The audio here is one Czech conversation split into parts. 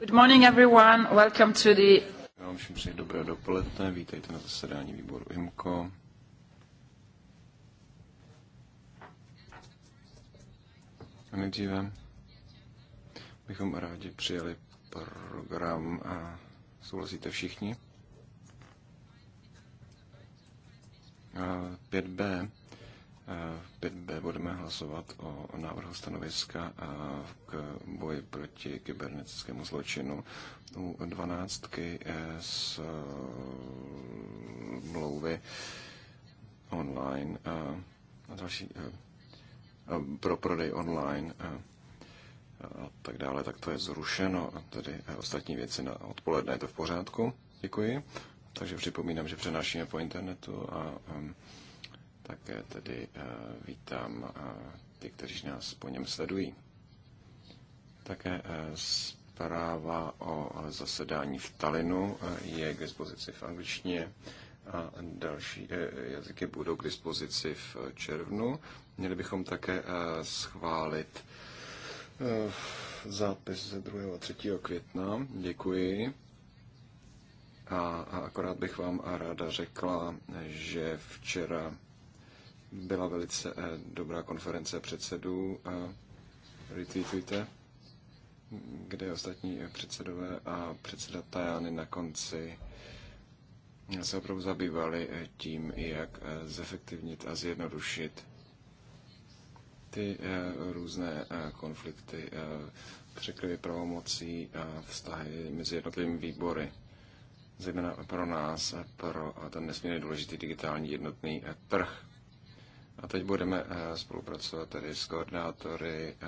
Good morning everyone. Welcome to the... Já vám všem přeji dobré dopoledne, vítejte na zasedání výboru IMCO. A nejdříve bychom rádi přijeli program a souhlasíte všichni. 5b v eh, budeme hlasovat o návrhu stanoviska eh, k boji proti kybernetickému zločinu. U dvanáctky z eh, mlouvy online a další pro prodej online a tak dále, tak to je zrušeno a tedy ostatní věci na odpoledne je to v pořádku. Děkuji. Takže připomínám, že přenášíme po internetu a také tedy eh, vítám eh, ty, kteří nás po něm sledují. Také eh, zpráva o zasedání v Talinu je k dispozici v angličtině a další jazyky budou k dispozici v červnu. Měli bychom také schválit zápis ze 2. a 3. května. Děkuji. A, a akorát bych vám ráda řekla, že včera byla velice eh, dobrá konference předsedů, eh, retweetujte, kde ostatní předsedové a předseda Tajany na konci eh, se opravdu zabývali tím, jak zefektivnit a zjednodušit ty různé konflikty, překryvy pravomocí a vztahy mezi jednotlivými výbory, zejména pro nás, pro ten nesmírně důležitý digitální jednotný trh. A teď budeme eh, spolupracovat tedy s koordinátory eh,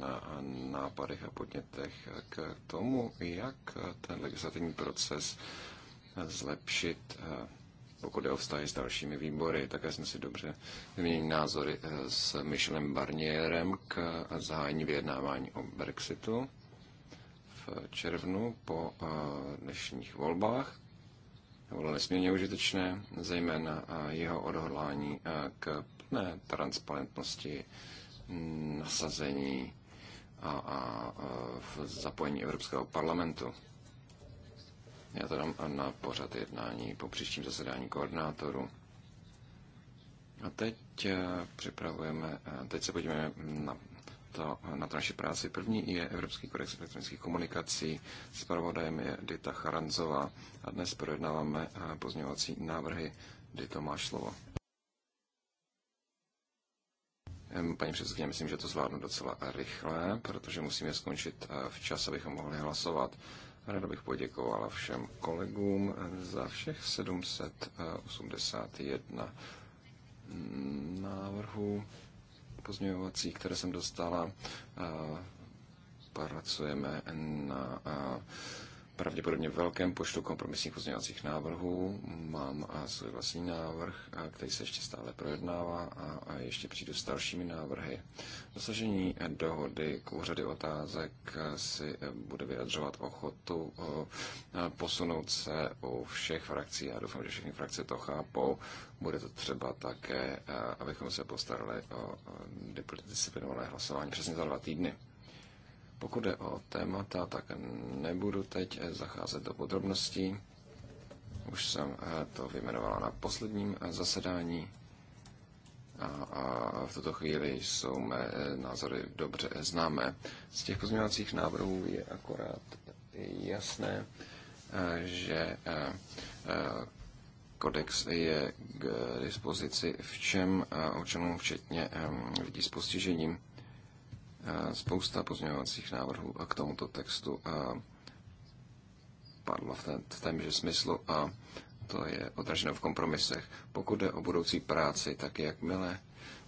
na nápadech a podnětech k tomu, jak ten legislativní proces zlepšit, eh, pokud je o vztahy s dalšími výbory. Také jsme si dobře vyměnili názory s Michelem Barnierem k zahájení vyjednávání o Brexitu v červnu po dnešních volbách bylo nesmírně užitečné, zejména jeho odhodlání k plné transparentnosti, nasazení a, a, a v zapojení Evropského parlamentu. Já to dám na pořad jednání po příštím zasedání koordinátoru. A teď eh, připravujeme, eh, teď se podíváme na to, na to naši práci. První je Evropský kodex elektronických komunikací. pravodajem je Dita Charanzová a dnes projednáváme eh, pozměňovací návrhy. Dito, máš slovo. Paní předsedkyně, myslím, že to zvládnu docela rychle, protože musíme skončit eh, včas, abychom mohli hlasovat. Ráda bych poděkovala všem kolegům eh, za všech 781 mm, návrhů pozměňovací, které jsem dostala, pracujeme na pravděpodobně velkém počtu kompromisních pozměňovacích návrhů. Mám a svůj vlastní návrh, a který se ještě stále projednává a, a ještě přijdu s dalšími návrhy. Dosažení dohody k úřady otázek si bude vyjadřovat ochotu posunout se u všech frakcí. Já doufám, že všechny frakce to chápou. Bude to třeba také, abychom se postarali o disciplinované hlasování přesně za dva týdny. Pokud jde o témata, tak nebudu teď zacházet do podrobností. Už jsem eh, to vyjmenovala na posledním eh, zasedání. A, a v tuto chvíli jsou mé eh, názory dobře známé. Z těch pozměňovacích návrhů je akorát jasné, že kodex je k dispozici všem občanům, včetně lidí s postižením Eh, spousta pozměňovacích návrhů a eh, k tomuto textu eh, padlo v, ten, že témže smyslu a to je odraženo v kompromisech. Pokud jde o budoucí práci, tak jakmile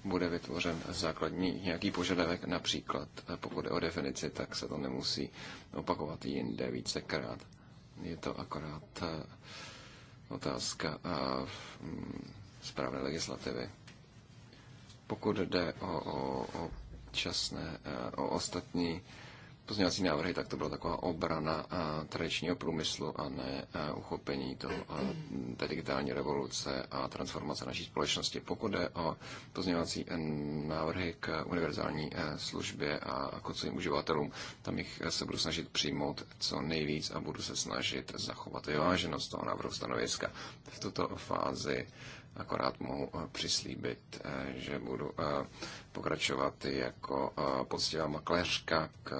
bude vytvořen základní nějaký požadavek, například pokud jde o definici, tak se to nemusí opakovat jinde vícekrát. Je to akorát otázka mm, správné legislativy. Pokud jde o, o, o předčasné eh, o ostatní pozměňovací návrhy, tak to byla taková obrana eh, tradičního průmyslu a ne eh, uchopení toho, té digitální revoluce a transformace naší společnosti. Pokud jde o pozměňovací návrhy k univerzální službě a koncovým uživatelům, tam jich se budu snažit přijmout co nejvíc a budu se snažit zachovat vyváženost toho návrhu stanoviska. V tuto fázi Akorát mohu eh, přislíbit, eh, že budu eh, pokračovat jako poctivá makléřka k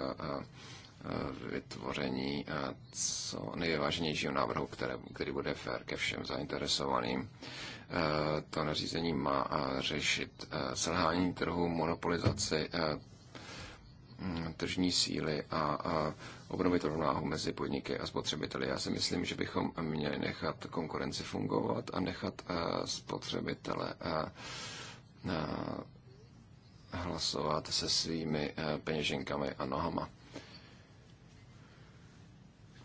vytvoření co nejvážnějšího návrhu, které, který bude fér ke všem zainteresovaným. To nařízení má řešit selhání trhu, monopolizaci Mm, tržní síly a, a obnovit rovnáhu mezi podniky a spotřebiteli. Já si myslím, že bychom měli nechat konkurenci fungovat a nechat eh, spotřebitele eh, eh, hlasovat se svými peněženkami a nohama.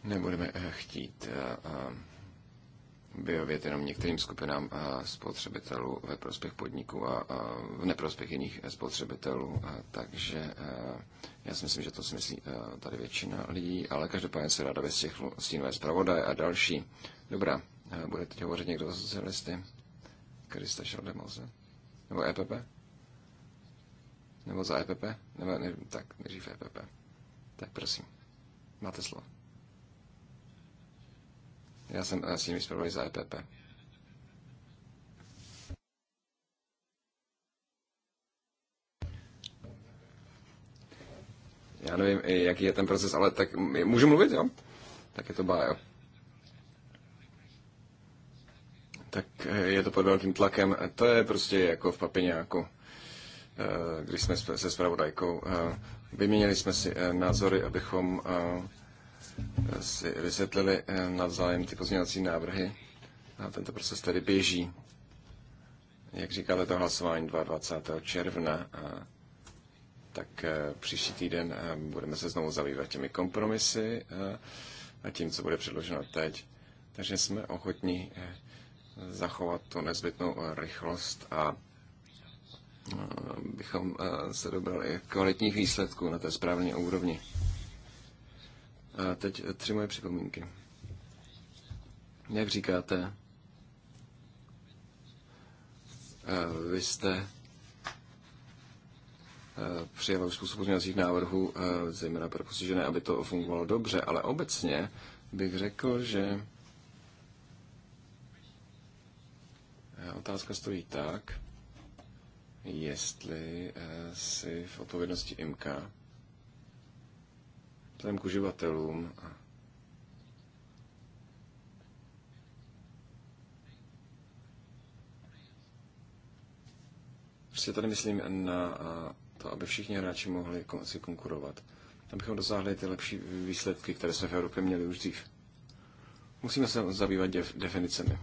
Nebudeme chtít vyhovět jenom některým skupinám eh, spotřebitelů ve prospěch podniků a v neprospěch jiných eh, spotřebitelů. Takže eh, já si myslím, že to si myslí tady většina lidí, ale každopádně se ráda bez těch stínové zpravodaje a další. Dobrá, bude teď hovořit někdo za socialisty? Krista Šaldemose? Nebo EPP? Nebo za EPP? Nebo, ne, tak, nejdřív EPP. Tak prosím, máte slovo. Já jsem eh, s nimi zpravodaj za EPP. Já nevím, jaký je ten proces, ale tak můžu mluvit, jo? Tak je to bájo. Tak eh, je to pod velkým tlakem. To je prostě jako v papiňáku eh, když jsme se spravodajkou. Vyměnili jsme si názory, abychom si vysvětlili eh, navzájem ty pozměňovací návrhy. A tento proces tedy běží. Jak říkáte, to hlasování 22. června, a tak eh, příští týden eh, budeme se znovu zabývat těmi kompromisy a tím, co bude předloženo teď. Takže jsme ochotní zachovat tu nezbytnou rychlost a bychom se dobrali kvalitních výsledků na té správné úrovni. A teď eh, tři moje připomínky. Jak říkáte, eh, vy jste eh, přijala spoustu pozměňovacích návrhů, zejména pro postižené, aby to fungovalo dobře, ale obecně bych řekl, že otázka stojí tak, jestli si v odpovědnosti IMKA vzhledem k uživatelům. Prostě tady myslím na to, aby všichni hráči mohli si konkurovat, abychom dosáhli ty lepší výsledky, které jsme v Evropě měli už dřív. Musíme se zabývat definicemi.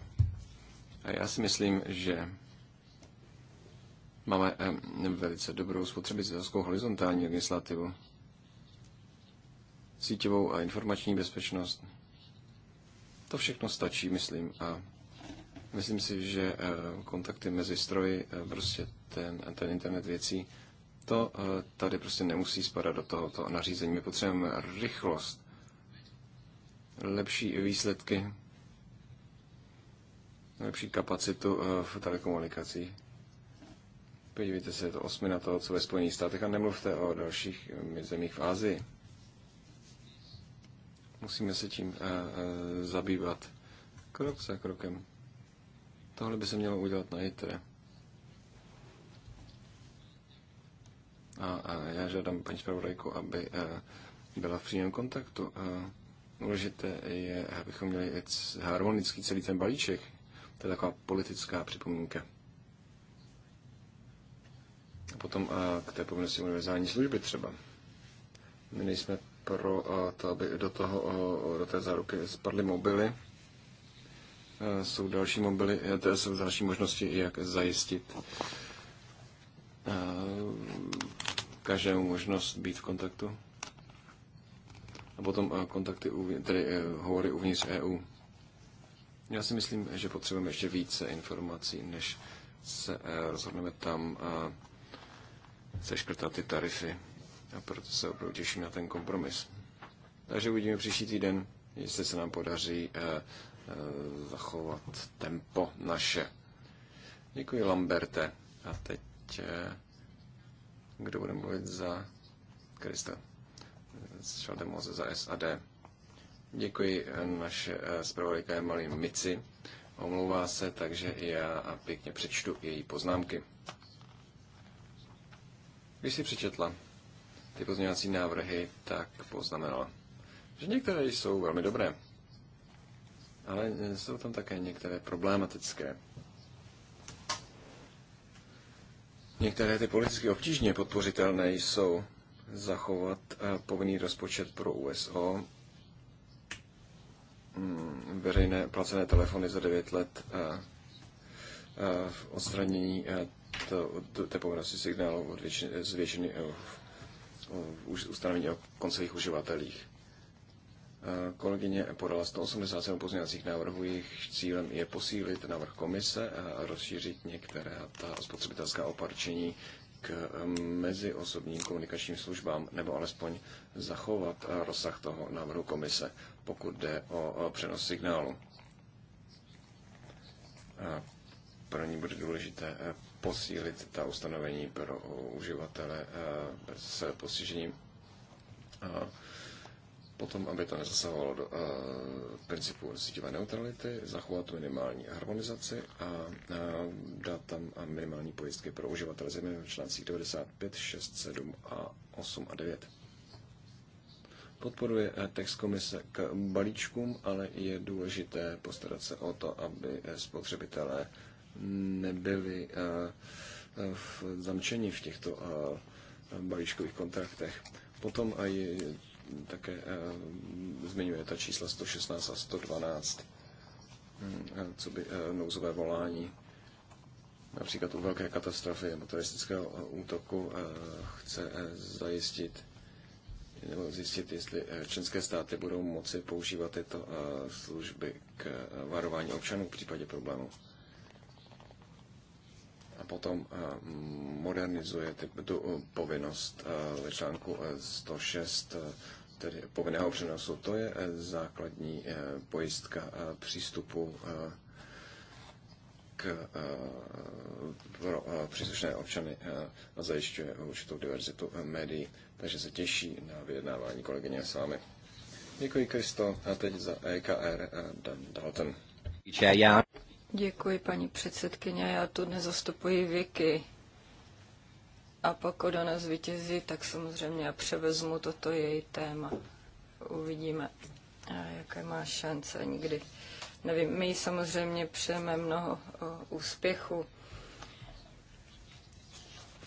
A já si myslím, že máme velice dobrou spotřebitelskou horizontální legislativu síťovou a informační bezpečnost. To všechno stačí, myslím, a myslím si, že eh, kontakty mezi stroji, eh, prostě ten, ten internet věcí, to eh, tady prostě nemusí spadat do tohoto nařízení. My potřebujeme rychlost, lepší výsledky, lepší kapacitu v telekomunikacích. Podívejte se, je to osmina toho, co ve Spojených státech a nemluvte o dalších zemích v Ázii. Musíme se tím eh, eh, zabývat krok za krokem. Tohle by se mělo udělat na ITRE. A, a já žádám paní zpravodajku, aby a, eh, byla v přímém kontaktu. A, důležité je, abychom měli harmonický celý ten balíček. To je taková politická připomínka. A potom a, k té povinnosti univerzální služby třeba. My nejsme pro to, aby do, toho, do té záruky spadly mobily. E, jsou další, mobily, e, to jsou další možnosti, jak zajistit e, každému možnost být v kontaktu. A potom kontakty, tedy hovory uvnitř EU. Já si myslím, že potřebujeme ještě více informací, než se rozhodneme tam seškrtat ty tarify. A proto se opravdu těším na ten kompromis. Takže uvidíme příští týden, jestli se nám podaří eh, eh, zachovat tempo naše. Děkuji, Lamberte. A teď, eh, kdo bude mluvit za Krista? Moze za SAD. Děkuji, naše zpravodajka je malý Mici. Omlouvá se, takže i já pěkně přečtu její poznámky. Když si přečetla ty pozměňovací návrhy, tak poznamenala, že některé jsou velmi dobré, ale jsou tam také některé problematické. Některé ty politicky obtížně podpořitelné jsou zachovat eh, povinný rozpočet pro USO, mm, veřejné placené telefony za 9 let, eh, eh, v odstranění té povinnosti signálu od většiny, z většiny Uh, už ustanovení o koncových uživatelích. Uh, kolegyně podala 187 pozměňovacích návrhů, jejich cílem je posílit návrh komise a rozšířit některé ta spotřebitelská opatření k um, meziosobním komunikačním službám, nebo alespoň zachovat uh, rozsah toho návrhu komise, pokud jde o přenos signálu. Pro ní bude důležité eh, posílit ta ustanovení pro uživatele eh, s postižením. Potom, aby to nezasahovalo do eh, principu síťové neutrality, zachovat minimální harmonizaci a eh, dát tam minimální pojistky pro uživatele země v článcích 95, 6, 7 a 8 a 9 podporuje text komise k balíčkům, ale je důležité postarat se o to, aby spotřebitelé nebyli eh, eh, zamčeni v těchto eh, balíčkových kontraktech. Potom aj také zmiňuje ta čísla 116 a 112, hm, co by nouzové volání například u velké katastrofy nebo teroristického útoku chce zajistit nebo zjistit, jestli členské státy budou moci používat tyto služby k varování občanů v případě problémů potom eh, modernizuje tu eh, povinnost eh, ve článku 106 tedy povinného přenosu. To je základní pojistka přístupu k, pro příslušné občany a zajišťuje určitou diverzitu médií. Takže se těší na vyjednávání kolegyně s vámi. Děkuji, Kristo. A teď za EKR Dan Dalton. Já. Děkuji, paní předsedkyně. Já tu dnes zastupuji Vicky. A pokud ona zvítězí, tak samozřejmě já převezmu toto její téma. Uvidíme, eh, jaké má šance nikdy. Nevím, my samozřejmě přejeme mnoho eh, úspěchu.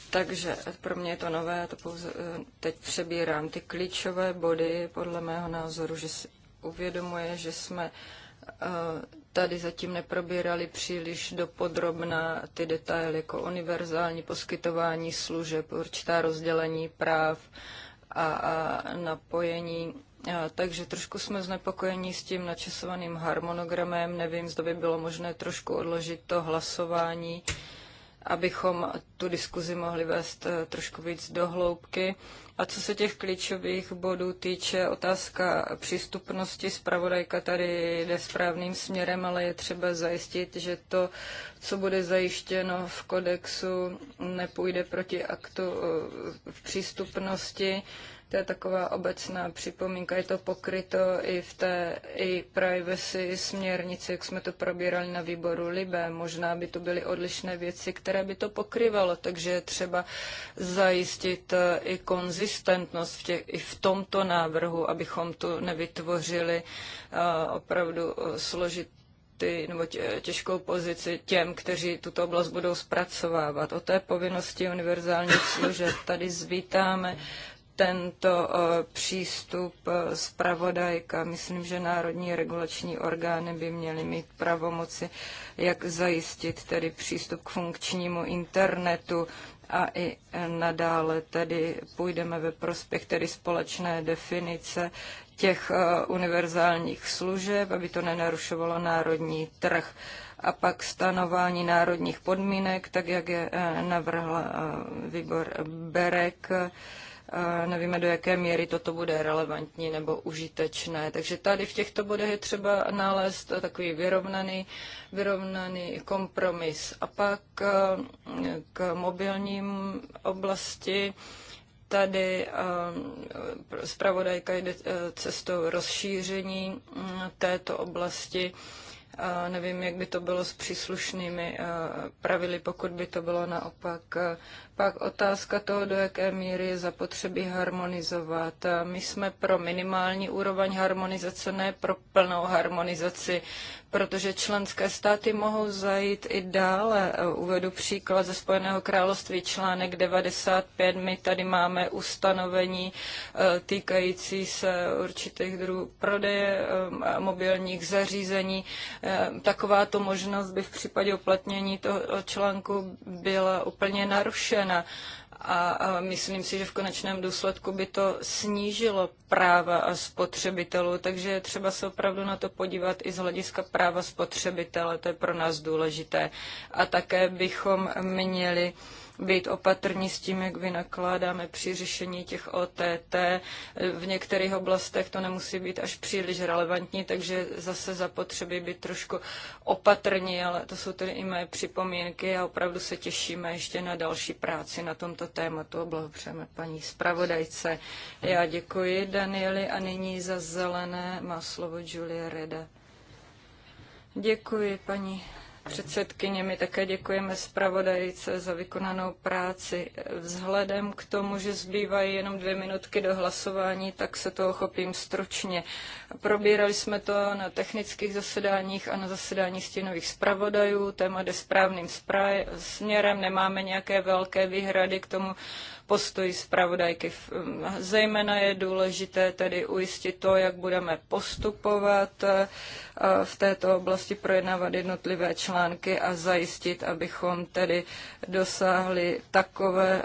Takže pro mě je to nové, to pouze eh, teď přebírám ty klíčové body, podle mého názoru, že si uvědomuje, že jsme tady zatím neprobírali příliš dopodrobna ty detaily jako univerzální poskytování služeb, určitá rozdělení práv a, a napojení. A, takže trošku jsme znepokojeni s tím načasovaným harmonogramem. Nevím, zda by bylo možné trošku odložit to hlasování abychom tu diskuzi mohli vést eh, trošku víc do hloubky. A co se těch klíčových bodů týče, otázka přístupnosti zpravodajka tady jde správným směrem, ale je třeba zajistit, že to, co bude zajištěno v kodexu, nepůjde proti aktu eh, v přístupnosti to je taková obecná připomínka. Je to pokryto i v té i privacy směrnici, jak jsme to probírali na výboru Libé. Možná by to byly odlišné věci, které by to pokryvalo, takže je třeba zajistit eh, i konzistentnost v těch, i v tomto návrhu, abychom tu nevytvořili eh, opravdu eh, složit nebo těžkou pozici těm, kteří tuto oblast budou zpracovávat. O té povinnosti univerzálních služeb tady zvítáme tento eh, přístup eh, zpravodajka. Myslím, že národní regulační orgány by měly mít pravomoci, jak zajistit tedy přístup k funkčnímu internetu a i nadále tedy půjdeme ve prospěch tedy společné definice těch eh, univerzálních služeb, aby to nenarušovalo národní trh a pak stanování národních podmínek, tak jak je navrhl výbor Berek, nevíme, do jaké míry toto bude relevantní nebo užitečné. Takže tady v těchto bodech je třeba nalézt takový vyrovnaný, vyrovnaný kompromis. A pak e, k mobilním oblasti tady e, zpravodajka jde e, cestou rozšíření mm, této oblasti. A nevím, jak by to bylo s příslušnými pravidly, pokud by to bylo naopak pak otázka toho, do jaké míry je zapotřebí harmonizovat. My jsme pro minimální úroveň harmonizace, ne pro plnou harmonizaci, protože členské státy mohou zajít i dále. Uvedu příklad ze Spojeného království článek 95. My tady máme ustanovení eh, týkající se určitých druhů prodeje eh, mobilních zařízení. Eh, takováto možnost by v případě uplatnění toho článku byla úplně narušena zajištěna. A, a myslím si, že v konečném důsledku by to snížilo práva spotřebitelů, takže je třeba se opravdu na to podívat i z hlediska práva spotřebitele, to je pro nás důležité. A také bychom měli uh, být opatrní s tím, jak vynakládáme při řešení těch OTT. V některých oblastech to nemusí být až příliš relevantní, takže zase zapotřebí být trošku opatrní, ale to jsou tedy i mé připomínky a opravdu se těšíme ještě na další práci na tomto tématu. Blahopřejeme paní zpravodajce. Já děkuji Danieli a nyní za zelené má slovo Julia Reda. Děkuji, paní předsedkyně. My také děkujeme zpravodajce za vykonanou práci. Vzhledem k tomu, že zbývají jenom dvě minutky do hlasování, tak se toho chopím stručně. Probírali jsme to na technických zasedáních a na zasedání stínových zpravodajů. Téma jde správným správě, směrem, nemáme nějaké velké výhrady k tomu postoj zpravodajky. Zejména je důležité tedy ujistit to, jak budeme postupovat eh, v této oblasti, projednávat jednotlivé články a zajistit, abychom tedy dosáhli takové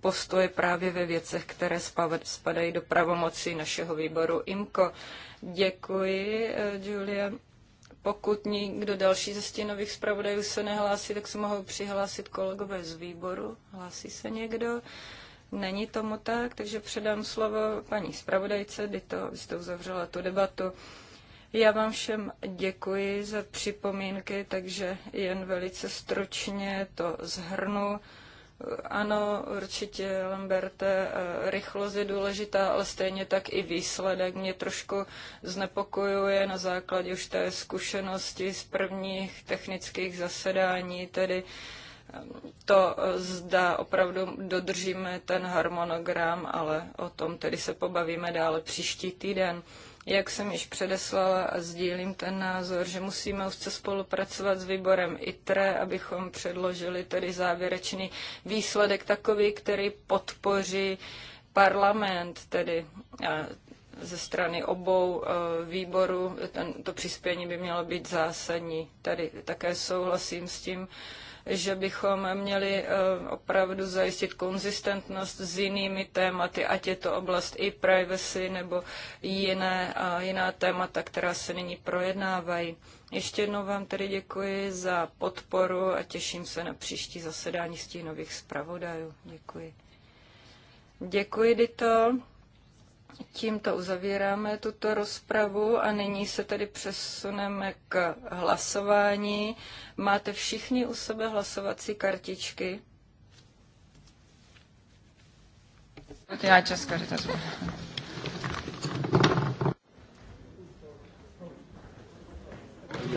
postoje právě ve věcech, které spadají do pravomocí našeho výboru IMCO. Děkuji, eh, Julia. Pokud nikdo další ze stěnových zpravodajů se nehlásí, tak se mohou přihlásit kolegové z výboru. Hlásí se někdo? Není tomu tak, takže předám slovo paní zpravodajce, Dito, vy jste uzavřela tu debatu. Já vám všem děkuji za připomínky, takže jen velice stručně to zhrnu. Ano, určitě, Lamberte, eh, rychlost je důležitá, ale stejně tak i výsledek mě trošku znepokojuje na základě už té zkušenosti z prvních technických zasedání, tedy ehm, to eh, zda opravdu dodržíme ten harmonogram, ale o tom tedy se pobavíme dále příští týden. Jak jsem již předeslala a sdílím ten názor, že musíme úzce spolupracovat s výborem ITRE, abychom předložili tedy závěrečný výsledek takový, který podpoří parlament, tedy eh, ze strany obou eh, výborů. to přispění by mělo být zásadní. Tady také souhlasím s tím, že bychom měli eh, opravdu zajistit konzistentnost s jinými tématy, ať je to oblast i privacy nebo jiné, jiná témata, která se nyní projednávají. Ještě jednou vám tedy děkuji za podporu a těším se na příští zasedání stínových zpravodajů. Děkuji. Děkuji, Dito. Tímto uzavíráme tuto rozpravu a nyní se tedy přesuneme k hlasování. Máte všichni u sebe hlasovací kartičky? Já česká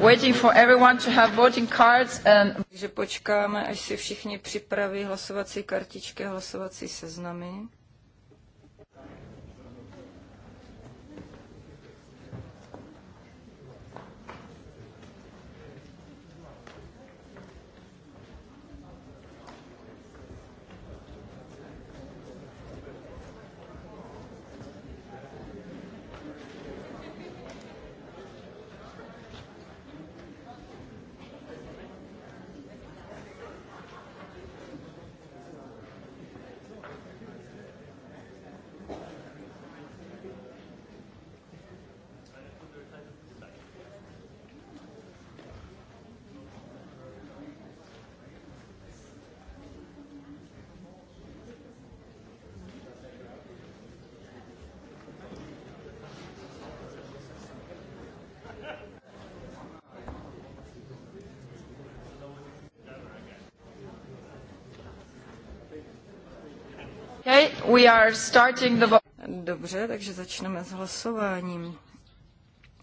Waiting for everyone to have voting cards and... Takže počkáme, až si všichni připraví hlasovací kartičky hlasovací seznamy. We are starting the... Dobře, takže začneme s hlasováním.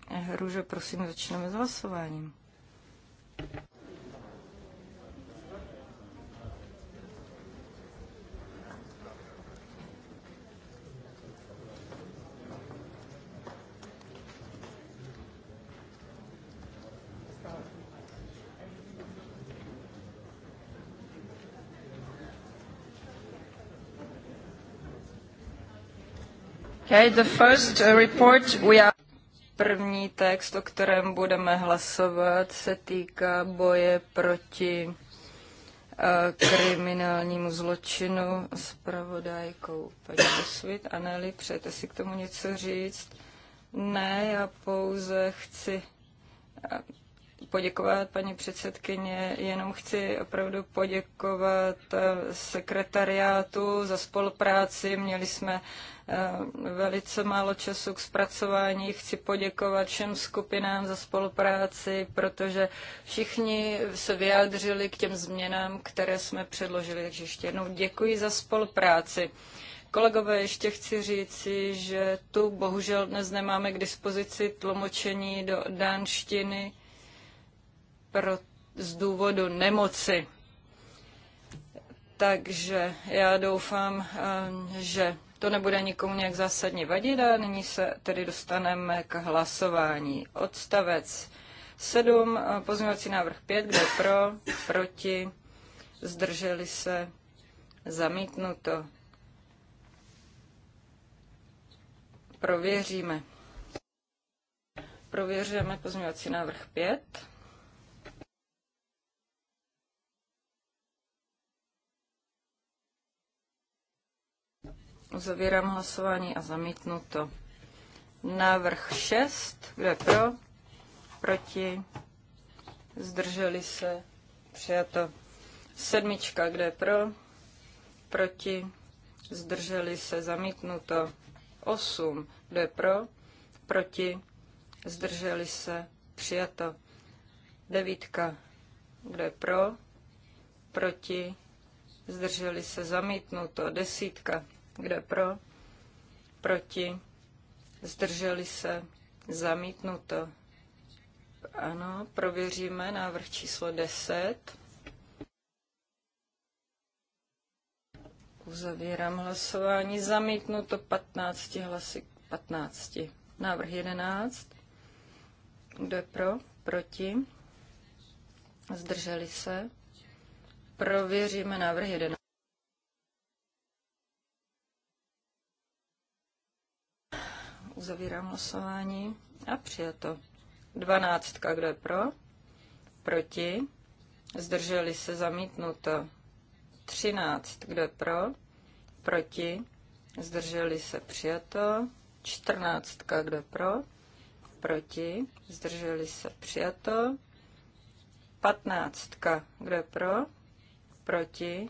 Hruže, prosím, začneme s hlasováním. Okay, the first uh, report we are... První text, o kterém budeme hlasovat, se týká boje proti uh, kriminálnímu zločinu s pravodajkou paní Osvit. Aneli, přejete si k tomu něco říct? Ne, já pouze chci poděkovat, paní předsedkyně. Jenom chci opravdu poděkovat eh, sekretariátu za spolupráci. Měli jsme eh, velice málo času k zpracování. Chci poděkovat všem skupinám za spolupráci, protože všichni se vyjádřili k těm změnám, které jsme předložili. Takže ještě jednou děkuji za spolupráci. Kolegové, ještě chci říci, že tu bohužel dnes nemáme k dispozici tlumočení do dánštiny pro, z důvodu nemoci. Takže já doufám, eh, že to nebude nikomu nějak zásadně vadit a nyní se tedy dostaneme k hlasování. Odstavec 7, eh, pozměňovací návrh 5, kde pro, proti, zdrželi se, zamítnuto. Prověříme. Prověřujeme pozměňovací návrh 5. Uzavírám hlasování a zamítnu to Návrh 6. Kdo je pro? Proti? Zdrželi se? Přijato. Sedmička. Kdo je pro? Proti? Zdrželi se? Zamítnuto. 8. Kdo je pro? Proti? Zdrželi se? Přijato. Devítka. Kdo je pro? Proti? Zdrželi se? Zamítnuto. Desítka. Kdo je pro? Proti? Zdrželi se? Zamítnuto. Ano, prověříme návrh číslo 10. Uzavírám hlasování. Zamítnuto 15 hlasy 15. Návrh 11. Kdo je pro? Proti? Zdrželi se? Prověříme návrh 11. Uzavírám hlasování a přijato. Dvanáctka, kdo je pro? Proti? Zdrželi se zamítnuto. Třináct, kdo je pro? Proti? Zdrželi se přijato. Čtrnáctka, kdo je pro? Proti? Zdrželi se přijato. Patnáctka, kdo je pro? Proti?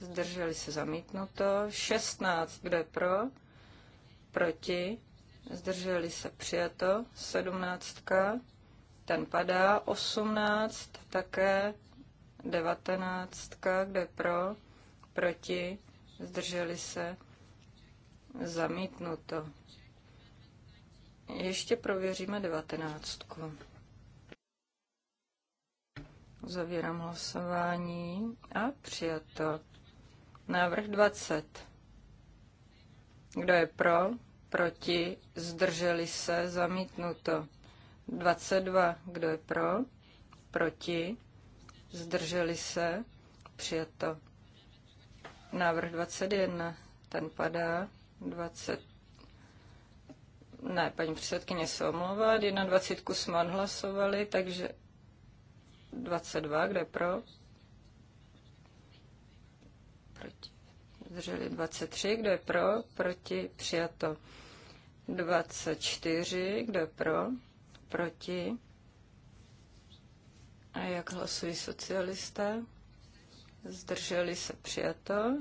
Zdrželi se zamítnuto. Šestnáct, kdo je pro? Proti? zdrželi se přijato, sedmnáctka, ten padá, osmnáct také, devatenáctka, kde pro, proti, zdrželi se, zamítnuto. Ještě prověříme devatenáctku. Zavírám hlasování a přijato. Návrh 20. Kdo je pro? proti, zdrželi se, zamítnuto. 22, kdo je pro, proti, zdrželi se, přijato. Návrh 21, ten padá, 20, ne, paní předsedkyně se omlouvá, 21 jsme odhlasovali, takže 22, kde pro? Proti. Zdrželi 23, kdo je pro? Proti, přijato. 24, kdo je pro, proti. A jak hlasují socialisté? Zdrželi se přijato.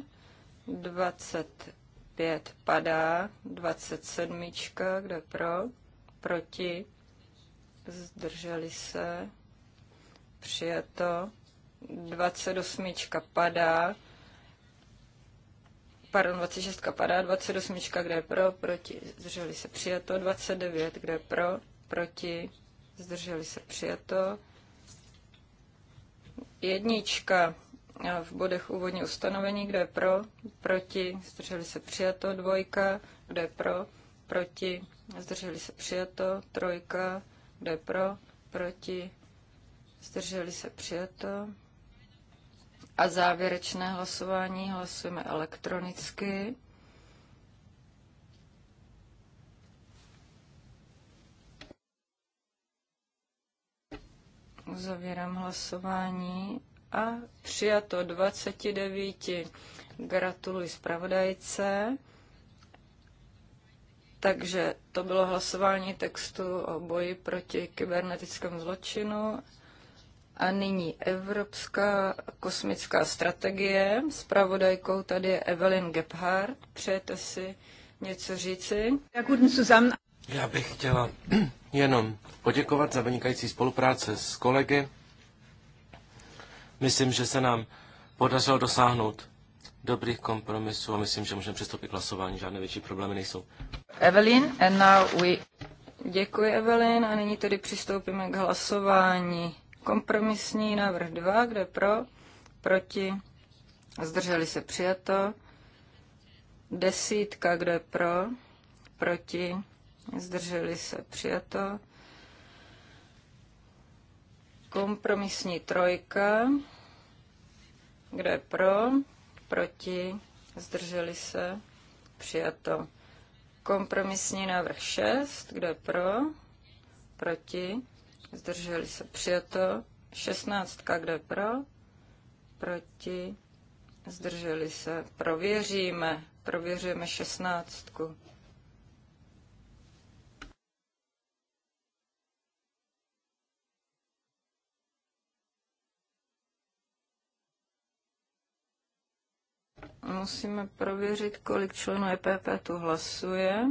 25 padá, 27, kdo je pro, proti. Zdrželi se přijato. 28 padá, pardon, 26 padá, 28, kde je pro, proti, zdrželi se přijato, 29, kde je pro, proti, zdrželi se přijato. Jednička eh, v bodech úvodní ustanovení, kde je pro, proti, zdrželi se přijato, dvojka, kde je pro, proti, zdrželi se přijato, trojka, kde je pro, proti, zdrželi se přijato. A závěrečné hlasování hlasujeme elektronicky. Uzavírám hlasování a přijato 29. Gratuluji zpravodajce. Takže to bylo hlasování textu o boji proti kybernetickému zločinu. A nyní Evropská kosmická strategie. Spravodajkou tady je Evelyn Gebhardt. Přejete si něco říci? Já bych chtěla jenom poděkovat za vynikající spolupráce s kolegy. Myslím, že se nám podařilo dosáhnout dobrých kompromisů a myslím, že můžeme přistoupit k hlasování. Žádné větší problémy nejsou. Evelyn, and now we... Děkuji, Evelyn, a nyní tedy přistoupíme k hlasování. Kompromisní návrh 2, kde pro, proti, zdrželi se přijato. Desítka, kde pro, proti, zdrželi se přijato. Kompromisní trojka, kde pro, proti, zdrželi se přijato. Kompromisní návrh 6, kde pro, proti, zdrželi se přijato. 16, kde pro, proti, zdrželi se. Prověříme, prověříme 16. Musíme prověřit, kolik členů EPP tu hlasuje.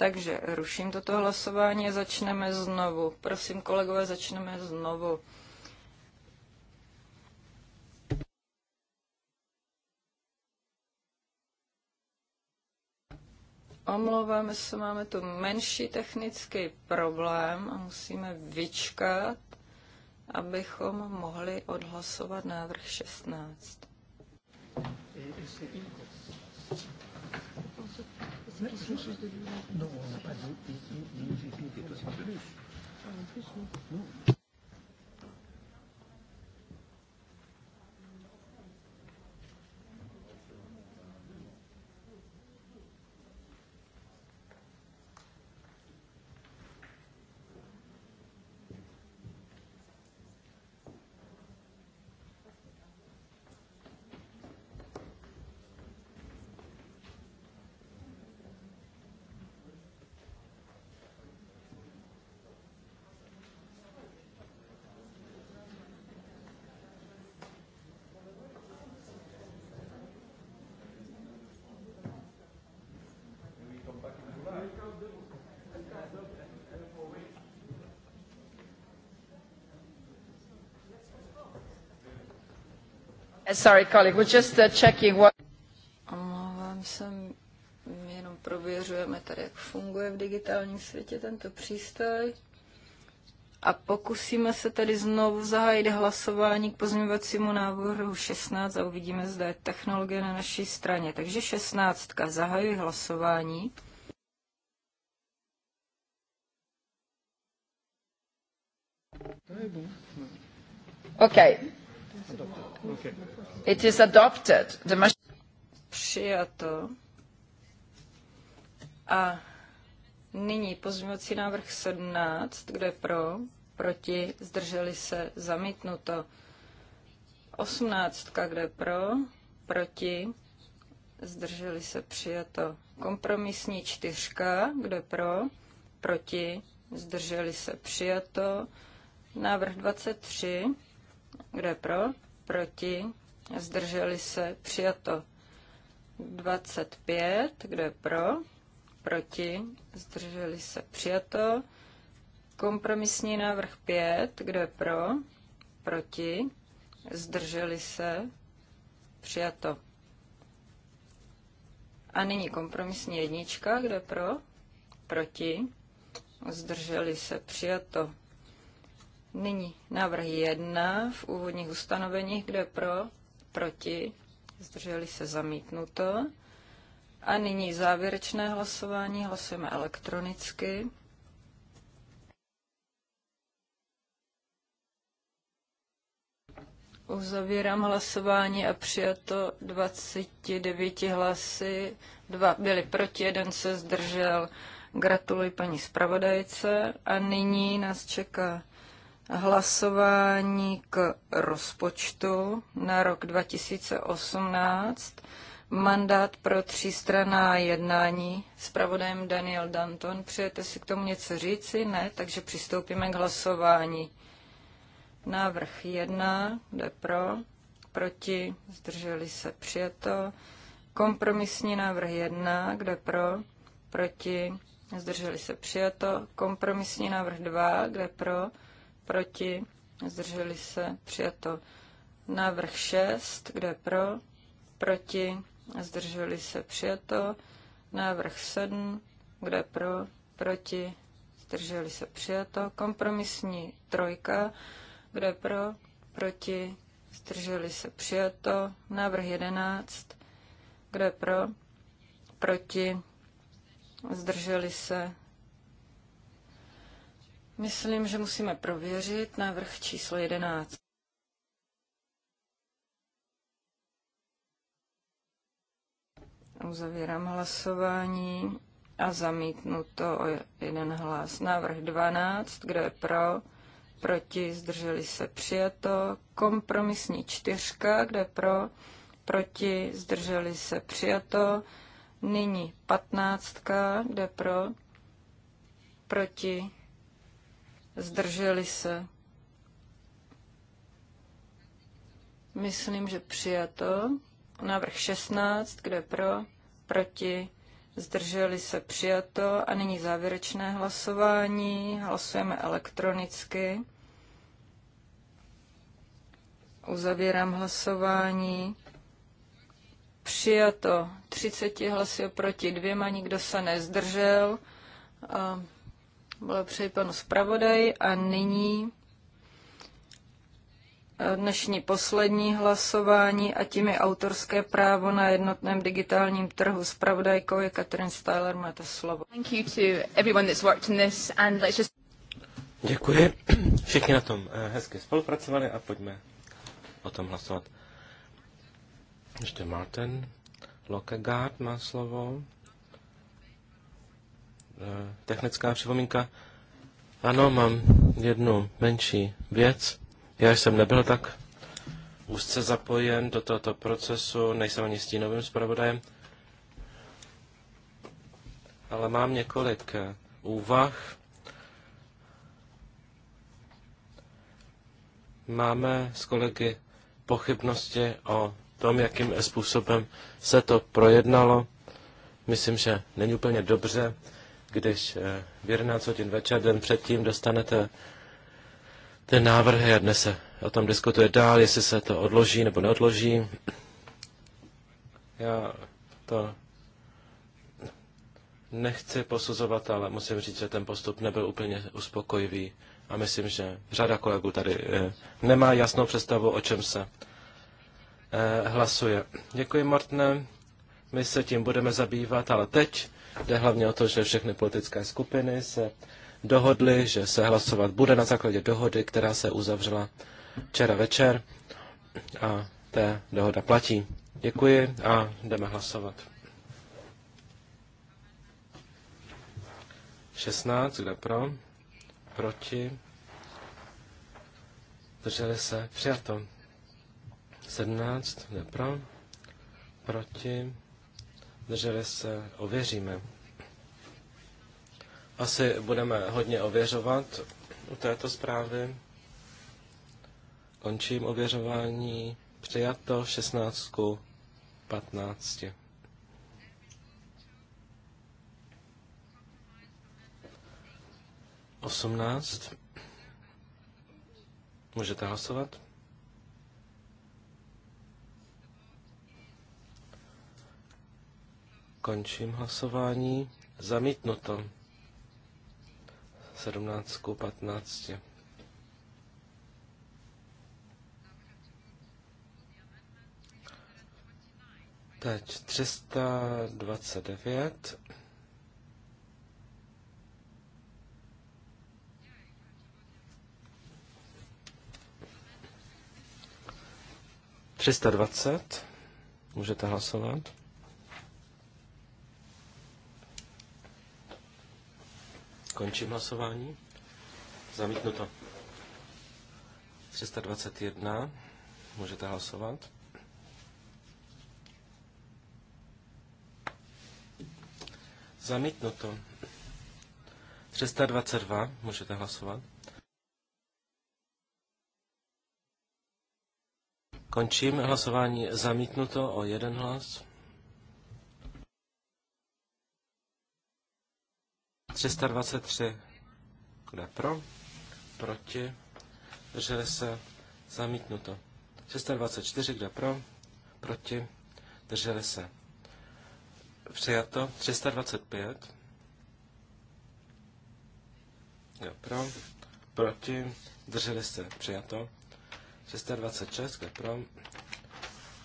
Takže ruším toto hlasování a začneme znovu. Prosím, kolegové, začneme znovu. Omlouváme se, máme tu menší technický problém a musíme vyčkat, abychom mohli odhlasovat návrh 16. Non, on n'a pas d'UVP de plus. Non. Sorry, colleague, we're just uh, checking what... Omlouvám se, my jenom prověřujeme tady, jak funguje v digitálním světě tento přístroj. A pokusíme se tedy znovu zahájit hlasování k pozměňovacímu návrhu 16 a uvidíme, zda je technologie na naší straně. Takže 16. Zahajuji hlasování. OK. It is adopted. The Přijato. A nyní pozměňovací návrh 17, kde pro, proti, zdrželi se, zamítnuto. 18, kde pro, proti, zdrželi se, přijato. Kompromisní čtyřka, kde pro, proti, zdrželi se, přijato. Návrh 23, kde pro, proti, zdrželi se, přijato 25, kdo je pro, proti, zdrželi se, přijato. Kompromisní návrh 5, kdo je pro, proti, zdrželi se, přijato. A nyní kompromisní jednička, kdo je pro, proti, zdrželi se, přijato. Nyní návrh 1 v úvodních ustanoveních, kde pro, proti, zdrželi se zamítnuto. A nyní závěrečné hlasování, hlasujeme elektronicky. Uzavírám hlasování a přijato 29 hlasy, dva byli proti, jeden se zdržel. Gratuluji paní zpravodajce a nyní nás čeká hlasování k rozpočtu na rok 2018, mandát pro třístraná jednání s pravodajem Daniel Danton. Přejete si k tomu něco říci? Ne, takže přistoupíme k hlasování. Návrh 1, jde pro, proti, zdrželi se, přijeto. Kompromisní návrh 1, kde pro, proti, zdrželi se, přijeto. Kompromisní návrh 2, kde pro, proti, zdrželi se, přijato. Návrh 6, kde pro, proti, zdrželi se, přijato. Návrh 7, kde pro, proti, zdrželi se, přijato. Kompromisní trojka, kde pro, proti, zdrželi se, přijato. Návrh 11, kde pro, proti, zdrželi se, Myslím, že musíme prověřit návrh číslo 11. Uzavírám hlasování a zamítnu to o jeden hlas. Návrh 12, kdo je pro, proti, zdrželi se, přijato. Kompromisní čtyřka, kdo je pro, proti, zdrželi se, přijato. Nyní patnáctka, kde pro, proti, zdrželi se. Myslím, že přijato. Návrh 16, kde pro, proti, zdrželi se přijato. A nyní závěrečné hlasování. Hlasujeme elektronicky. Uzavírám hlasování. Přijato 30 hlasy proti dvěma, nikdo se nezdržel. Blahopřeji panu zpravodaj a nyní eh, dnešní poslední hlasování a tím je autorské právo na jednotném digitálním trhu. pravdajkou. je Katrin Styler, máte slovo. Děkuji. Všichni na tom eh, hezky spolupracovali a pojďme o tom hlasovat. Ještě Martin Lokegaard má slovo. Eh, technická připomínka. Ano, mám jednu menší věc. Já jsem nebyl tak úzce zapojen do tohoto procesu, nejsem ani stínovým zpravodajem, ale mám několik eh, úvah. Máme s kolegy pochybnosti o tom, jakým způsobem se to projednalo. Myslím, že není úplně dobře když eh, v 11 hodin večer, den předtím, dostanete ty návrhy a dnes se o tom diskutuje dál, jestli se to odloží nebo neodloží. Já to nechci posuzovat, ale musím říct, že ten postup nebyl úplně uspokojivý a myslím, že řada kolegů tady eh, nemá jasnou představu, o čem se eh, hlasuje. Děkuji, Martne. My se tím budeme zabývat, ale teď Jde hlavně o to, že všechny politické skupiny se dohodly, že se hlasovat bude na základě dohody, která se uzavřela včera večer a ta dohoda platí. Děkuji a jdeme hlasovat. 16, kde pro, proti, drželi se, přijato. 17, kde pro, proti, Drželi se, ověříme. Asi budeme hodně ověřovat u této zprávy. Končím ověřování. Přijato 16 15. Osmnáct. Můžete hlasovat? Končím hlasování. Zamítnuto. 17 k 15. Teď 329. Třista dvacet. Můžete hlasovat. Končím hlasování. Zamítnuto. 321. Můžete hlasovat. Zamítnuto. 322. Můžete hlasovat. Končím hlasování zamítnuto o jeden hlas. 323. Kde pro? Proti? Drželi se? Zamítnuto. 324. Kde pro? Proti? Drželi se? Přijato. 325. Kde pro? Proti? Drželi se? Přijato. 326. Kde pro?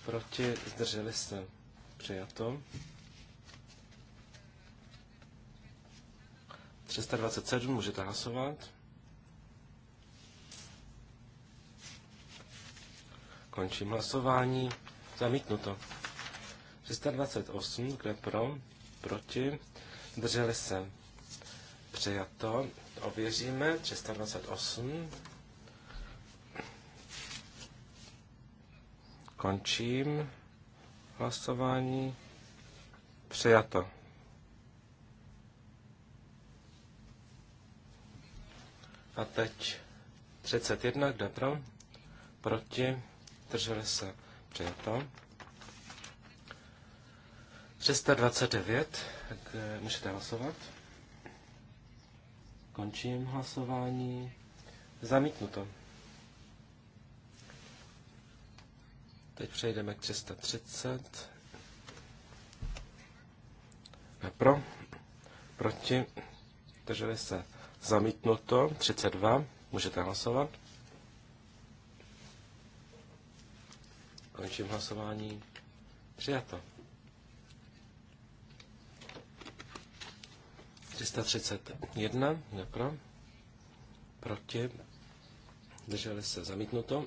Proti? Zdrželi se? Přijato. 327 můžete hlasovat. Končím hlasování. Zamítnuto. 328, kde pro, proti, drželi se. Přijato. Ověříme. 328. Končím hlasování. Přijato. A teď 31, kde pro? Proti, drželi se, přijato. 329, tak můžete hlasovat. Končím hlasování. Zamítnuto. Teď přejdeme k 330. Pro, proti, drželi se Zamítnuto 32. Můžete hlasovat. Končím hlasování. Přijato. 331. Nepro. Proti. Drželi se. Zamítnuto.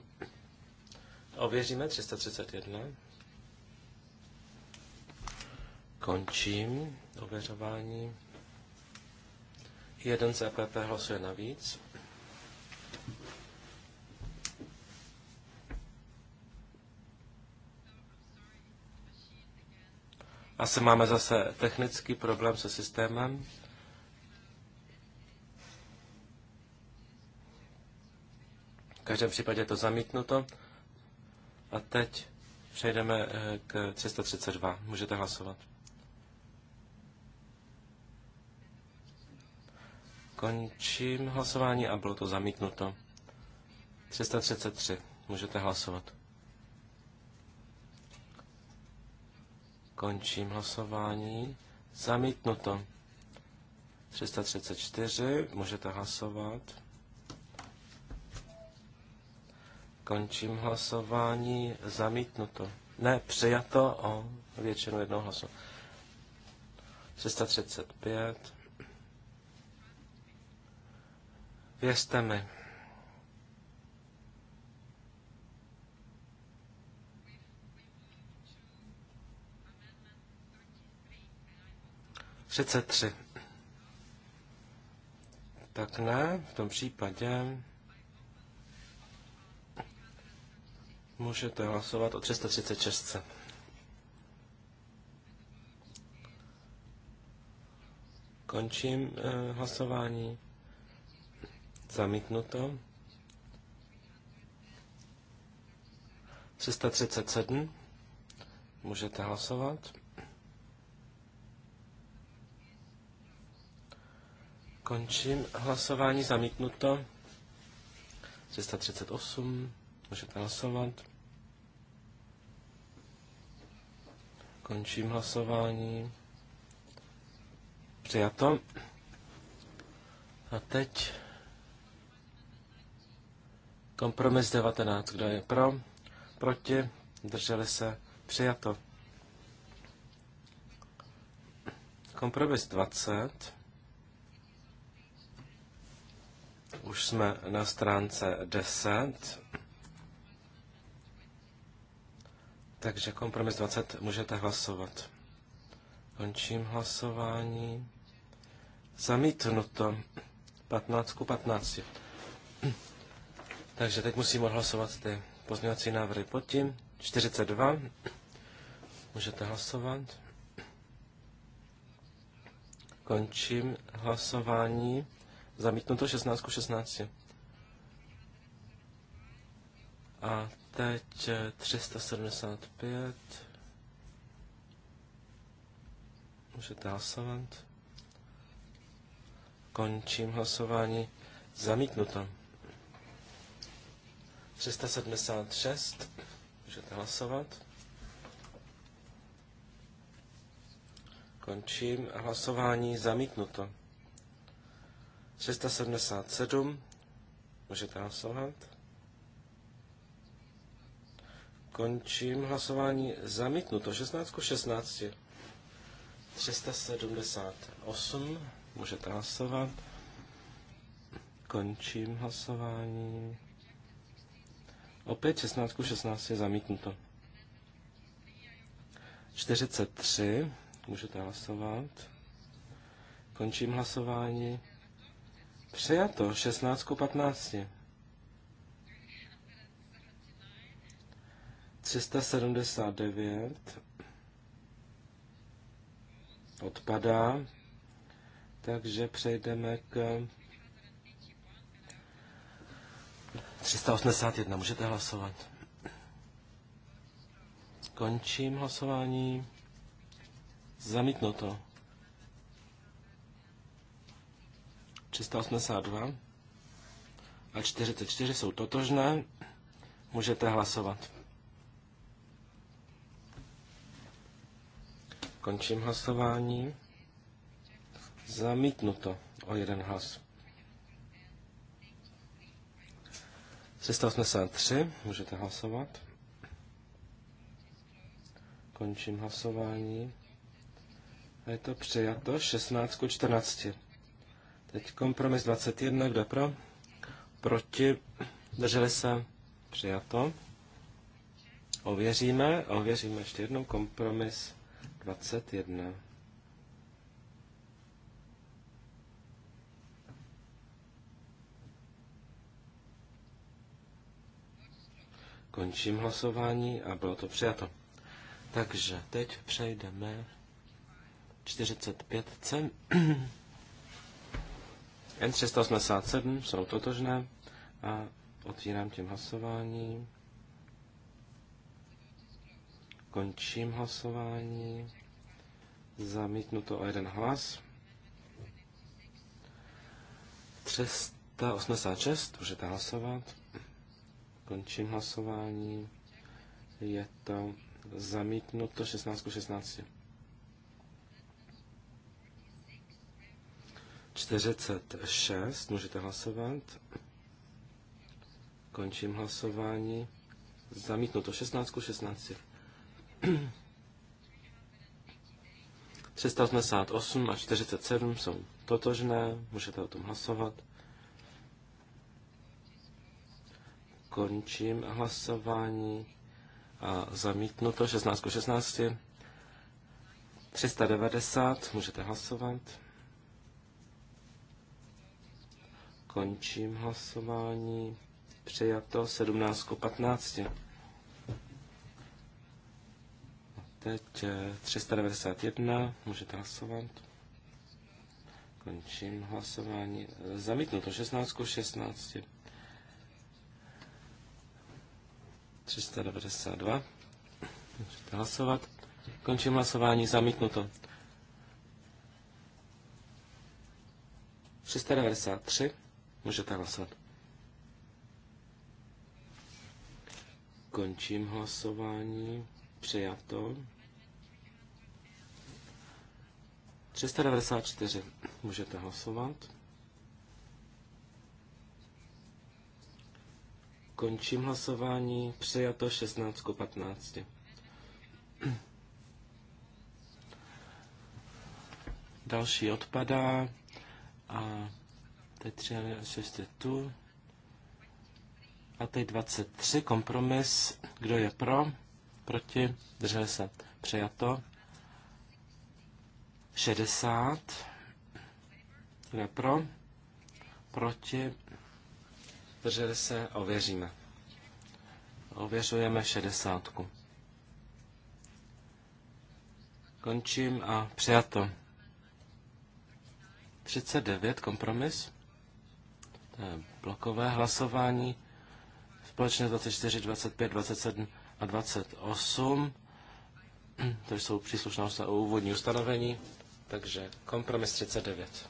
Ověříme 331. Končím ověřování. Jeden z EPP hlasuje navíc. Asi máme zase technický problém se systémem. V každém případě je to zamítnuto. A teď přejdeme eh, k 332. Můžete hlasovat. Končím hlasování a bylo to zamítnuto. 333. Můžete hlasovat. Končím hlasování. Zamítnuto. 334. Můžete hlasovat. Končím hlasování. Zamítnuto. Ne, přijato o většinu jednoho hlasu. 335. Věřte mi. Třicet tři. Tak ne, v tom případě můžete hlasovat o 336. Končím eh, hlasování. Zamítnuto. 337. Můžete hlasovat. Končím hlasování. Zamítnuto. 338. Můžete hlasovat. Končím hlasování. Přijato. A teď Kompromis 19. Kdo je pro? Proti? Drželi se? Přijato. Kompromis 20. Už jsme na stránce 10. Takže kompromis 20 můžete hlasovat. Končím hlasování. Zamítnuto. 15 ku 15. Takže teď musím odhlasovat ty pozměňovací návrhy pod tím. 42. Můžete hlasovat. Končím hlasování. Zamítnuto 16 ku 16. A teď 375. Můžete hlasovat. Končím hlasování. Zamítnuto. 376. Můžete hlasovat. Končím. Hlasování zamítnuto. 377. Můžete hlasovat. Končím hlasování zamítnuto. 16 ku 16. 378. Můžete hlasovat. Končím hlasování. Opět 16 16 je zamítnuto. 43. Můžete hlasovat. Končím hlasování. Přijato 16 15. 379 odpadá, takže přejdeme k 381. Můžete hlasovat. Končím hlasování. Zamítnuto. 382 a 44 jsou totožné. Můžete hlasovat. Končím hlasování. Zamítnuto o jeden hlas. 383, můžete hlasovat. Končím hlasování. A je to přijato 16 k 14. Teď kompromis 21, kdo pro? Proti, drželi se, přijato. Ověříme, ověříme ještě jednou kompromis 21. Končím hlasování a bylo to přijato. Takže teď přejdeme 45 c N387 jsou totožné a otvírám tím hlasování. Končím hlasování. Zamítnuto o jeden hlas. 386, můžete hlasovat. Končím hlasování. Je to zamítnuto 16 ku 16. 46, můžete hlasovat. Končím hlasování. Zamítnuto 16 ku 16. 388 a 47 jsou totožné, můžete o tom hlasovat. Končím hlasování a to 16 ku 16. 390, můžete hlasovat. Končím hlasování. Přijato 17 ku 15. A teď 391, eh, můžete hlasovat. Končím hlasování. to 16 ku 16. 392. Můžete hlasovat. Končím hlasování. Zamítnuto. 393. Můžete hlasovat. Končím hlasování. Přijato. 394. Můžete hlasovat. Končím hlasování. Přijato 16 k 15. Další odpadá. A teď 6 je tu. A teď 23, kompromis. Kdo je pro? Proti? Držel se. Přijato. 60. Kdo je pro? Proti? Zdrželi se? Ověříme. Ověřujeme šedesátku. Končím a přijato. 39 kompromis. To je blokové hlasování. Společně 24, 25, 27 a 28. To jsou příslušná úvodní ustanovení. Takže kompromis 39.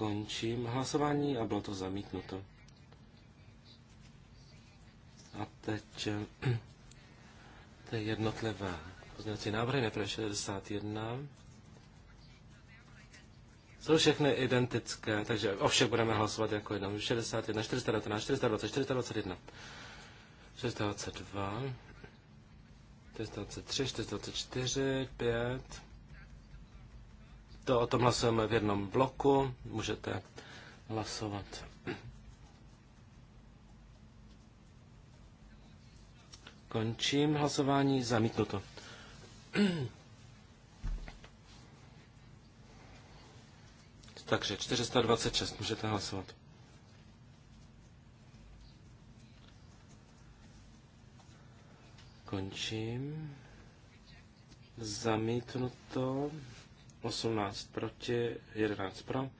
Končím hlasování a bylo to zamítnuto. A teď eh, to je jednotlivé pozměňovací návrhy, nejprve 61. Jsou všechny identické, takže o všech budeme hlasovat jako jednou. 61, 419, 420, 421, 422, 423, 424, 5, to o tom hlasujeme v jednom bloku. Můžete hlasovat. Končím hlasování. Zamítnuto. Takže 426 můžete hlasovat. Končím. Zamítnuto. 18 proti, 11 pro.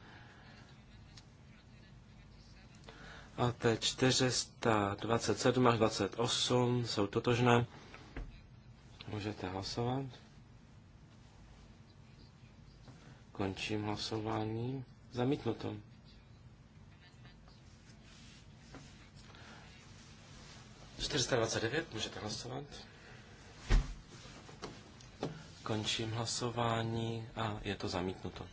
A teď 427 až 28 jsou totožné. Můžete hlasovat. Končím hlasování. Zamítnuto. to. 429 můžete hlasovat. Končím hlasování a je to zamítnuto.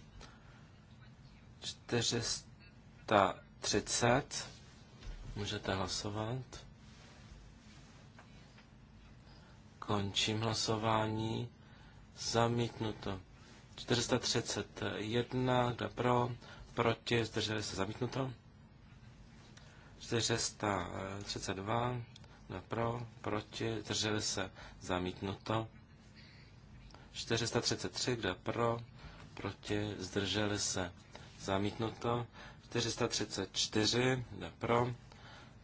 430. Můžete hlasovat. Končím hlasování. Zamítnuto. 431, kdo pro, proti, zdrželi se zamítnuto. 432, kdo pro, proti, zdrželi se zamítnuto. 433, kdo je pro, proti, zdrželi se, zamítnuto. 434, kdo je pro,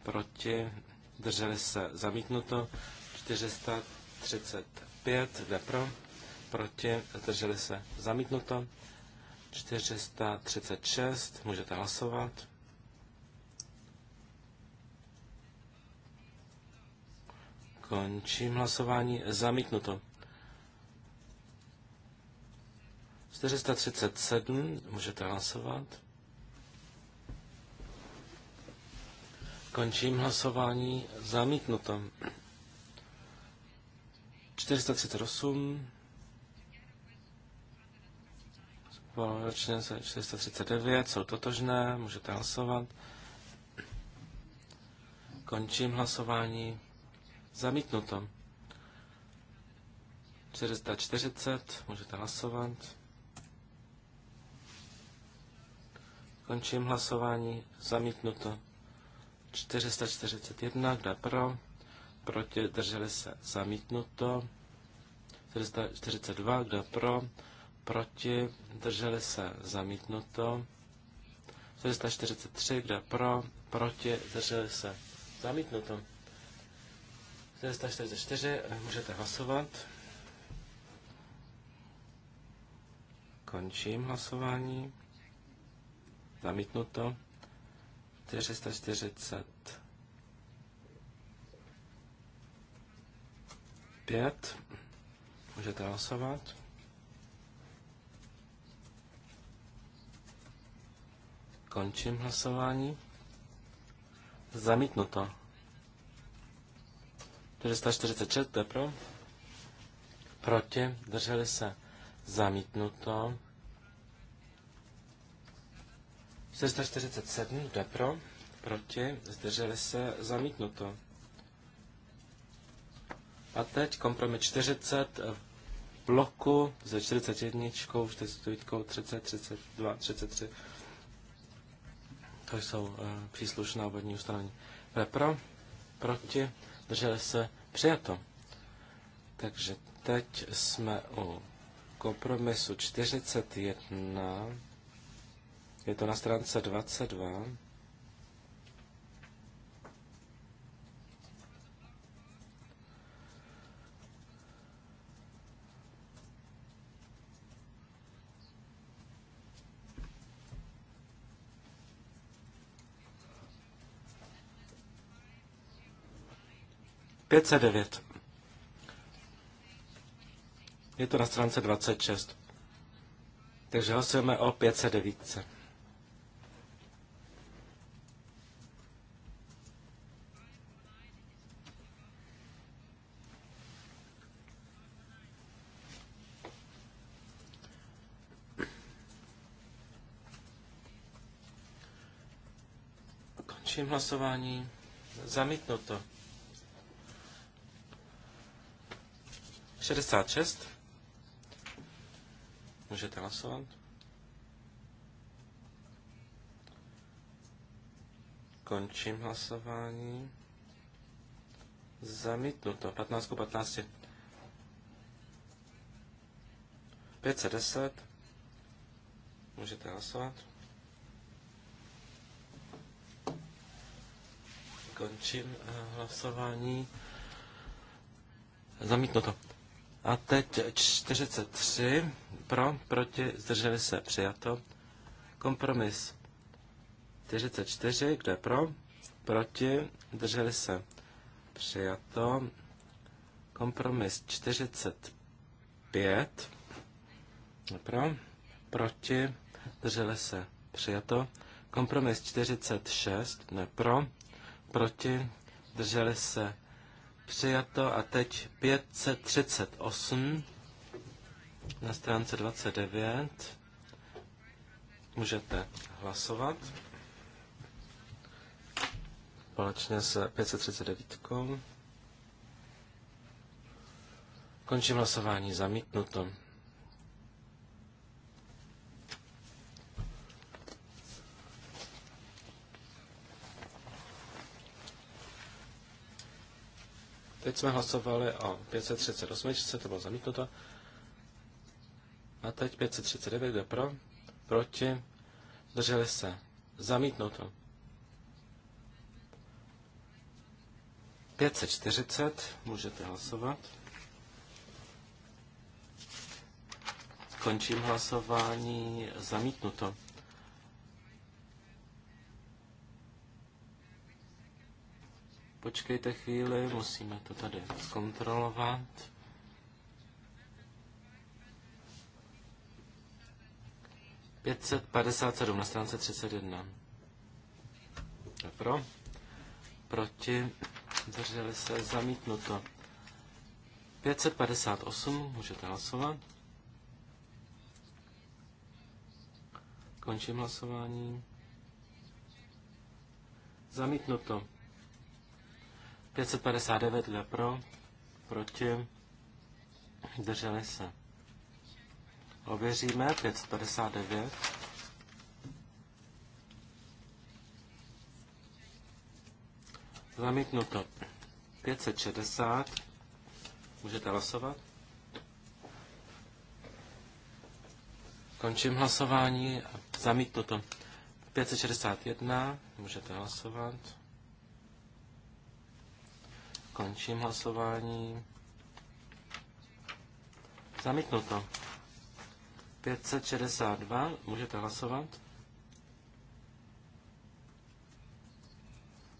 proti, zdrželi se, zamítnuto. 435, kdo je pro, proti, zdrželi se, zamítnuto. 436, můžete hlasovat. Končím hlasování. Zamítnuto. 437, můžete hlasovat. Končím hlasování zamítnuto. 438, společně se 439, jsou totožné, můžete hlasovat. Končím hlasování zamítnuto. 440, můžete hlasovat. Končím hlasování. Zamítnuto. 441, kde pro, proti, drželi se, zamítnuto. 442, kde pro, proti, drželi se, zamítnuto. 443, kde pro, proti, drželi se, zamítnuto. 444, můžete hlasovat. Končím hlasování. Zamítnuto. 445. Můžete hlasovat. Končím hlasování. Zamítnuto. 446, pro. Proti, drželi se. Zamítnuto. 447, jde pro? Proti? Zdrželi se? Zamítnuto. A teď kompromis 40 v bloku se 41, 49, 30, 32, 33. To jsou uh, příslušná vodní ustanovení. Jde je pro? Proti? Zdrželi se? Přijato. Takže teď jsme u kompromisu 41 je to na stránce 22. Je to na stránce 26. Takže hlasujeme o 509. Končím hlasování. Zamítnuto. 66. Můžete hlasovat. Končím hlasování. Zamítnuto. 15 k 15. 510. Můžete hlasovat. Končím eh, hlasování. Zamítnuto. A teď 43 pro, proti, zdrželi se, přijato. Kompromis 44, kde pro, proti, zdrželi se, přijato. Kompromis 45, pro, proti, zdrželi se, přijato. Kompromis 46, ne pro, proti, drželi se přijato a teď 538 na stránce 29 můžete hlasovat společně se 539. Končím hlasování zamítnuto. Teď jsme hlasovali o 538, to bylo zamítnuto. A teď 539, kdo pro? Proti? Drželi se. Zamítnuto. 540, můžete hlasovat. Končím hlasování, zamítnuto. Počkejte chvíli, musíme to tady zkontrolovat. Pětset na stránce 31. Pro. Proti. Drželi se zamítnuto. 558, můžete hlasovat. Končím hlasování. Zamítnuto. 559 jde pro, proti, drželi se. Ověříme 559. Zamítnuto. 560. Můžete hlasovat. Končím hlasování. Zamítnuto. 561. Můžete hlasovat. Končím hlasování. Zamítnuto. 562, můžete hlasovat.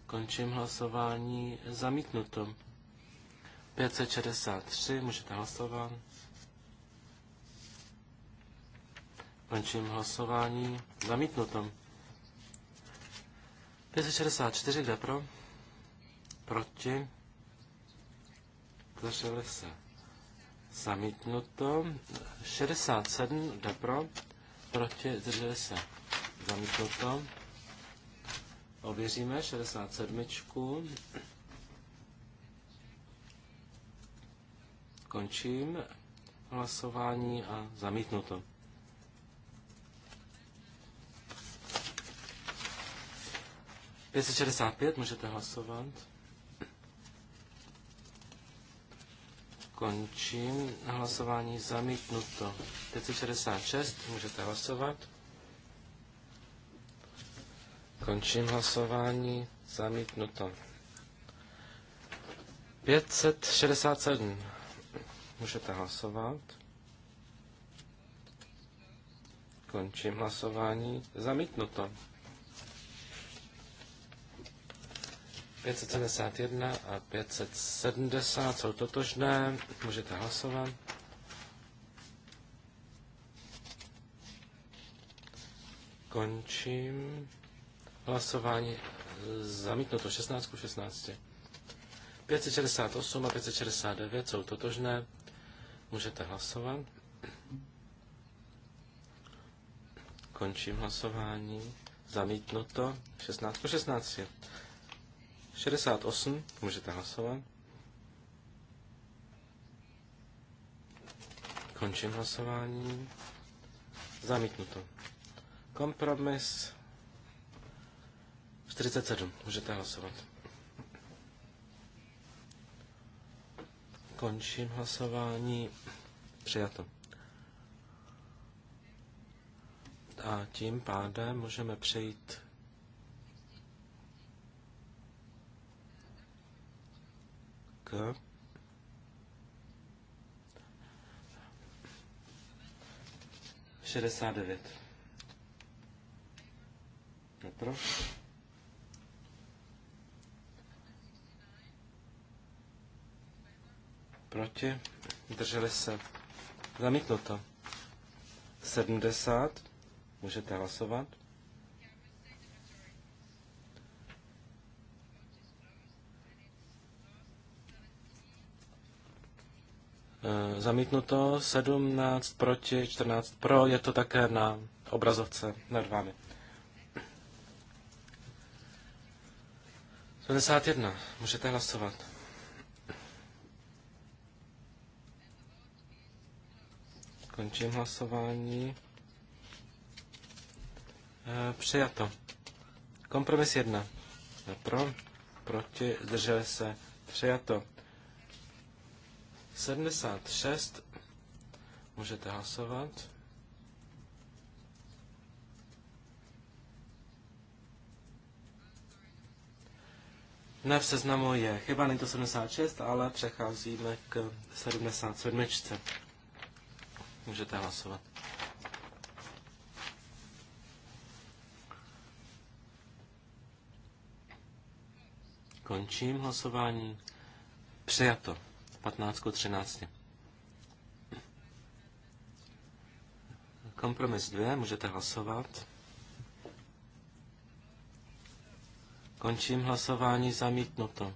Končím hlasování. Zamítnuto. 563, můžete hlasovat. Končím hlasování. Zamítnuto. 564, kde pro? Proti zdrželi se zamítnuto, 67 jde pro, proti zdrželi se zamítnuto, ověříme 67. Končím hlasování a zamítnuto. Pět můžete hlasovat. Končím hlasování zamítnuto. 566, můžete hlasovat. Končím hlasování zamítnuto. 567, můžete hlasovat. Končím hlasování zamítnuto. 571 a 570 jsou totožné, můžete hlasovat. Končím hlasování zamítnuto 16 ku 16. 568 a 569 jsou totožné, můžete hlasovat. Končím hlasování. Zamítnuto 16 po 16. 68, můžete hlasovat. Končím hlasování. Zamítnuto. Kompromis 47, můžete hlasovat. Končím hlasování. Přijato. A tím pádem můžeme přejít tak. šedesát devět. Pro. Proti. Drželi se. Zamítnuto. Sedmdesát. Můžete hlasovat. Eh, zamítnuto 17 proti 14 pro, je to také na obrazovce nad vámi. 71, můžete hlasovat. Končím hlasování. Eh, přijato. Kompromis 1. Pro, proti, zdrželi se. Přijato. 76. Můžete hlasovat. Ne v seznamu je chyba, není to 76, ale přecházíme k 77. Můžete hlasovat. Končím hlasování. Přijato. 15 k 13. Kompromis 2, můžete hlasovat. Končím hlasování, zamítnuto.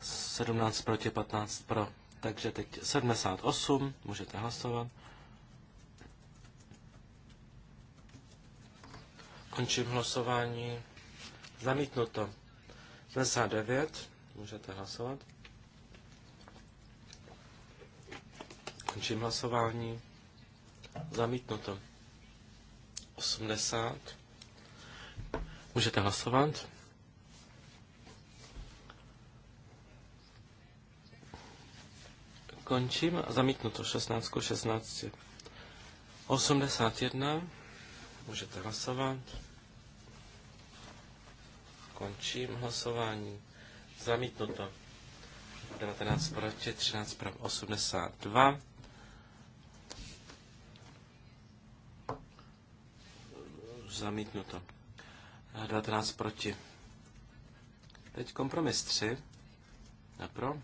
17 proti 15 pro. Takže teď 78, můžete hlasovat. Končím hlasování. Zamítnuto. 59, můžete hlasovat. Končím hlasování. Zamítnuto. 80. Můžete hlasovat. Končím a zamítnuto 16 16. 81. Můžete hlasovat. Končím hlasování. Zamítnuto. 19 proti, 13 pro 82. Zamítnuto. 19 proti. Teď kompromis 3. Na pro.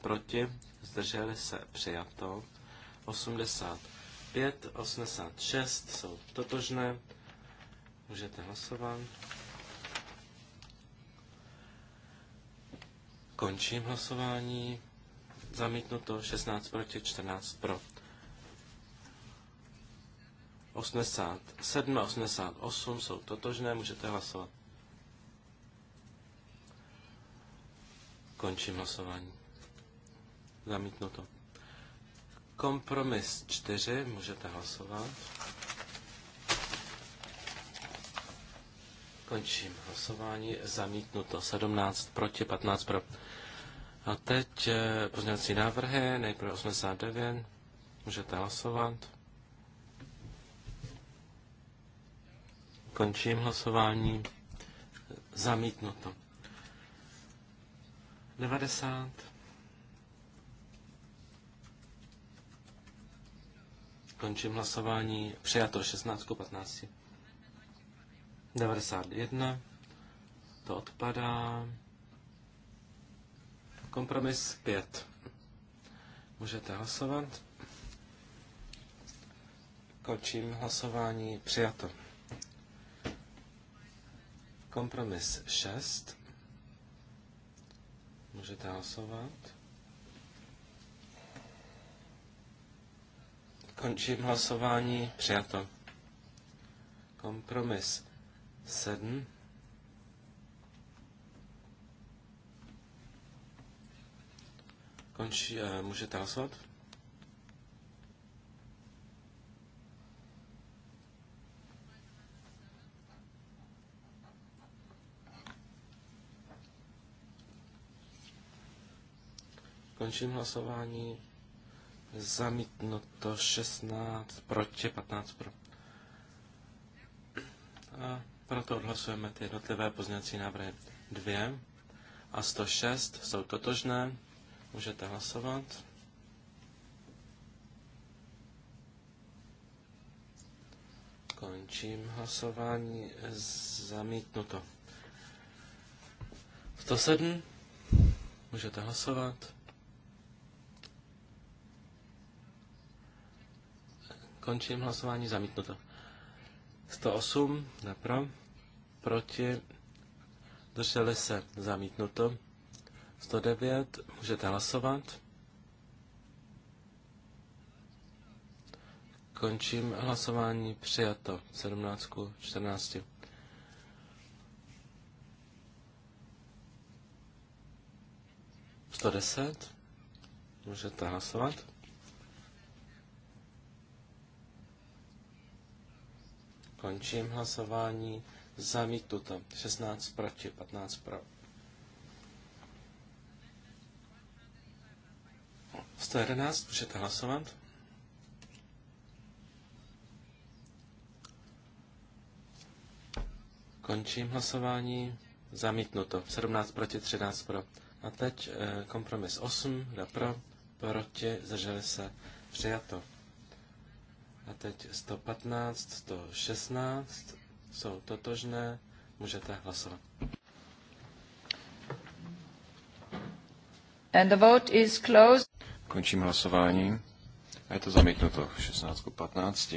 Proti. Zdrželi se. Přijato. 85, 86 jsou totožné. Můžete hlasovat. Končím hlasování. Zamítnuto 16 proti 14 pro. 87 a 88 jsou totožné, můžete hlasovat. Končím hlasování. Zamítnuto. Kompromis 4, můžete hlasovat. Končím hlasování. Zamítnuto 17 proti 15 pro. A teď eh, pozměňovací návrhy, nejprve 89, můžete hlasovat. Končím hlasování. Zamítnuto. 90. Končím hlasování. Přijato 16 15. 91. To odpadá. Kompromis 5. Můžete hlasovat. Končím hlasování. Přijato. Kompromis 6. Můžete hlasovat. Končím hlasování. Přijato. Kompromis 7. Končí, eh, můžete hlasovat? Končím hlasování. Zamítnuto 16 proti, 15 pro. A proto odhlasujeme ty jednotlivé pozměňovací návrhy 2 a 106 jsou totožné. Můžete hlasovat. Končím hlasování. Zamítnuto. 107. Můžete hlasovat. Končím hlasování zamítnuto. 108 pro, proti, drželi se zamítnuto. 109, můžete hlasovat. Končím hlasování přijato 17 14. Sto deset. Můžete hlasovat. Končím hlasování. Zamítnuto. 16 proti, 15 pro. 111, můžete hlasovat. Končím hlasování. Zamítnuto. 17 proti, 13 pro. A teď eh, kompromis 8, 2 pro, proti, zdrželi se, přijato. A teď 115, 116 jsou totožné. Můžete hlasovat. And the vote is closed. Končím hlasování. A je to zamítnuto 16 k 15.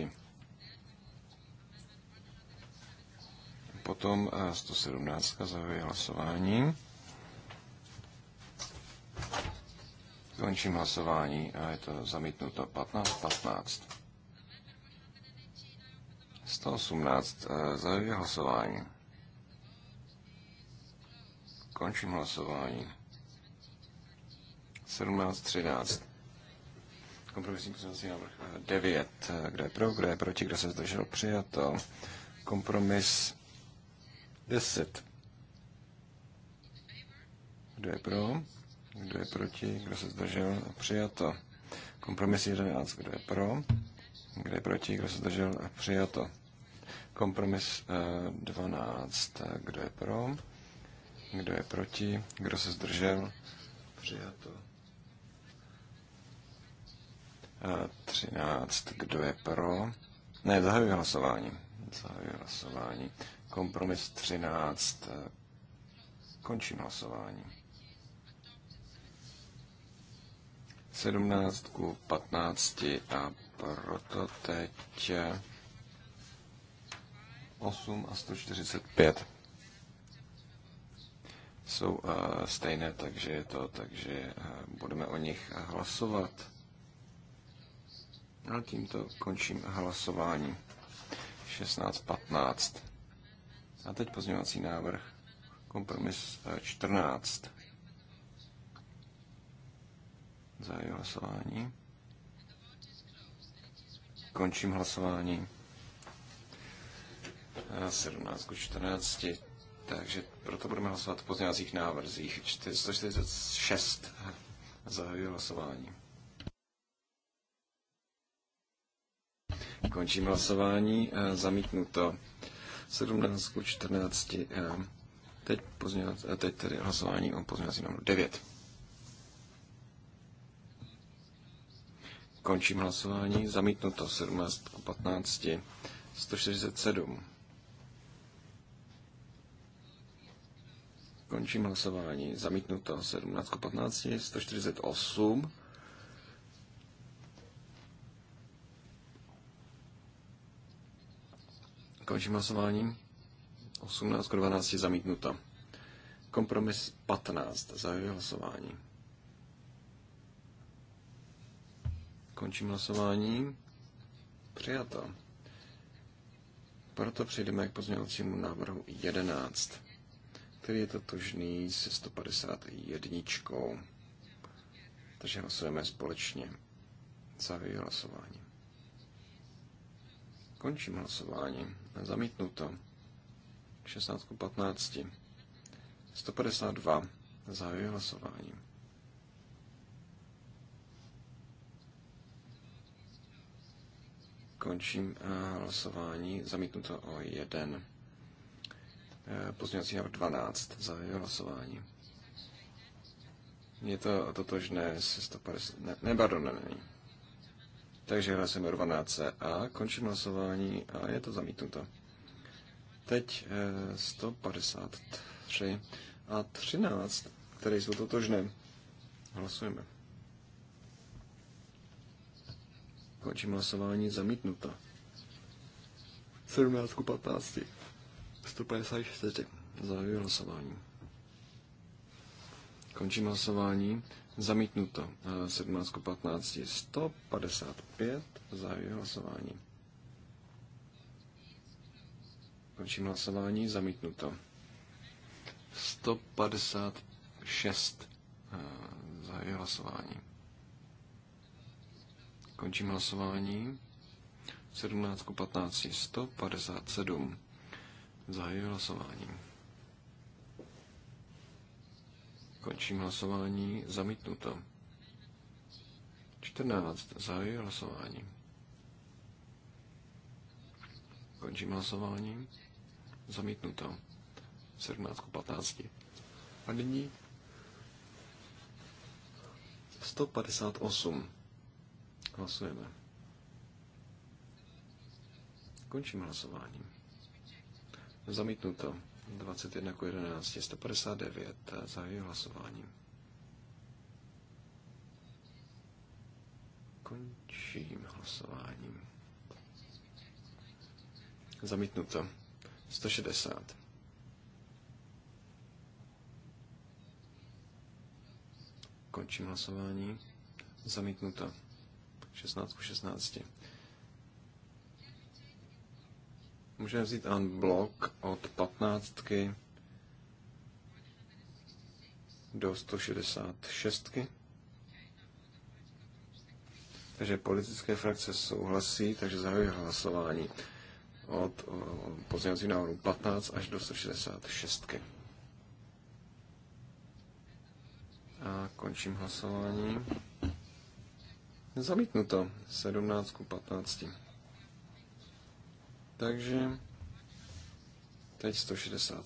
Potom 117 eh, zahajuje hlasování. Končím hlasování a je to zamítnuto 15 15. 118. Eh, zahajuji hlasování. Končím hlasování. 13. Kompromisní pozměňovací návrh 9. Eh, eh, kdo je pro, kdo je proti, kdo se zdržel, přijato. Kompromis 10. Kdo je pro, kdo je proti, kdo se zdržel, přijato. Kompromis 11. Kdo je pro, kde proti? Kdo se zdržel? Přijato. Kompromis 12. Eh, eh, kdo je pro? Kdo je proti? Kdo se zdržel? Přijato. 13. Eh, kdo je pro? Ne, zahajuji hlasování. Zahajuji hlasování. Kompromis 13. Končím hlasování. 17 ku 15 a proto teď 8 eh, a 145 jsou uh, stejné, takže je to, takže uh, budeme o nich hlasovat. A tímto končím hlasování. 16.15. A teď pozměňovací návrh. Kompromis 14. Zahajuji hlasování. Končím hlasování. 17 k 14, takže proto budeme hlasovat v pozměňovacích návrzích. 146 za hlasování. Končím hlasování, eh, zamítnuto 17 k 14. Teď, pozměňovac, eh, teď tedy hlasování o pozměňovacím návrzích 9. Končím hlasování. Zamítnuto 17 k 15. 147. Končím hlasování. Zamítnuto 17 k 15. 148. Končím hlasování. 18 k 12 zamítnuto. Kompromis 15. Zahajuji hlasování. Končím hlasování. Přijato. Proto přejdeme k pozměňovacímu návrhu 11, který je totožný se 151. Takže hlasujeme společně. Zahajuji hlasování. Končím hlasování. Zamítnuto. 16 15. 152. Zahajuji hlasování. Končím eh, hlasování. Zamítnuto o jeden. Eh, pozměňovací návrh 12. Zahajuji hlasování. Je to totožné se 150... Ne, ne pardon, ne, ne. Takže hlasujeme 12 a končím hlasování a je to zamítnuto. Teď 153 eh, a 13, které jsou totožné. Hlasujeme. Končím hlasování zamítnuto. 17 ku 15. 154. Zahajuji hlasování. Končím hlasování. Zamítnuto. 17 eh, ku 15. 155. Zahajuji hlasování. Končím hlasování. Zamítnuto. 156. Eh, zahajuji hlasování. Končím hlasování. 17 ku 15 157. Zahajuji hlasování. Končím hlasování. Zamítnuto. 14. Zahajuji hlasování. Končím hlasování. Zamítnuto. 17 ku 15. A nyní 158. Hlasujeme. Končím hlasování. Zamítnuto. 21 k 11, 159, zahajuji hlasování. Končím hlasováním. Zamítnuto. 160. Končím hlasování. Zamítnuto. 16 ku 16. Můžeme vzít an blok od 15 do 166. Takže politické frakce souhlasí, takže zahajuji hlasování od pozdějící návrhů 15 až do 166. A končím hlasování. Zamítnuto 17 ku 15. Takže teď 167.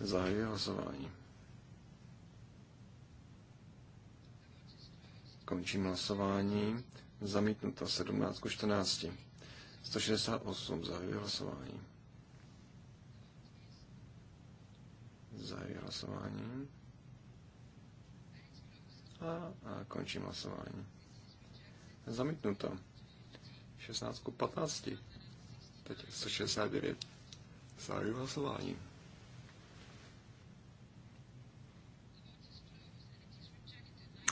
Zahajuji hlasování. Končím hlasování. Zamítnuto 17 ku 14. 168. Zahajuji hlasování. Zahajuji hlasování. A končím hlasování. Zamítnuto. 16 ku 15. Teď 169. Zahajuji hlasování.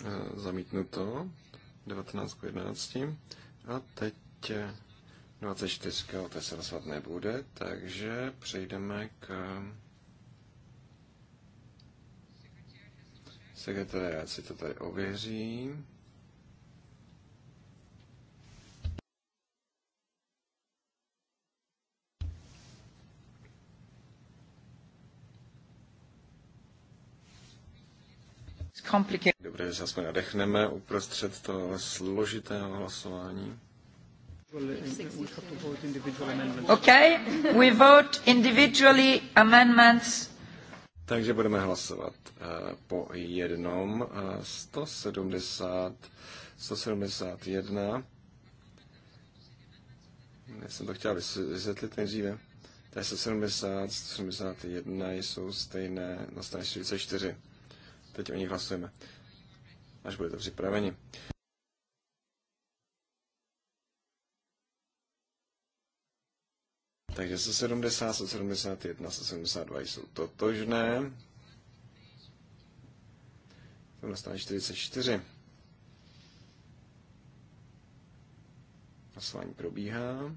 E, zamítnuto. 19 k 11. A teď 24, To se hlasovat nebude, takže přejdeme k sekretariat si to tady ověří. Dobře, že se aspoň nadechneme uprostřed toho složitého hlasování. Okay, we vote individually amendments takže budeme hlasovat eh, po jednom. 170, eh, 171. Já jsem to chtěl vysvětlit nejdříve. To 170, 171 jsou stejné na straně 44. Teď o nich hlasujeme, až budete připraveni. Takže 170, 171, 172 jsou totožné. To nastane 44. Hlasování probíhá.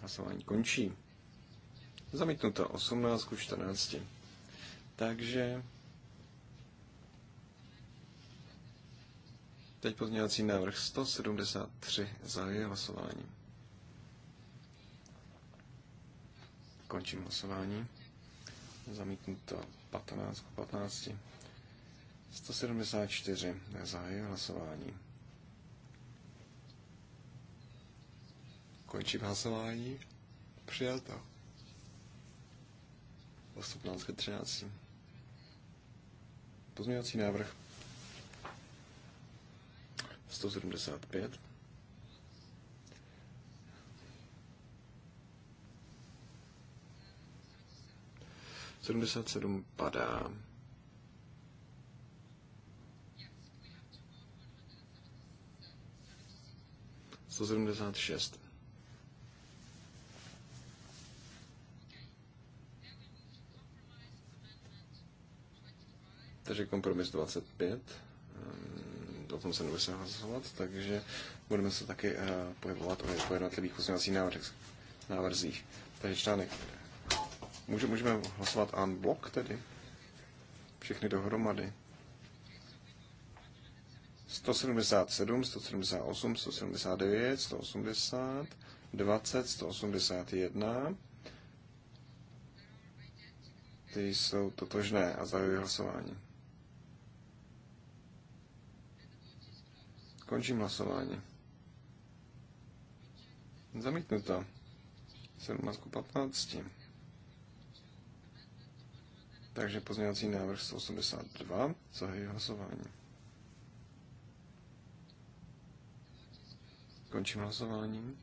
Hlasování končí. Zamítnuto 18 ku 14. Takže teď pozměňovací návrh 173 za hlasování. Končím hlasování. Zamítnuto 15 k 15. 174. Zahajuji hlasování. Končím hlasování. Přijato. 18 k 13. Pozměňovací návrh 175. 77 padá. Sto sedmdesát šest. Takže kompromis 25. Ehm, o tom se nebude se hlasovat, takže budeme se taky uh, pohybovat o jednotlivých pozměňovacích návrzích. Takže článek Můžeme hlasovat en blok tedy? Všechny dohromady. 177, 178, 179, 180, 20, 181. Ty jsou totožné a zahajují hlasování. Končím hlasování. Zamítnuto. 17 15. Takže pozměňovací návrh 182, zahajuji hlasování. Končím hlasování.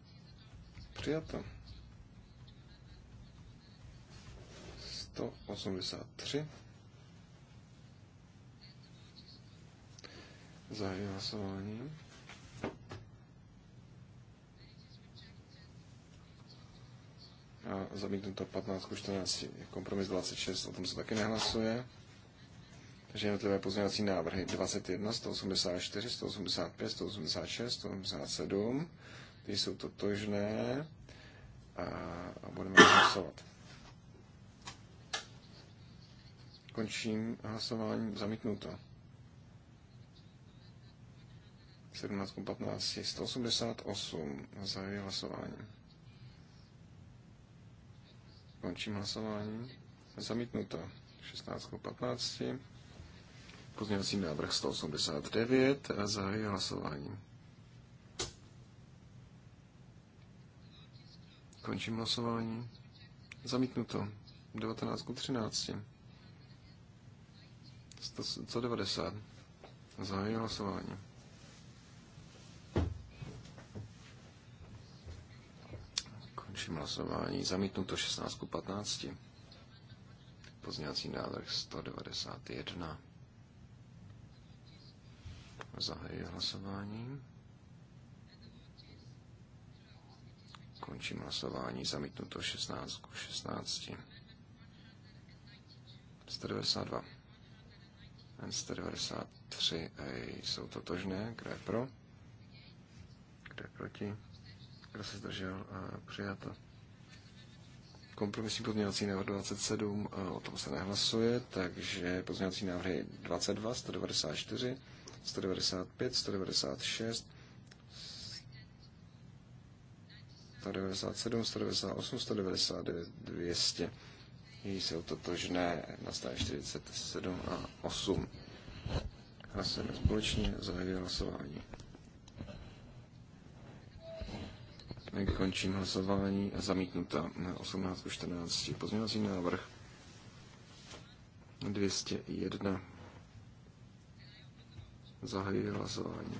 Přijato. 183. Zahajuji hlasování. zamítnuto 15 k 14. Kompromis 26, o tom se taky nehlasuje. Takže jednotlivé pozměňovací návrhy 21, 184, 185, 186, 187, ty jsou totožné a, a budeme hlasovat. Končím hlasování zamítnuto. 17 15, 188 zahajuji hlasování. Končím hlasování. Zamítnuto 16 15. Pozměňovací návrh 189 a zahajuji hlasování. Končím hlasování. Zamítnuto 19 k 13. 190. Zahajuji hlasování. Končím hlasování. Zamítnuto 16 ku 15. Pozněvací návrh 191. Zahajuji hlasování. Končím hlasování. Zamítnuto 16 ku 16. 192. N 193 jsou totožné. Kdo je pro? Kdo je proti? Kdo se zdržel? Přijato. Kompromisní pozměňovací návrh 27, o tom se nehlasuje, takže pozměňovací návrhy 22, 194, 195, 196, 197, 198, 199, 200. Její jsou totožné na 147 a 8. Hlasujeme společně, zahajuje hlasování. Končím hlasování. Zamítnuta 18 ku 14. Pozměňovací návrh 201. Zahajuji hlasování.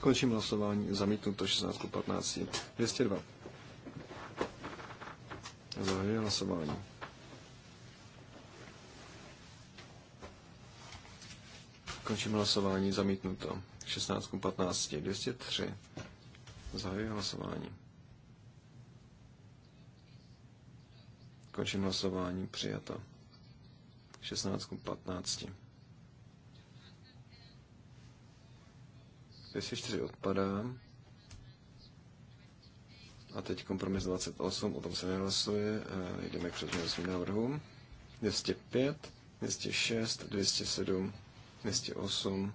Končím hlasování. Zamítnuto 16 ku 15. 202. Zahajuji hlasování. Končím hlasování, zamítnuto. 16 15, 203. Zahajuji hlasování. Končím hlasování, přijato. 16 15. 204 odpadá. A teď kompromis 28, o tom se nehlasuje. E, jdeme k předmětným návrhům. 205, 206, 207, 208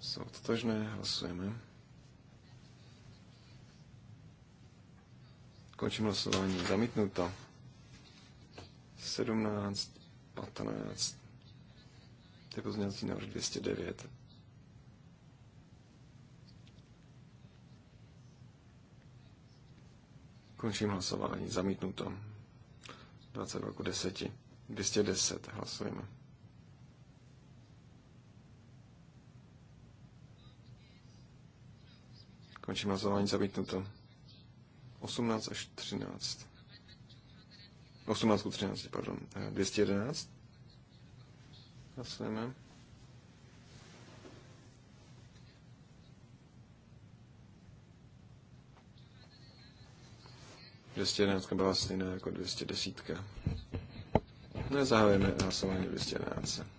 jsou totožné, hlasujeme. Končím hlasování, zamítnuto. 17, 15, to je pozměnací návrh 209. Končím hlasování, zamítnuto. 22 10, 210 hlasujeme. Končím hlasování zamítnuto. 18 až 13. 18 až 13, pardon. 211. Eh, Hlasujeme. jedenáctka byla stejná jako a zahájeme hlasování 211.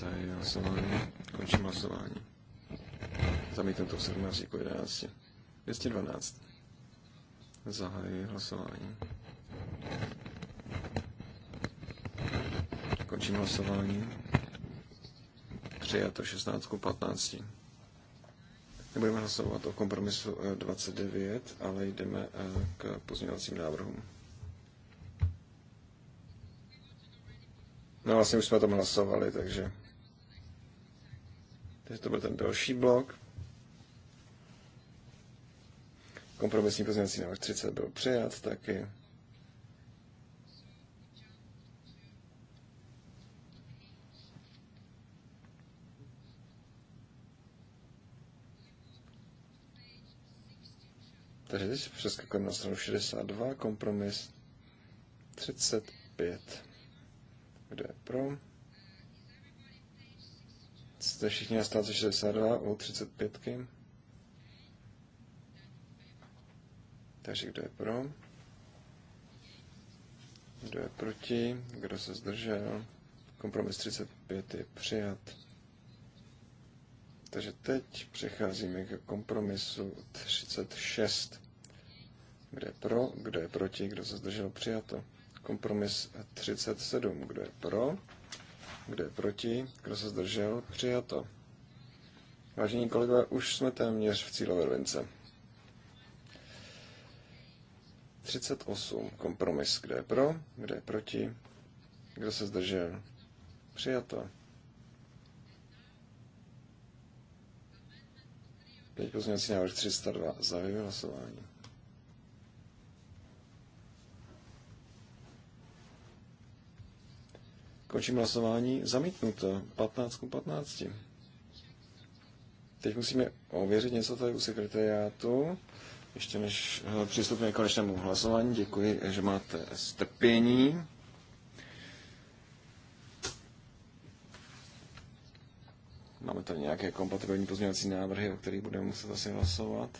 Zahajuji hlasování. Končím hlasování. Zamítnu to v 17 11. 212. Zahajuji hlasování. Končím hlasování. Přijato 16 15. Nebudeme hlasovat o kompromisu 29, eh, ale jdeme eh, k pozměňovacím návrhům. No vlastně už jsme tam hlasovali, takže takže to byl ten další blok. Kompromisní pozměnací návrh 30 byl přijat taky. Takže teď přeskakujeme na stranu 62, kompromis 35. kde je pro? Jste všichni na stánce 62 u 35. Takže kdo je pro? Kdo je proti? Kdo se zdržel? Kompromis 35 je přijat. Takže teď přecházíme k kompromisu 36. Kdo je pro? Kdo je proti? Kdo se zdržel? Přijato. Kompromis 37. Kdo je pro? Kdo je proti? Kdo se zdržel? Přijato. Vážení kolegové, už jsme téměř v cílové rovince. 38. Kompromis. Kdo je pro? Kdo je proti? Kdo se zdržel? Přijato. Teď pozměňovací návrh 302. Zahajuji hlasování. Končím hlasování. Zamítnuto. 15 ku 15. Teď musíme ověřit něco tady u sekretariátu. Ještě než eh, přistupme k konečnému hlasování, děkuji, že máte strpění. Máme tady nějaké kompatibilní pozměňovací návrhy, o kterých budeme muset asi hlasovat.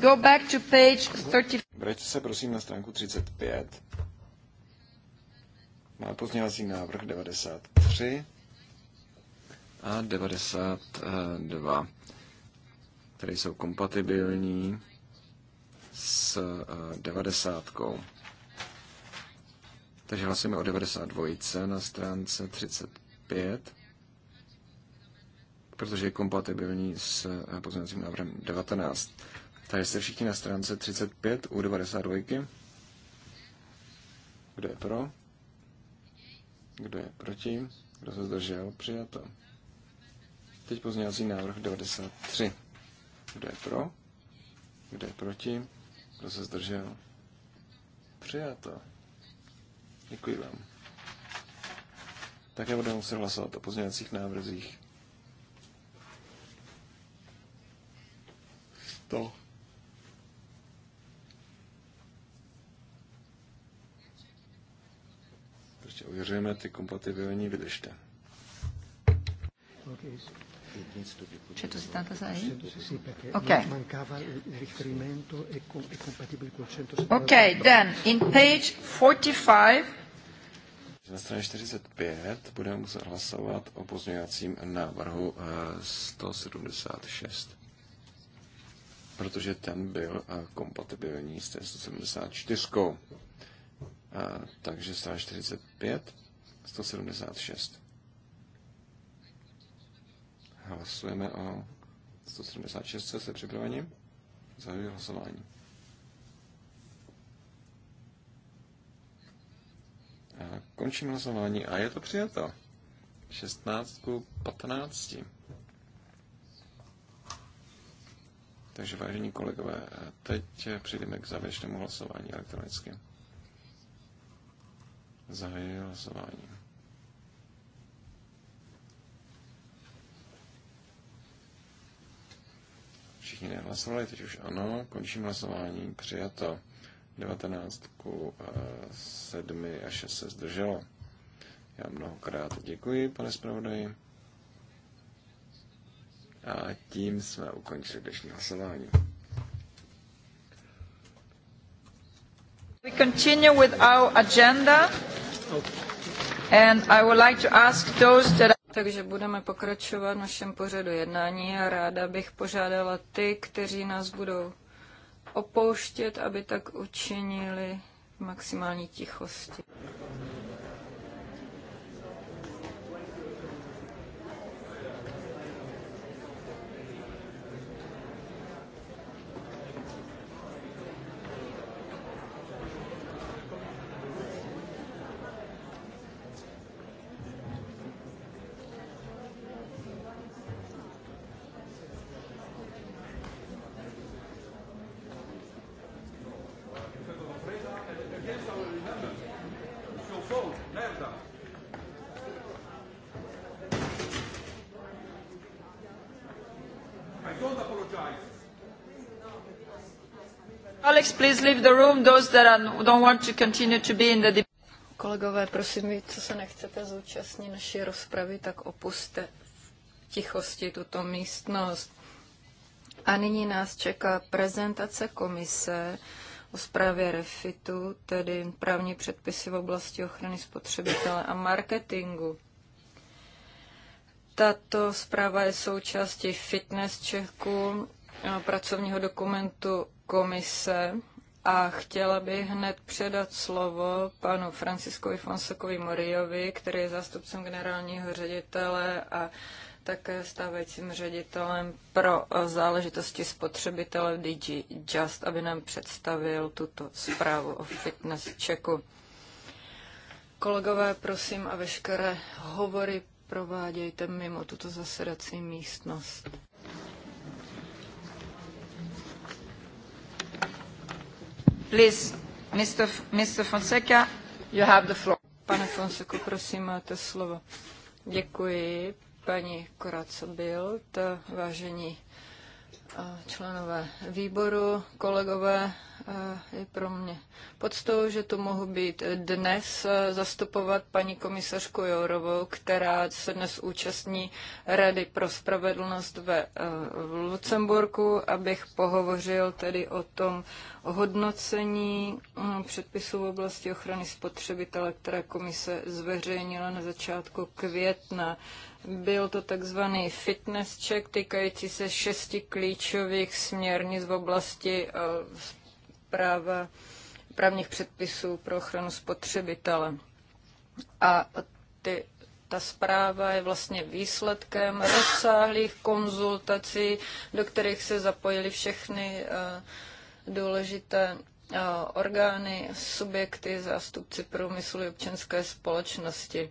Go back to page 30. Vraťte se prosím na stránku 35. Máme pozměňovací návrh 93 a 92, které jsou kompatibilní s 90. Eh, Takže hlasujeme o 92 na stránce 35, protože je kompatibilní s eh, pozměňovacím návrhem 19. Takže jste všichni na stránce 35 u 92. Kdo je pro? Kdo je proti? Kdo se zdržel? Přijato. Teď pozměňovací návrh 93. Kdo je pro? Kdo je proti? Kdo se zdržel? Přijato. Děkuji vám. Také budeme muset hlasovat o pozměňovacích návrzích. To. ověřujeme ty kompatibilní videšte. C'è Ok. Ok, then in page 45. Na straně 45 budeme muset hlasovat o pozměňovacím návrhu 176, eh, protože ten byl eh, kompatibilní s 174. A, takže 145, 176. Hlasujeme o 176, se připravením Zahajuji hlasování. A končím hlasování a je to přijato. 16 k 15. Takže vážení kolegové, teď přijdeme k závěrečnému hlasování elektronicky. Zahajuji hlasování. Všichni nehlasovali, teď už ano. Končím hlasování. Přijato 19 ku 7 eh, a 6 se zdrželo. Já mnohokrát děkuji, pane zpravodaji. A tím jsme ukončili dnešní hlasování. We continue with our agenda and I would like to ask those that takže budeme pokračovat v našem pořadu jednání a ráda bych požádala ty, kteří nás budou opouštět, aby tak učinili v maximální tichosti. Colleagues, please leave the room. Those that are, don't want to continue to be in the Kolegové, prosím, vy, co se nechcete zúčastnit naší rozpravy, tak opuste v tichosti tuto místnost. A nyní nás čeká prezentace komise o zprávě REFITu, tedy právní předpisy v oblasti ochrany spotřebitele a marketingu. Tato zpráva je součástí fitness Čechu pracovního dokumentu komise a chtěla bych hned předat slovo panu Franciskovi Fonsekovi Moriovi, který je zástupcem generálního ředitele a také stávajícím ředitelem pro záležitosti spotřebitele v DG Just, aby nám představil tuto zprávu o fitness checku. Kolegové, prosím a veškeré hovory provádějte mimo tuto zasedací místnost. Please, Pane Fonseco, prosím, máte slovo. Děkuji, paní Koracobilt, vážení členové výboru, kolegové, e, je pro mě podstou, že tu mohu být dnes e, zastupovat paní komisařku Jourovou, která se dnes účastní Rady pro spravedlnost ve e, v Lucemburku, abych pohovořil tedy o tom hodnocení mm, předpisů v oblasti ochrany spotřebitele, které komise zveřejnila na začátku května. Byl to takzvaný fitness check týkající se šesti klíčových směrnic v oblasti eh, práva, právních předpisů pro ochranu spotřebitele. A ty ta zpráva je vlastně výsledkem rozsáhlých konzultací, do kterých se zapojili všechny eh, důležité eh, orgány, subjekty, zástupci průmyslu i občanské společnosti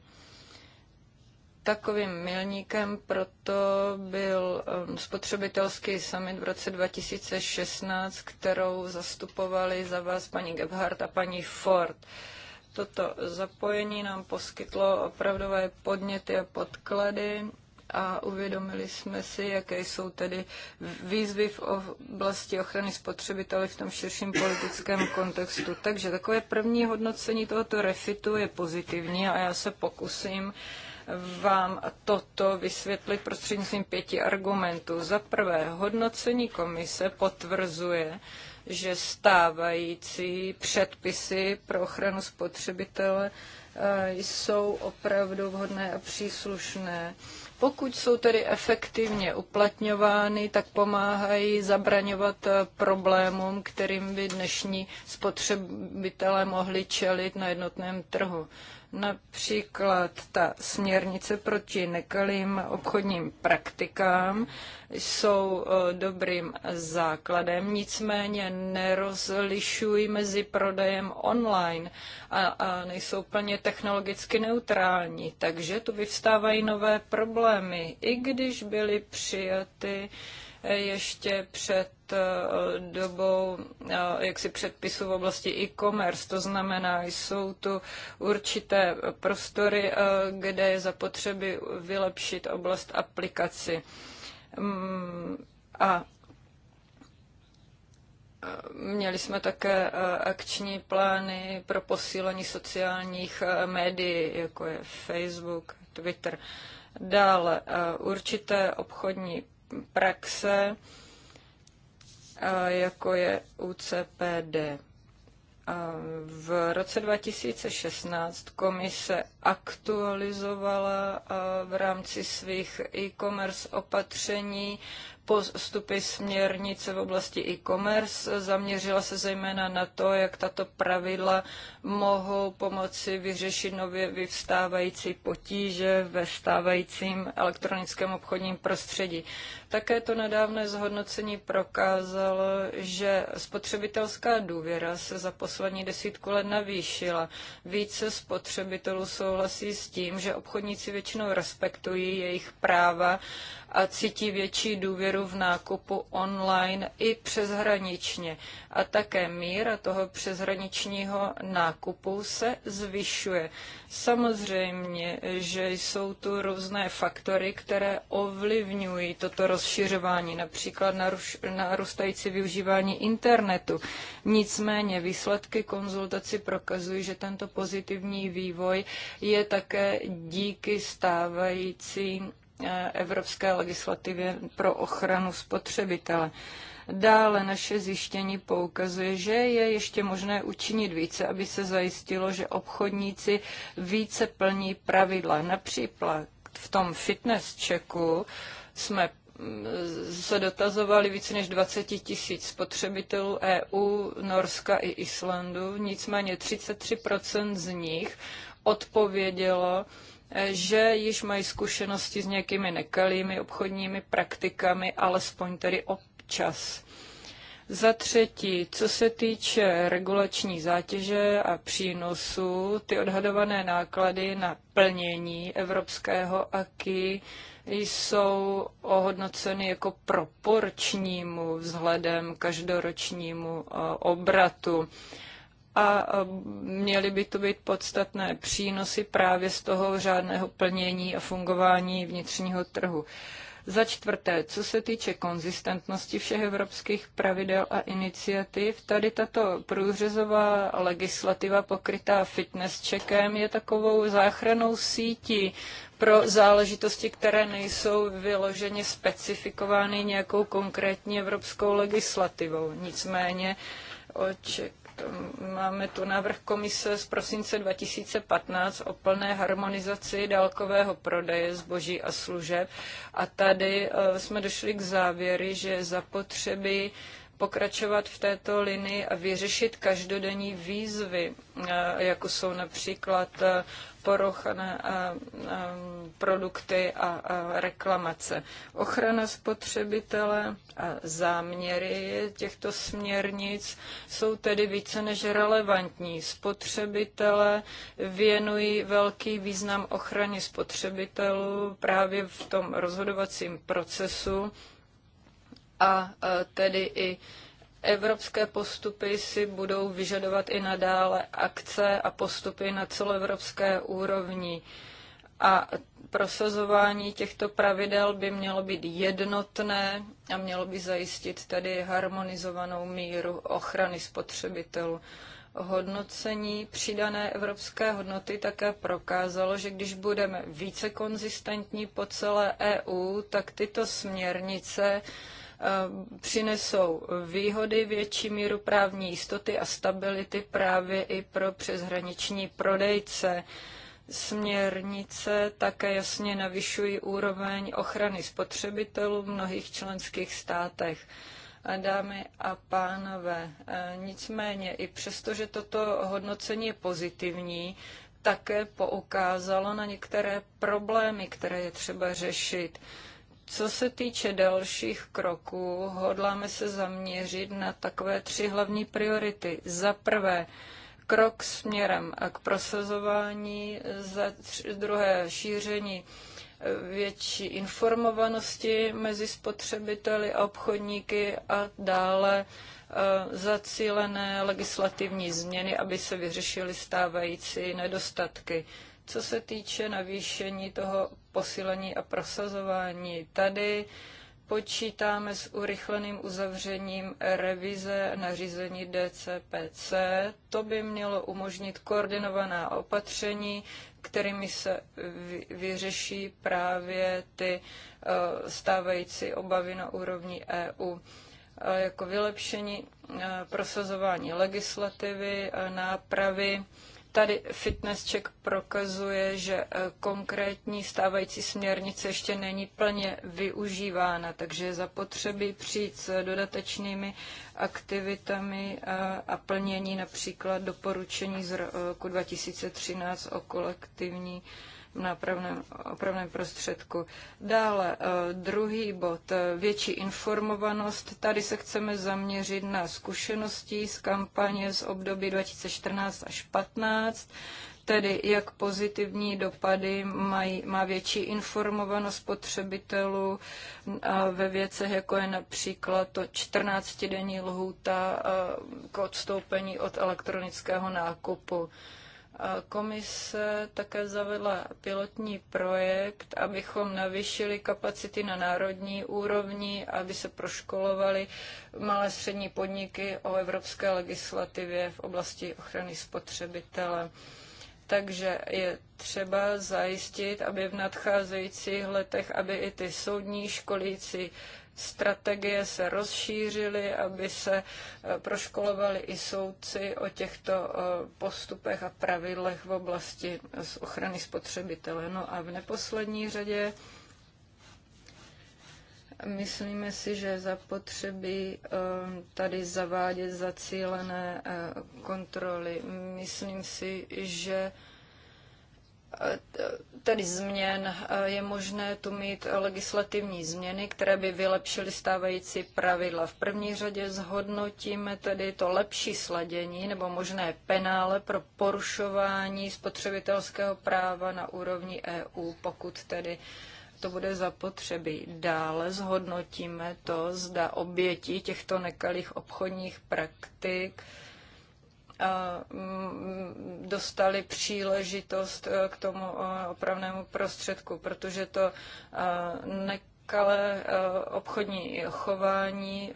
takovým milníkem proto byl um, spotřebitelský summit v roce 2016, kterou zastupovali za vás paní Gebhardt a paní Ford. Toto zapojení nám poskytlo opravdové podněty a podklady a uvědomili jsme si, jaké jsou tedy výzvy v oblasti ochrany spotřebitelů v tom širším politickém kontextu. Takže takové první hodnocení tohoto refitu je pozitivní a já se pokusím uh, vám toto vysvětlit prostřednictvím pěti argumentů. Za prvé, hodnocení komise potvrzuje, že stávající předpisy pro ochranu spotřebitele eh, jsou opravdu vhodné a příslušné. Pokud jsou tedy efektivně uplatňovány, tak pomáhají zabraňovat eh, problémům, kterým by dnešní spotřebitelé mohli čelit na jednotném trhu. Například ta směrnice proti nekalým obchodním praktikám jsou eh, dobrým základem, nicméně nerozlišují mezi prodejem online a, a nejsou plně technologicky neutrální, takže tu vyvstávají nové problémy, i když byly přijaty uh, ještě před eh, dobou eh, jaksi předpisu v oblasti e-commerce. To znamená, jsou tu určité prostory, eh, kde je zapotřeby vylepšit oblast aplikaci. Mm, a Měli jsme také akční plány pro posílení sociálních médií, jako je Facebook, Twitter. Dále určité obchodní praxe, jako je UCPD. V roce 2016 komise aktualizovala v rámci svých e-commerce opatření postupy směrnice v oblasti e-commerce. Zaměřila se zejména na to, jak tato pravidla mohou pomoci vyřešit nově vyvstávající potíže ve stávajícím elektronickém obchodním prostředí. Také to nedávné zhodnocení prokázalo, že spotřebitelská důvěra se za poslední desítku let navýšila. Více spotřebitelů souhlasí s tím, že obchodníci většinou respektují jejich práva a cítí větší důvěru v nákupu online i přeshraničně. A také míra toho přeshraničního nákupu se zvyšuje. Samozřejmě, že jsou tu různé faktory, které ovlivňují toto rozšiřování, například narůstající využívání internetu. Nicméně výsledky konzultaci prokazují, že tento pozitivní vývoj je také díky stávající eh, evropské legislativě pro ochranu spotřebitele. Dále naše zjištění poukazuje, že je ještě možné učinit více, aby se zajistilo, že obchodníci více plní pravidla. Například v tom fitness checku jsme se dotazovali více než 20 tisíc spotřebitelů EU, Norska i Islandu. Nicméně 33% z nich odpovědělo, že již mají zkušenosti s nějakými nekalými obchodními praktikami, alespoň tedy občas. Za třetí, co se týče regulační zátěže a přínosu, ty odhadované náklady na plnění evropského aky jsou ohodnoceny jako proporčnímu vzhledem každoročnímu eh, obratu a eh, měly by to být podstatné přínosy právě z toho řádného plnění a fungování vnitřního trhu. Za čtvrté, co se týče konzistentnosti všech evropských pravidel a iniciativ, tady tato průřezová legislativa pokrytá fitness checkem je takovou záchranou sítí pro záležitosti, které nejsou vyloženě specifikovány nějakou konkrétní evropskou legislativou. Nicméně oček Máme tu návrh komise z prosince 2015 o plné harmonizaci dálkového prodeje zboží a služeb. A tady eh, jsme došli k závěry, že zapotřebí pokračovat v této linii a vyřešit každodenní výzvy, eh, jako jsou například eh, porochané eh, produkty a reklamace. Ochrana spotřebitele a záměry těchto směrnic jsou tedy více než relevantní. Spotřebitele věnují velký význam ochraně spotřebitelů právě v tom rozhodovacím procesu a e, tedy i evropské postupy si budou vyžadovat i nadále akce a postupy na celoevropské úrovni. A prosazování těchto pravidel by mělo být jednotné a mělo by zajistit tedy harmonizovanou míru ochrany spotřebitelů. Hodnocení přidané evropské hodnoty také prokázalo, že když budeme více konzistentní po celé EU, tak tyto směrnice Eh, přinesou výhody, větší míru právní jistoty a stability právě i pro přeshraniční prodejce. Směrnice také jasně navyšují úroveň ochrany spotřebitelů v mnohých členských státech eh, dámy a pánové. Eh, nicméně i přesto, že toto hodnocení je pozitivní, také poukázalo na některé problémy, které je třeba řešit. Co se týče dalších kroků, hodláme se zaměřit na takové tři hlavní priority. Za prvé, krok směrem k prosazování, za druhé, šíření eh, větší informovanosti mezi spotřebiteli a obchodníky a dále eh, zacílené legislativní změny, aby se vyřešily stávající nedostatky. Co se týče navýšení toho posílení a prosazování, tady počítáme s urychleným uzavřením revize nařízení DCPC. To by mělo umožnit koordinovaná opatření, kterými se vyřeší právě ty eh, stávající obavy na úrovni EU jako vylepšení eh, prosazování legislativy, nápravy Tady fitness check prokazuje, že eh, konkrétní stávající směrnice ještě není plně využívána, takže je zapotřebí přijít s dodatečnými aktivitami eh, a plnění například doporučení z eh, roku 2013 o kolektivní na opravném prostředku. Dále eh, druhý bod, eh, větší informovanost. Tady se chceme zaměřit na zkušenosti z kampaně z období 2014 až 2015 tedy jak pozitivní dopady mají, má větší informovanost spotřebitelů eh, ve věcech, jako je například to 14-denní lhůta k odstoupení od elektronického nákupu. Komise také zavedla pilotní projekt, abychom navýšili kapacity na národní úrovni, aby se proškolovaly malé střední podniky o evropské legislativě v oblasti ochrany spotřebitele. Takže je třeba zajistit, aby v nadcházejících letech, aby i ty soudní školící strategie se rozšířily, aby se eh, proškolovali i soudci o těchto eh, postupech a pravidlech v oblasti ochrany spotřebitele. No a v neposlední řadě Myslíme si, že zapotřebí eh, tady zavádět zacílené kontroly. Myslím si, že tedy změn eh, je možné tu mít legislativní změny, které by vylepšily stávající pravidla. V první řadě zhodnotíme tedy to lepší sladění nebo možné penále pro porušování spotřebitelského práva na úrovni EU, pokud tedy to bude zapotřebí. Dále zhodnotíme to, zda oběti těchto nekalých obchodních praktik Mm, dostali příležitost e, k tomu e, opravnému prostředku, protože to e, nekalé obchodní chování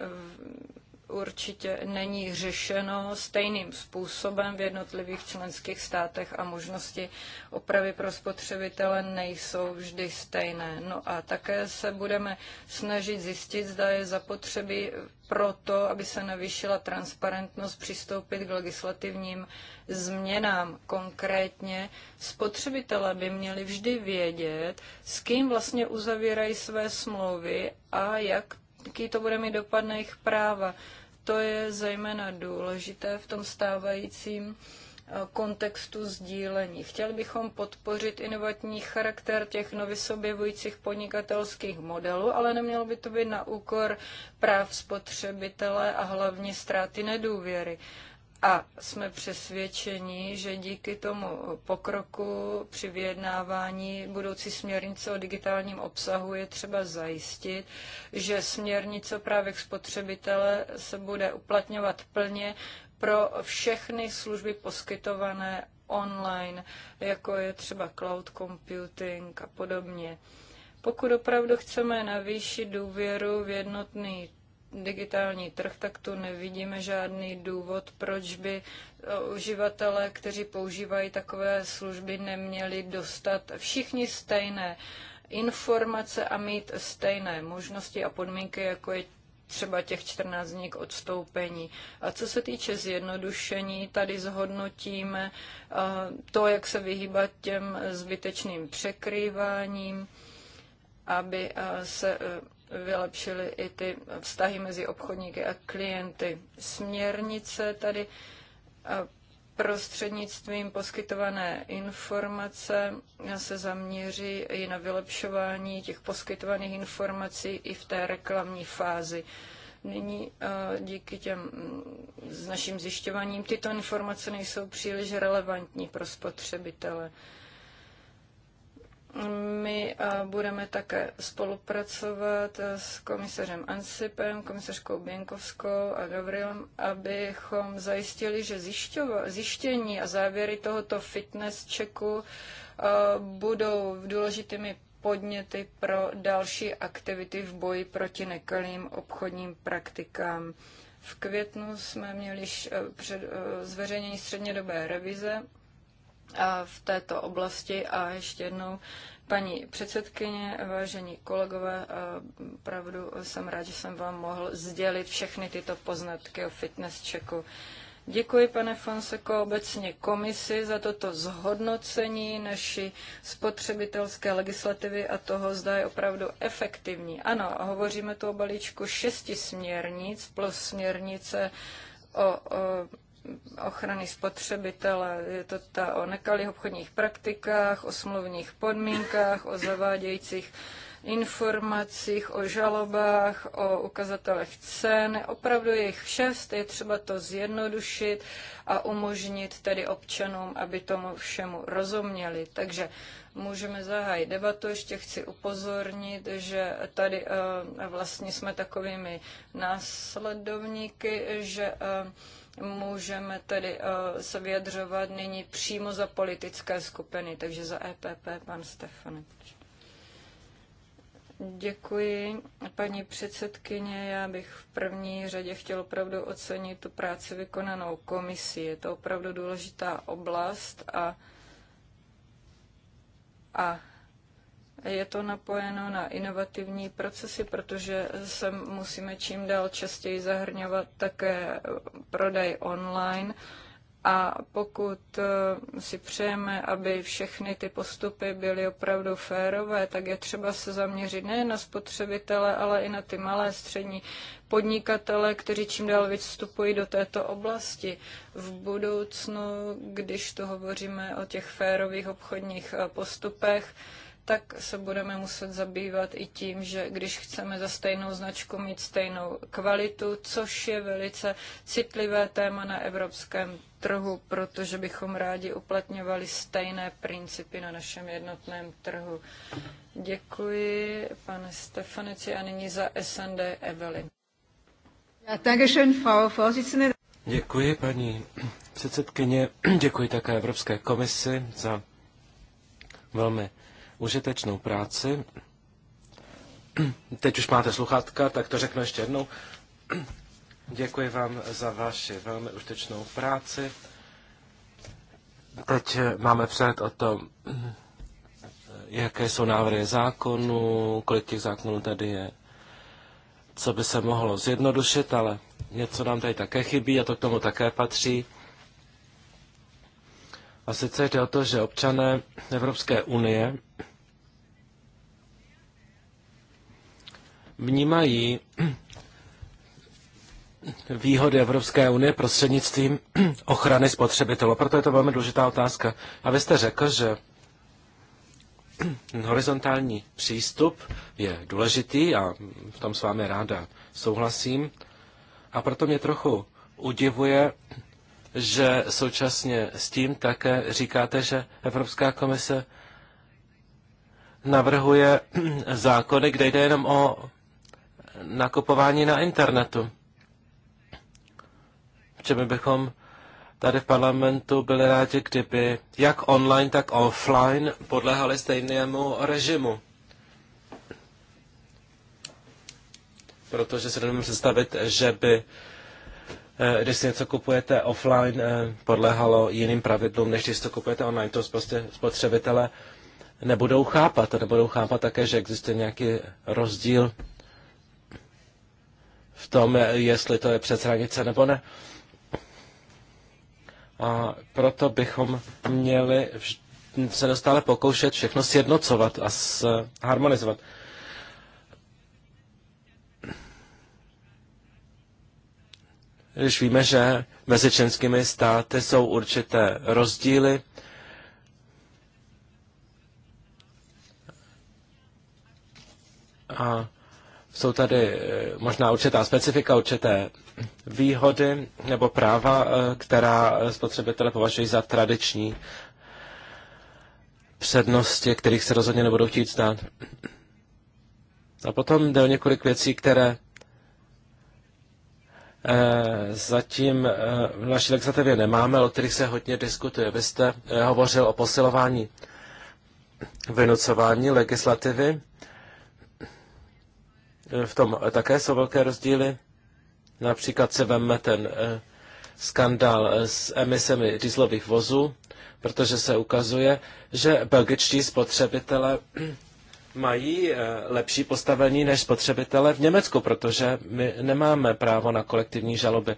určitě není řešeno stejným způsobem v jednotlivých členských státech a možnosti opravy pro spotřebitele nejsou vždy stejné. No a také se budeme snažit zjistit, zda je zapotřebí proto, aby se navýšila transparentnost, přistoupit k legislativním změnám. Konkrétně spotřebitelé by měli vždy vědět, s kým vlastně uzavírají své smlouvy a jak jaký to bude mít dopad na jejich práva. To je zejména důležité v tom stávajícím eh, kontextu sdílení. Chtěli bychom podpořit inovatní charakter těch nově podnikatelských modelů, ale nemělo by to být na úkor práv spotřebitele a hlavně ztráty nedůvěry. A jsme přesvědčeni, že díky tomu pokroku při vyjednávání budoucí směrnice o digitálním obsahu je třeba zajistit, že směrnice právě k spotřebitele se bude uplatňovat plně pro všechny služby poskytované online, jako je třeba cloud computing a podobně. Pokud opravdu chceme navýšit důvěru v jednotný digitální trh, tak tu nevidíme žádný důvod, proč by e, uživatelé, kteří používají takové služby, neměli dostat všichni stejné informace a mít stejné možnosti a podmínky, jako je třeba těch 14 dní k odstoupení. A co se týče zjednodušení, tady zhodnotíme e, to, jak se vyhýbat těm zbytečným překrýváním, aby e, se vylepšily i ty vztahy mezi obchodníky a klienty. Směrnice tady eh, prostřednictvím poskytované informace se zaměří i na vylepšování těch poskytovaných informací i v té reklamní fázi. Nyní eh, díky těm mm, s naším zjišťováním tyto informace nejsou příliš relevantní pro spotřebitele. My eh, budeme také spolupracovat eh, s komisařem Ansipem, komisařkou Běnkovskou a Gavrilem, abychom zajistili, že zjištění a závěry tohoto fitness checku eh, budou důležitými podněty pro další aktivity v boji proti nekalým obchodním praktikám. V květnu jsme měli zveřejnění střednědobé revize v této oblasti. A ještě jednou, paní předsedkyně, vážení kolegové, opravdu jsem rád, že jsem vám mohl sdělit všechny tyto poznatky o fitness checku. Děkuji, pane Fonseko, obecně komisi za toto zhodnocení naší spotřebitelské legislativy a toho, zda je opravdu efektivní. Ano, hovoříme tu o balíčku šesti směrnic plus směrnice o, o ochrany spotřebitele. Je to ta o nekalých obchodních praktikách, o smluvních podmínkách, o zavádějících informacích, o žalobách, o ukazatelech cen. Opravdu je jich šest, je třeba to zjednodušit a umožnit tedy občanům, aby tomu všemu rozuměli. Takže můžeme zahájit debatu. Ještě chci upozornit, že tady eh, vlastně jsme takovými následovníky, že eh, Můžeme tedy eh, se vyjadřovat nyní přímo za politické skupiny, takže za EPP pan Stefanek. Děkuji, paní předsedkyně. Já bych v první řadě chtěl opravdu ocenit tu práci vykonanou komisí. Je to opravdu důležitá oblast a, a je to napojeno na inovativní procesy, protože se musíme čím dál častěji zahrňovat také prodej online. A pokud eh, si přejeme, aby všechny ty postupy byly opravdu férové, tak je třeba se zaměřit nejen na spotřebitele, ale i na ty malé střední podnikatele, kteří čím dál víc vstupují do této oblasti. V budoucnu, když tu hovoříme o těch férových obchodních eh, postupech, tak se budeme muset zabývat i tím, že když chceme za stejnou značku mít stejnou kvalitu, což je velice citlivé téma na evropském trhu, protože bychom rádi uplatňovali stejné principy na našem jednotném trhu. Děkuji, pane Stefaneci, a nyní za SND Evelyn. Děkuji, paní předsedkyně. Děkuji také Evropské komisi za velmi užitečnou práci. Teď už máte sluchátka, tak to řeknu ještě jednou. Děkuji vám za vaši velmi užitečnou práci. Teď máme před o tom, jaké jsou návrhy zákonů, kolik těch zákonů tady je, co by se mohlo zjednodušit, ale něco nám tady také chybí a to k tomu také patří. A sice jde o to, že občané Evropské unie vnímají výhody Evropské unie prostřednictvím ochrany spotřebitelů. Proto je to velmi důležitá otázka. A vy jste řekl, že horizontální přístup je důležitý a v tom s vámi ráda souhlasím. A proto mě trochu udivuje, že současně s tím také říkáte, že Evropská komise navrhuje zákony, kde jde jenom o nakupování na internetu. Čemu bychom tady v parlamentu byli rádi, kdyby jak online, tak offline podlehali stejnému režimu. Protože se nemůžeme představit, že by eh, když si něco kupujete offline, eh, podléhalo jiným pravidlům, než když si to kupujete online. To prostě spotřebitele nebudou chápat. A nebudou chápat také, že existuje nějaký rozdíl v tom, jestli to je přes hranice nebo ne. A proto bychom měli se neustále pokoušet všechno sjednocovat a harmonizovat. Když víme, že mezi členskými státy jsou určité rozdíly, a jsou tady eh, možná určitá specifika, určité výhody nebo práva, eh, která eh, spotřebitele považují za tradiční přednosti, kterých se rozhodně nebudou chtít stát. A potom jde o několik věcí, které zatím v naší legislativě nemáme, o kterých se hodně diskutuje. Vy jste hovořil o posilování vynucování legislativy. V tom také jsou velké rozdíly. Například se veme ten eh, skandál eh, s emisemi dieselových vozů, protože se ukazuje, že belgičtí spotřebitele mají eh, lepší postavení než spotřebitele v Německu, protože my nemáme právo na kolektivní žaloby.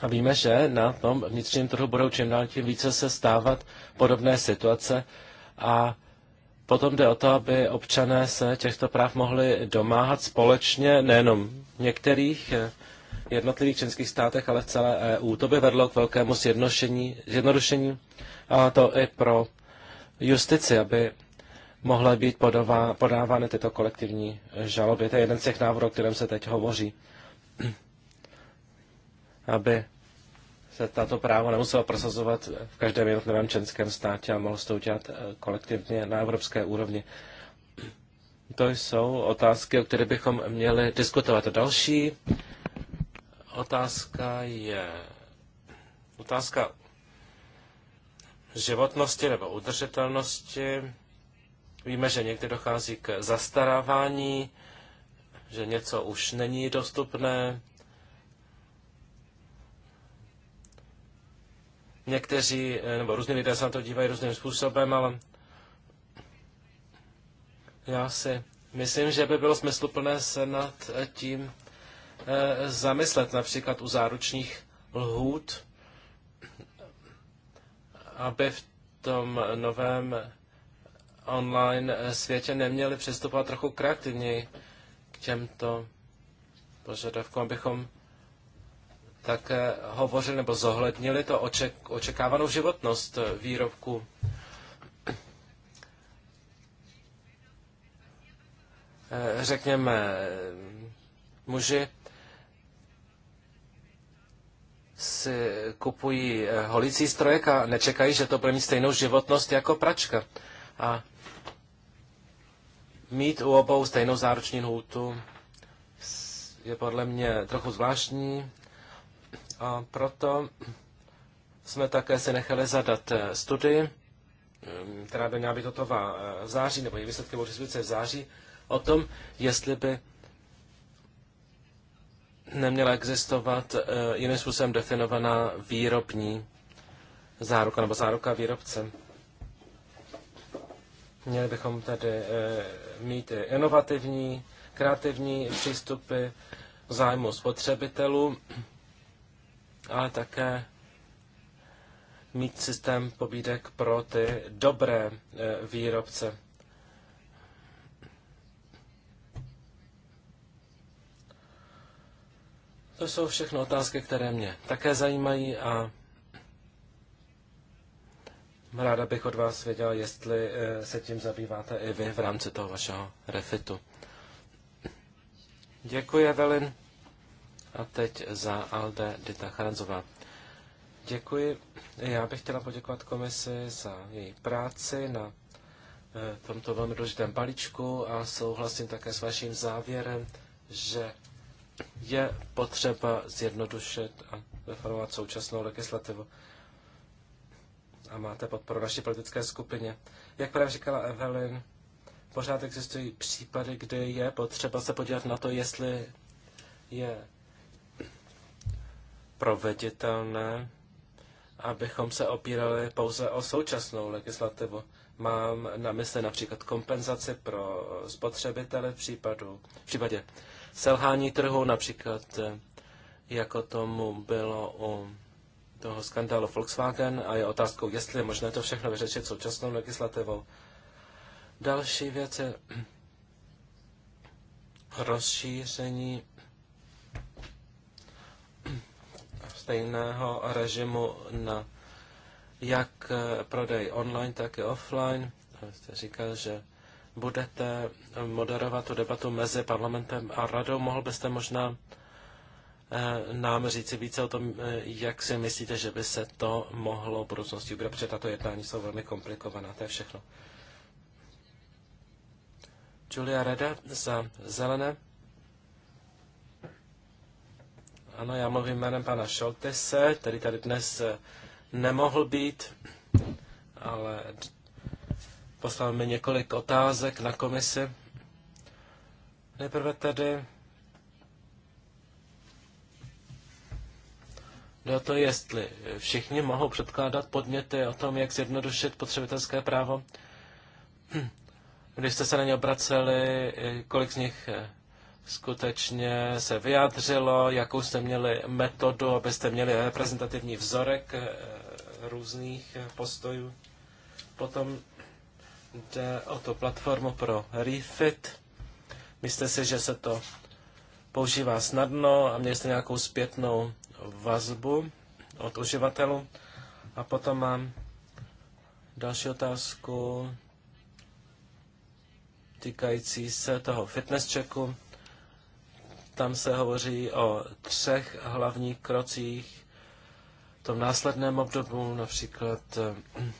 A víme, že na tom vnitřním trhu budou čím dál tím více se stávat podobné situace a Potom jde o to, aby občané se těchto práv mohli domáhat společně nejenom v některých eh, jednotlivých členských státech, ale v celé EU. To by vedlo k velkému zjednodušení, a to i pro justici, aby mohly být podová, podávány tyto kolektivní žaloby. To je jeden z těch návrhů, o kterém se teď hovoří. Aby se tato práva nemusela prosazovat v každém jednotlivém členském státě a mohlo se to udělat eh, kolektivně na evropské úrovni. To jsou otázky, o které bychom měli diskutovat. Další otázka je otázka životnosti nebo udržitelnosti. Víme, že někdy dochází k zastarávání, že něco už není dostupné, Někteří, eh, nebo různí lidé se na to dívají různým způsobem, ale já si myslím, že by bylo smysluplné se nad tím eh, zamyslet, například u záručních lhůt, aby v tom novém online světě neměli přistupovat trochu kreativněji k těmto požadavkům, abychom tak eh, hovořili nebo zohlednili to oček, očekávanou životnost eh, výrobku. Eh, řekněme, muži si kupují holicí strojek a nečekají, že to bude mít stejnou životnost jako pračka. A mít u obou stejnou záruční hůtu je podle mě trochu zvláštní. A proto jsme také si nechali zadat eh, studii, eh, která by měla být hotová eh, v září, nebo její výsledky budou dispozice v září, o tom, jestli by neměla existovat jiným způsobem definovaná výrobní záruka nebo záruka výrobce. Měli bychom tady mít inovativní, kreativní přístupy zájmu spotřebitelů ale také mít systém pobídek pro ty dobré eh, výrobce. To jsou všechno otázky, které mě také zajímají a ráda bych od vás věděla, jestli eh, se tím zabýváte i vy v rámci toho vašeho refitu. Děkuji, Evelyn. A teď za Alde Dita Charanzová. Děkuji. Já bych chtěla poděkovat komisi za její práci na eh, tomto velmi důležitém balíčku a souhlasím také s vaším závěrem, že je potřeba zjednodušit a reformovat současnou legislativu. A máte podporu naší politické skupině. Jak právě říkala Evelyn, pořád existují případy, kdy je potřeba se podívat na to, jestli je proveditelné, abychom se opírali pouze o současnou legislativu. Mám na mysli například kompenzaci pro spotřebitele v, případu, v případě selhání trhu, například eh, jako tomu bylo u toho skandálu Volkswagen a je otázkou, jestli je možné to všechno vyřešit současnou legislativou. Další věc je rozšíření stejného režimu na jak eh, prodej online, tak i offline. Jste říkal, že budete moderovat tu debatu mezi parlamentem a radou. Mohl byste možná eh, nám říci více o tom, eh, jak si myslíte, že by se to mohlo v budoucnosti ubrat, protože tato jednání jsou velmi komplikovaná. To je všechno. Julia Reda za zelené. Ano, já mluvím jménem pana Šoltese, který tady dnes eh, nemohl být, ale poslal mi několik otázek na komisi. Nejprve tedy do to, jestli všichni mohou předkládat podněty o tom, jak zjednodušit potřebitelské právo. Hm. Když jste se na ně obraceli, kolik z nich eh, skutečně se vyjádřilo, jakou jste měli metodu, abyste měli reprezentativní vzorek eh, různých eh, postojů. Potom jde o to platformu pro refit. Myslíte si, že se to používá snadno a měli jste nějakou zpětnou vazbu od uživatelů. A potom mám další otázku týkající se toho fitness checku. Tam se hovoří o třech hlavních krocích v tom následném období, například eh,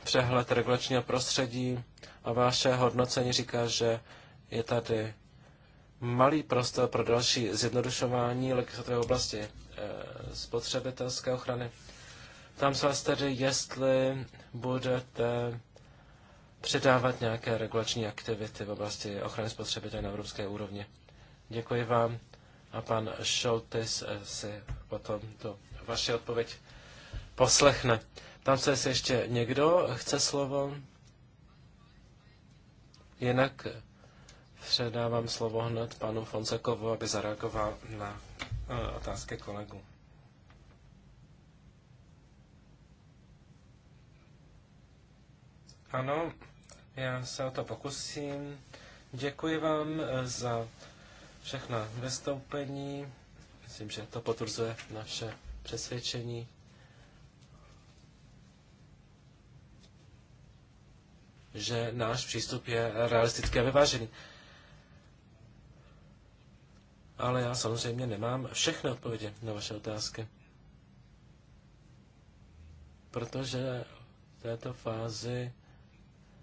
přehled regulačního prostředí a vaše hodnocení říká, že je tady malý prostor pro další zjednodušování legislativní oblasti eh, spotřebitelské ochrany. Tam se vás tedy, jestli budete předávat nějaké regulační aktivity v oblasti ochrany spotřebitele na evropské úrovni. Děkuji vám. A pan Šoltes eh, si potom to vaši odpověď poslechne. Tam se jestli ještě někdo chce slovo. Jinak předávám slovo hned panu Fonsekovu, aby zareagoval na eh, otázky kolegu. Ano, já se o to pokusím. Děkuji vám eh, za všechna vystoupení. Myslím, že to potvrzuje naše přesvědčení. že náš přístup je realistický a vyvážený. Ale já samozřejmě nemám všechny odpovědi na vaše otázky. Protože v této fázi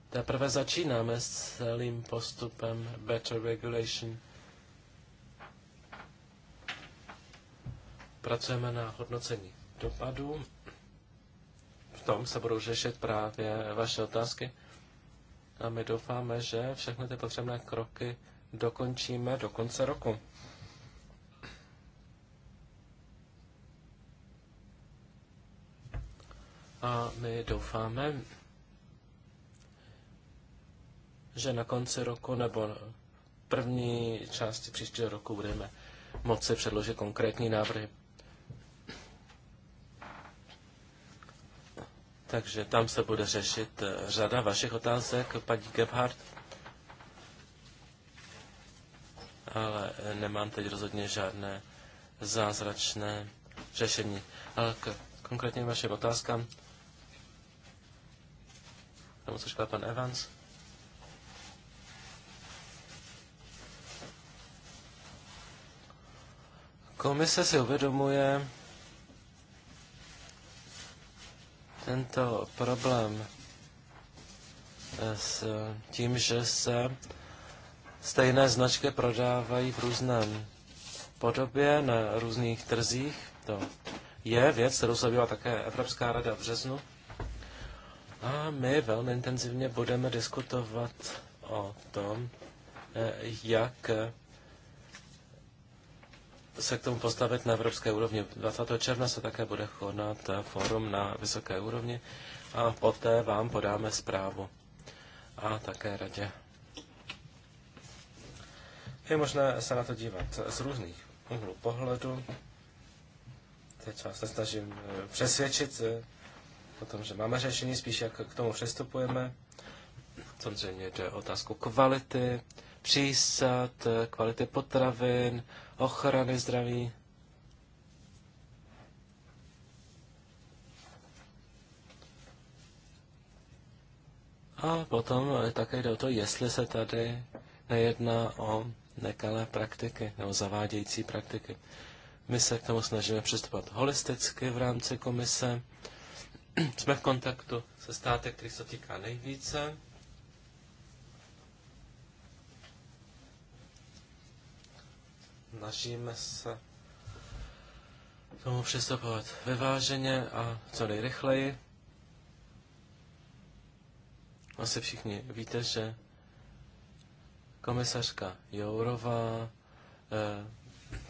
teprve začínáme s celým postupem Better Regulation – Pracujeme na hodnocení Dopadu V tom se budou řešit právě vaše otázky. A my doufáme, že všechny ty potřebné kroky dokončíme do konce roku. A my doufáme, že na konci roku nebo první části příštího roku budeme moci předložit konkrétní návrhy. Takže tam se bude řešit eh, řada vašich otázek, paní Gebhardt. Ale eh, nemám teď rozhodně žádné zázračné řešení. Ale k konkrétně vašim otázkám. Tam co říkal pan Evans. Komise si uvědomuje, tento problém eh, s tím, že se stejné značky prodávají v různém podobě na různých trzích. To je věc, kterou se také Evropská rada v březnu. A my velmi intenzivně budeme diskutovat o tom, eh, jak se k tomu postavit na evropské úrovni. 20. června se také bude konat eh, fórum na vysoké úrovni a poté vám podáme zprávu a také radě. Je možné se na to dívat z různých úhlů pohledu. Teď vás se snažím eh, přesvědčit eh, o tom, že máme řešení, spíš jak k tomu přistupujeme. Samozřejmě jde o otázku kvality, přísad, kvality potravin, ochrany zdraví. A potom také jde o to, jestli se tady nejedná o nekalé praktiky nebo zavádějící praktiky. My se k tomu snažíme přistupovat holisticky v rámci komise. Jsme v kontaktu se státy, který se týká nejvíce. snažíme se tomu přistupovat vyváženě a co nejrychleji. Asi všichni víte, že komisařka Jourová eh,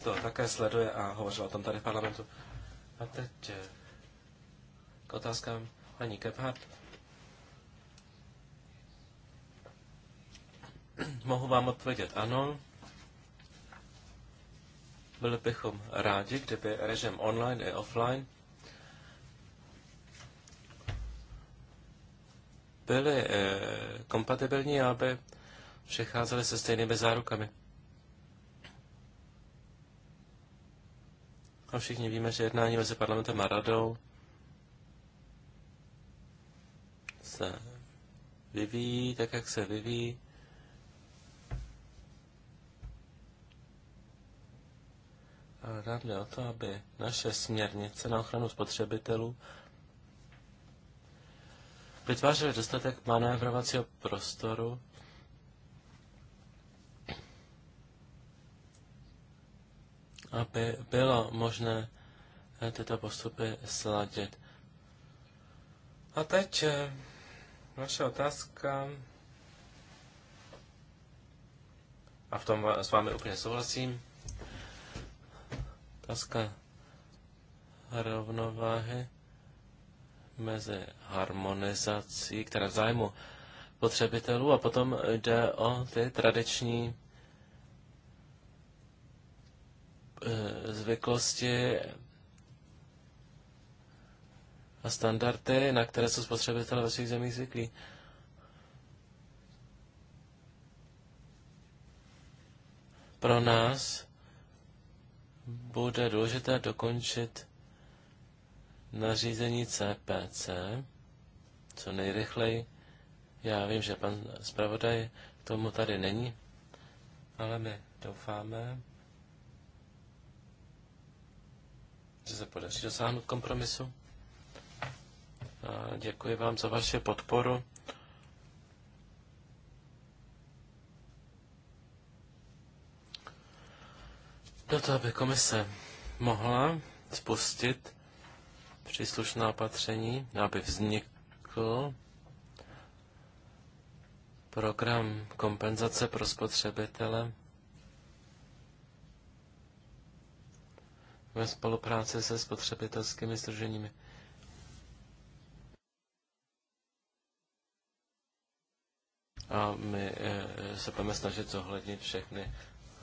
to také sleduje a hovořila o tom tady v parlamentu. A teď eh, k otázkám paní Gebhardt. Mohu vám odpovědět ano. Byli bychom rádi, kdyby režim online i offline byly eh, kompatibilní, aby přecházely se stejnými zárukami. A všichni víme, že jednání mezi parlamentem a radou se vyvíjí tak, jak se vyvíjí. Ale nám jde o to, aby naše směrnice na ochranu spotřebitelů vytvářely dostatek manévrovacího prostoru aby bylo možné eh, tyto postupy sladit. A teď eh, vaše otázka. A v tom s vámi úplně souhlasím. Otázka rovnováhy mezi harmonizací, která v zájmu potřebitelů, a potom jde o ty tradiční eh, zvyklosti a standardy, na které jsou spotřebitelé ve svých zemích zvyklí. Pro nás bude důležité dokončit nařízení CPC co nejrychleji. Já vím, že pan zpravodaj tomu tady není, ale my doufáme, že se podaří dosáhnout kompromisu. A děkuji vám za vaši podporu. do toho, aby komise mohla spustit příslušná opatření, aby vznikl program kompenzace pro spotřebitele ve spolupráci se spotřebitelskými združeními. A my eh, se budeme snažit zohlednit všechny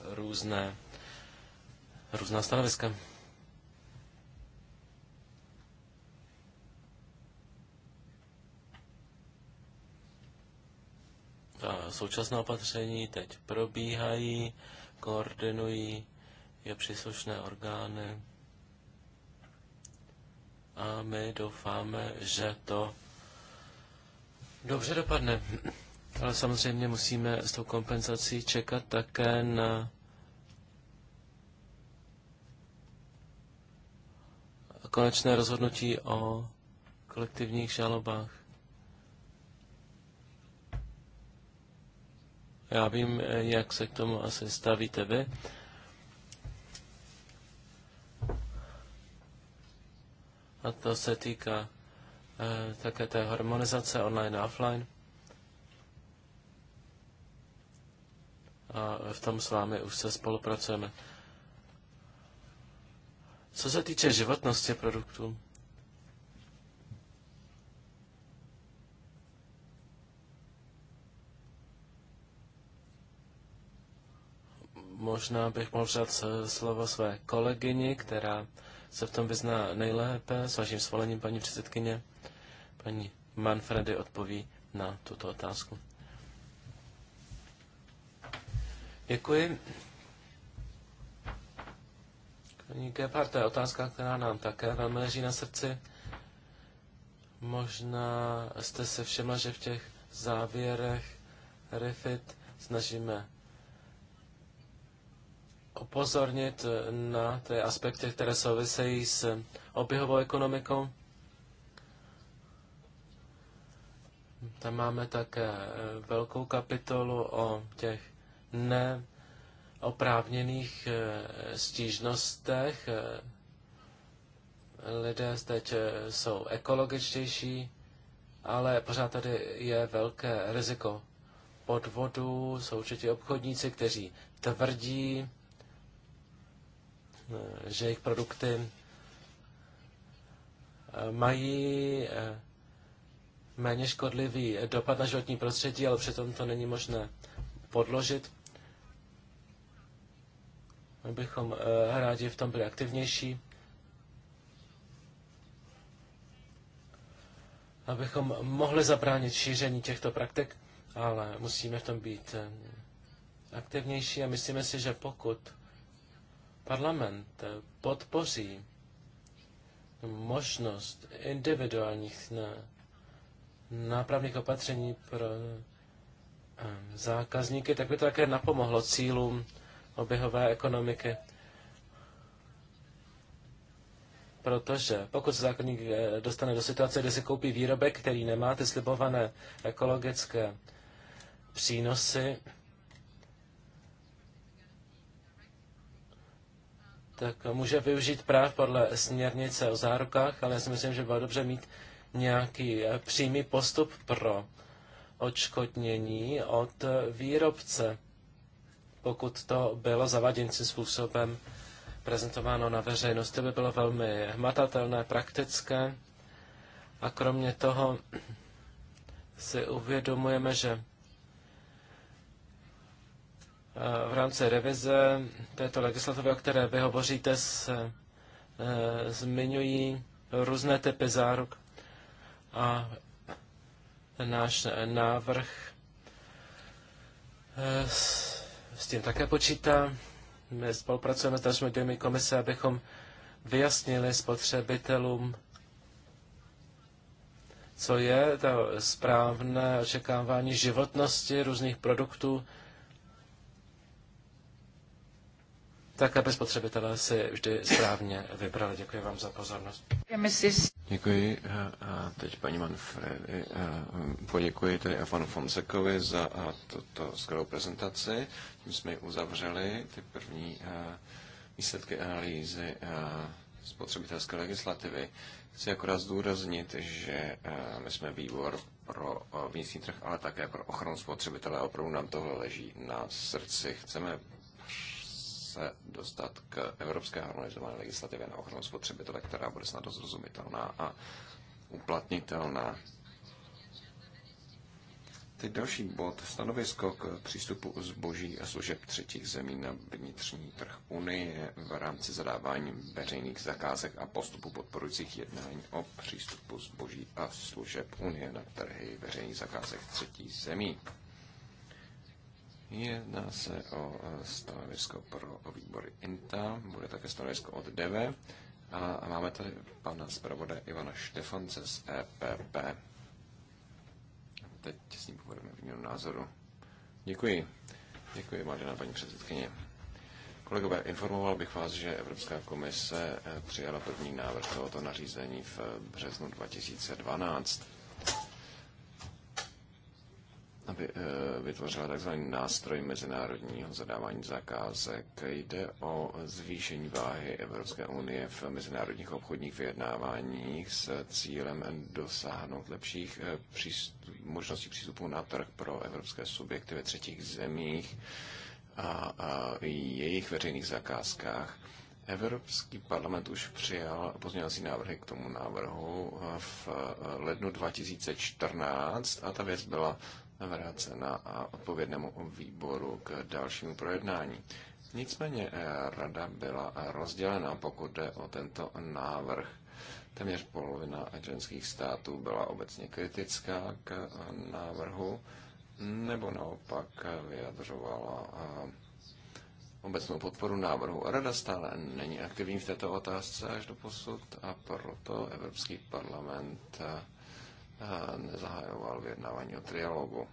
různé různá stanoviska. současná opatření teď probíhají, koordinují je příslušné orgány a my doufáme, že to dobře dopadne. Ale samozřejmě musíme s tou kompenzací čekat také na konečné rozhodnutí o kolektivních žalobách. Já vím, jak se k tomu asi stavíte vy. A to se týká eh, také té harmonizace online a offline. A v tom s vámi už se spolupracujeme. Co se týče životnosti produktů, možná bych mohl přát slovo své kolegyni, která se v tom vyzná nejlépe. S vaším svolením, paní předsedkyně, paní Manfredy odpoví na tuto otázku. Děkuji. Paní Gebhardt, to je otázka, která nám také velmi leží na srdci. Možná jste se všema že v těch závěrech REFIT snažíme opozornit na ty aspekty, které souvisejí s oběhovou ekonomikou. Tam máme také velkou kapitolu o těch ne oprávněných eh, stížnostech. Eh, lidé teď eh, jsou ekologičtější, ale pořád tady je velké riziko podvodu. Jsou určitě obchodníci, kteří tvrdí, že jejich produkty mají méně škodlivý dopad na životní prostředí, ale přitom to není možné podložit. My bychom eh, rádi v tom byli aktivnější, abychom mohli zabránit šíření těchto praktik, ale musíme v tom být eh, aktivnější a myslíme si, že pokud parlament eh, podpoří možnost individuálních nápravných opatření pro zákazníky, tak by to také napomohlo cílům oběhové ekonomiky. Protože pokud se zákonník eh, dostane do situace, kde si koupí výrobek, který nemá ty slibované ekologické přínosy, tak může využít práv podle směrnice o zárukách, ale já si myslím, že bylo dobře mít nějaký eh, přímý postup pro odškodnění od výrobce pokud to bylo zavadějícím způsobem prezentováno na veřejnost. To by bylo velmi hmatatelné, praktické a kromě toho si uvědomujeme, že eh, v rámci revize této legislativy, o které vy hovoříte, se eh, zmiňují různé typy záruk a náš návrh eh, s tím také počítá. My spolupracujeme s dalšími dvěmi komise, abychom vyjasnili spotřebitelům, co je to správné očekávání životnosti různých produktů, tak aby spotřebitelé si vždy správně vybrali. Děkuji vám za pozornost. Děkuji. Eh, a teď paní Manfredi eh, poděkuji tedy panu Fonsekovi za eh, tuto skvělou prezentaci. Tím jsme ji uzavřeli, ty první výsledky analýzy spotřebitelské legislativy. Chci akorát zdůraznit, že my jsme výbor pro vnitřní trh, ale také pro ochranu spotřebitele. Opravdu nám tohle leží na srdci. Chceme se dostat k evropské harmonizované legislativě na ochranu spotřebitele, která bude snad dost a uplatnitelná. Teď další bod, stanovisko k přístupu zboží a služeb třetích zemí na vnitřní trh Unie v rámci zadávání veřejných zakázek a postupu podporujících jednání o přístupu zboží a služeb Unie na trhy veřejných zakázek třetích zemí. Jedná se o e, stanovisko pro výbory INTA, bude také stanovisko od DV. a máme tady pana zpravodaje Ivana Štefance z EPP. Teď s ním povedeme výměnu názoru. Děkuji. Děkuji, vážená paní předsedkyně. Kolegové, informoval bych vás, že Evropská komise e, přijala první návrh tohoto nařízení v e, březnu 2012 aby eh, vytvořila tzv. nástroj mezinárodního zadávání zakázek. Jde o zvýšení váhy Evropské unie v mezinárodních obchodních vyjednáváních s cílem dosáhnout lepších eh, přístup, možností přístupu na trh pro evropské subjekty ve třetích zemích a, a jejich veřejných zakázkách. Evropský parlament už přijal pozměňovací návrhy k tomu návrhu v eh, lednu 2014 a ta věc byla vrácena a odpovědnému výboru k dalšímu projednání. Nicméně eh, rada byla rozdělena, pokud jde o tento návrh. Téměř polovina ženských států byla obecně kritická k eh, návrhu, nebo naopak eh, vyjadřovala obecnou podporu návrhu. Rada stále není aktivní v této otázce až do posud a proto Evropský parlament nezahajoval vyjednávání o trialogu.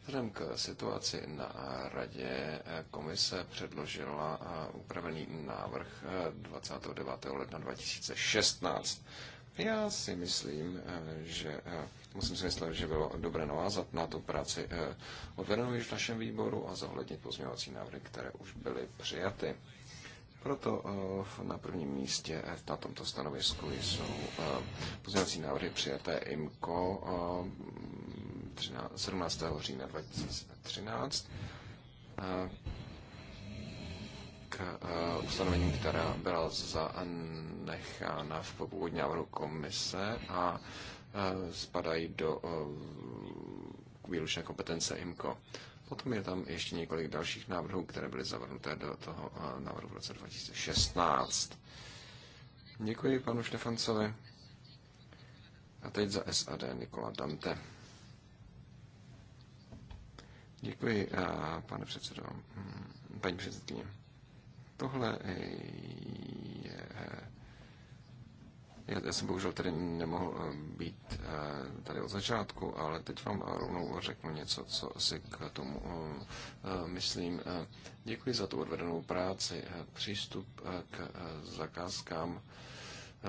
Vzhledem k situaci na radě eh, komise předložila eh, upravený návrh 29. Eh, ledna 2016. Já si myslím, že musím si myslet, že bylo dobré navázat na tu práci odvedenou již v našem výboru a zohlednit pozměňovací návrhy, které už byly přijaty. Proto eh, na prvním místě eh, na tomto stanovisku jsou eh, pozměňovací návrhy přijaté IMCO 17. října 2013 k ustanovení, která byla zanechána v původní návrhu komise a spadají do výlučné kompetence IMCO. Potom je tam ještě několik dalších návrhů, které byly zavrnuté do toho eh, návrhu v roce 2016. Děkuji panu Štefancovi. A teď za SAD Nikola Dante. Děkuji, eh, pane předsedo, hm, paní předsedkyně. Tohle je já, já jsem bohužel tady nemohl eh, být eh, tady od začátku, ale teď vám rovnou řeknu něco, co si k tomu eh, myslím. Děkuji za tu odvedenou práci. Přístup k zakázkám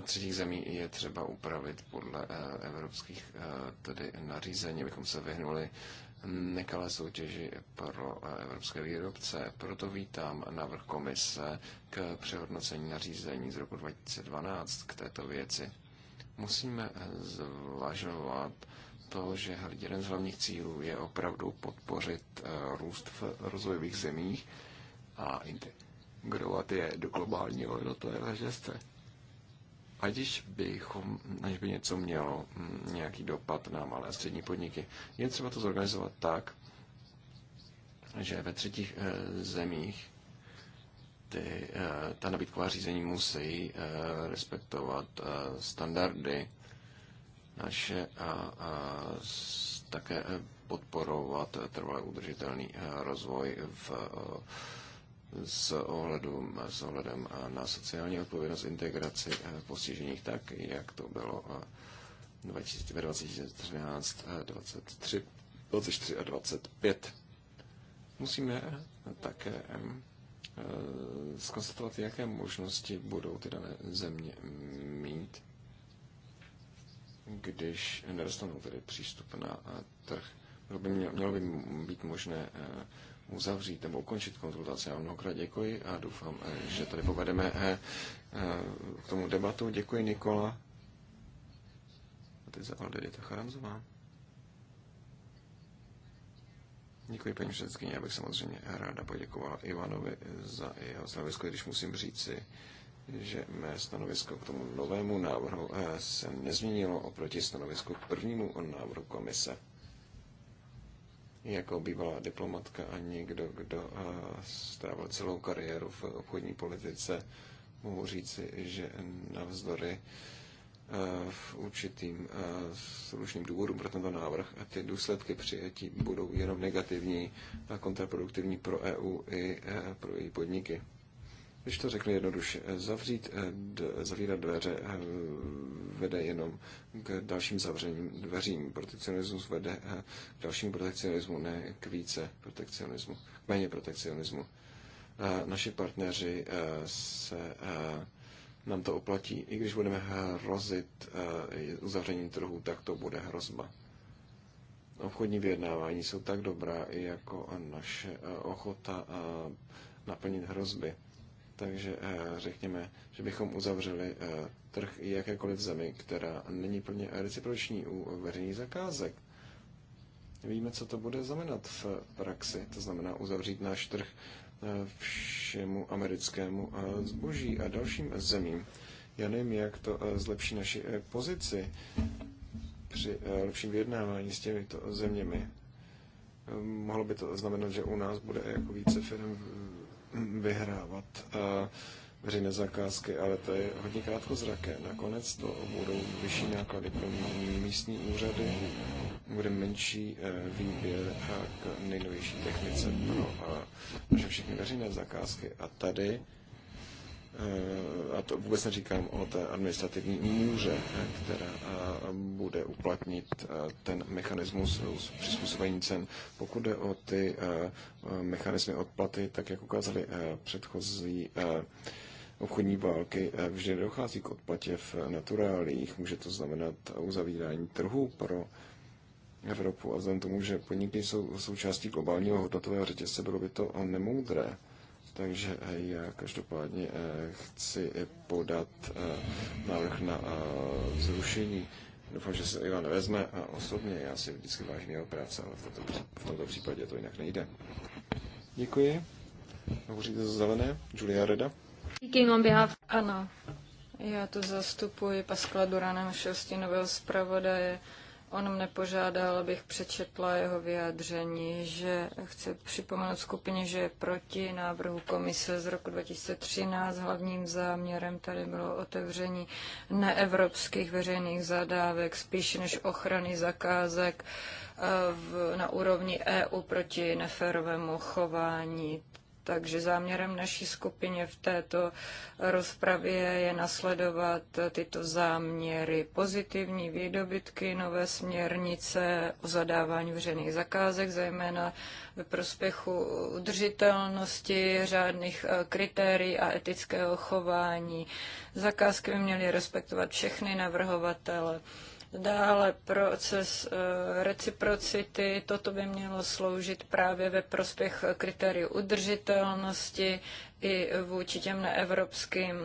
třetích zemí je třeba upravit podle evropských tedy nařízení, abychom se vyhnuli nekalé soutěži pro eh, evropské výrobce. Proto vítám návrh komise k přehodnocení nařízení z roku 2012 k této věci. Musíme eh, zvažovat to, že jeden z hlavních cílů je opravdu podpořit eh, růst v rozvojových zemích a integrovat je do globálního jednotného řetězce když, bychom, aniž by něco mělo hm, nějaký dopad na malé a střední podniky. Je třeba to zorganizovat tak, že ve třetích eh, zemích ty, eh, ta nabídková řízení musí eh, respektovat standardy naše a, a také podporovat trvalý udržitelný rozvoj v s, ohledem, s ohledem na sociální odpovědnost integraci eh, postižených, tak jak to bylo eh, ve 2013, 23, 24 a 25. Musíme eh, také zkonstatovat, jaké možnosti budou ty dané země mít, když nedostanou tedy přístup na trh. Bylo by mělo by být možné uzavřít nebo ukončit konzultaci. Já mnohokrát děkuji a doufám, eh, že tady povedeme eh, eh, k tomu debatu. Děkuji Nikola. A teď za Aldedita Charamzová. Děkuji, paní předsedkyně. Já bych samozřejmě ráda poděkoval Ivanovi za jeho stanovisko, když musím říci, že mé stanovisko k tomu novému návrhu se nezměnilo oproti stanovisku k prvnímu návrhu komise jako bývalá diplomatka a někdo, kdo eh, strávil celou kariéru v obchodní politice, mohu říci, že navzdory eh, v určitým eh, slušným důvodům pro tento návrh a ty důsledky přijetí budou jenom negativní a kontraproduktivní pro EU i pro její podniky. Když to řekne jednoduše, zavřít, eh, zavírat dveře eh, vede jenom k dalším zavřením dveřím. Protekcionismus vede eh, k dalšímu protekcionismu, ne k více protekcionismu, k méně protekcionismu. Naši partneři se nám to oplatí. I když budeme hrozit uzavřením trhu, tak to bude hrozba. Obchodní vyjednávání jsou tak dobrá, i jako naše ochota naplnit hrozby. Takže eh, řekněme, že bychom uzavřeli eh, trh i jakékoliv zemi, která není plně reciproční u veřejných zakázek. Víme, co to bude znamenat v praxi, to znamená uzavřít náš trh eh, všemu americkému zboží a dalším zemím. Já nevím, jak to zlepší naši pozici při lepším vyjednávání s těmito zeměmi. Mohlo by to znamenat, že u nás bude jako více firm vyhrávat eh, veřejné zakázky, ale to je hodně zraké. Nakonec to budou vyšší náklady pro místní úřady, bude menší eh, výběr k nejnovější technice pro eh, naše všechny veřejné zakázky. A tady Eh, a to vůbec neříkám o té administrativní může, eh, která eh, bude uplatnit ten mechanismus přizpůsobení cen. Pokud jde o ty mechanismy odplaty, tak jak ukázali předchozí obchodní války, vždy dochází k odplatě v naturálích. Může to znamenat uzavírání trhu pro Evropu a vzhledem tomu, že podniky jsou součástí globálního hodnotového řetězce, bylo by to nemoudré takže eh, já každopádně eh, chci podat eh, návrh na zrušení. Doufám, že se Ivan vezme a osobně já si vždycky vážím jeho práce, ale v tomto, v tomto případě to jinak nejde. Děkuji. Hovoříte za zelené, Julia Reda. Speaking on behalf... Ano, já to zastupuji Paskala Durana, našeho stínového zpravodaje. On mne požádal, abych přečetla jeho vyjádření, že chce připomenout skupině, že je proti návrhu komise z roku 2013. Hlavním záměrem tady bylo otevření neevropských veřejných zadávek, spíš než ochrany zakázek eh, v, na úrovni EU proti neférovému chování. Takže záměrem naší skupině v této rozpravě je nasledovat tyto záměry pozitivní výdobytky, nové směrnice o zadávání veřejných zakázek, zejména ve prospěchu udržitelnosti, řádných eh, kritérií a etického chování. Zakázky by měly respektovat všechny navrhovatele. Dále proces eh, reciprocity, toto by mělo sloužit právě ve prospěch kritérií udržitelnosti i vůči těm neevropským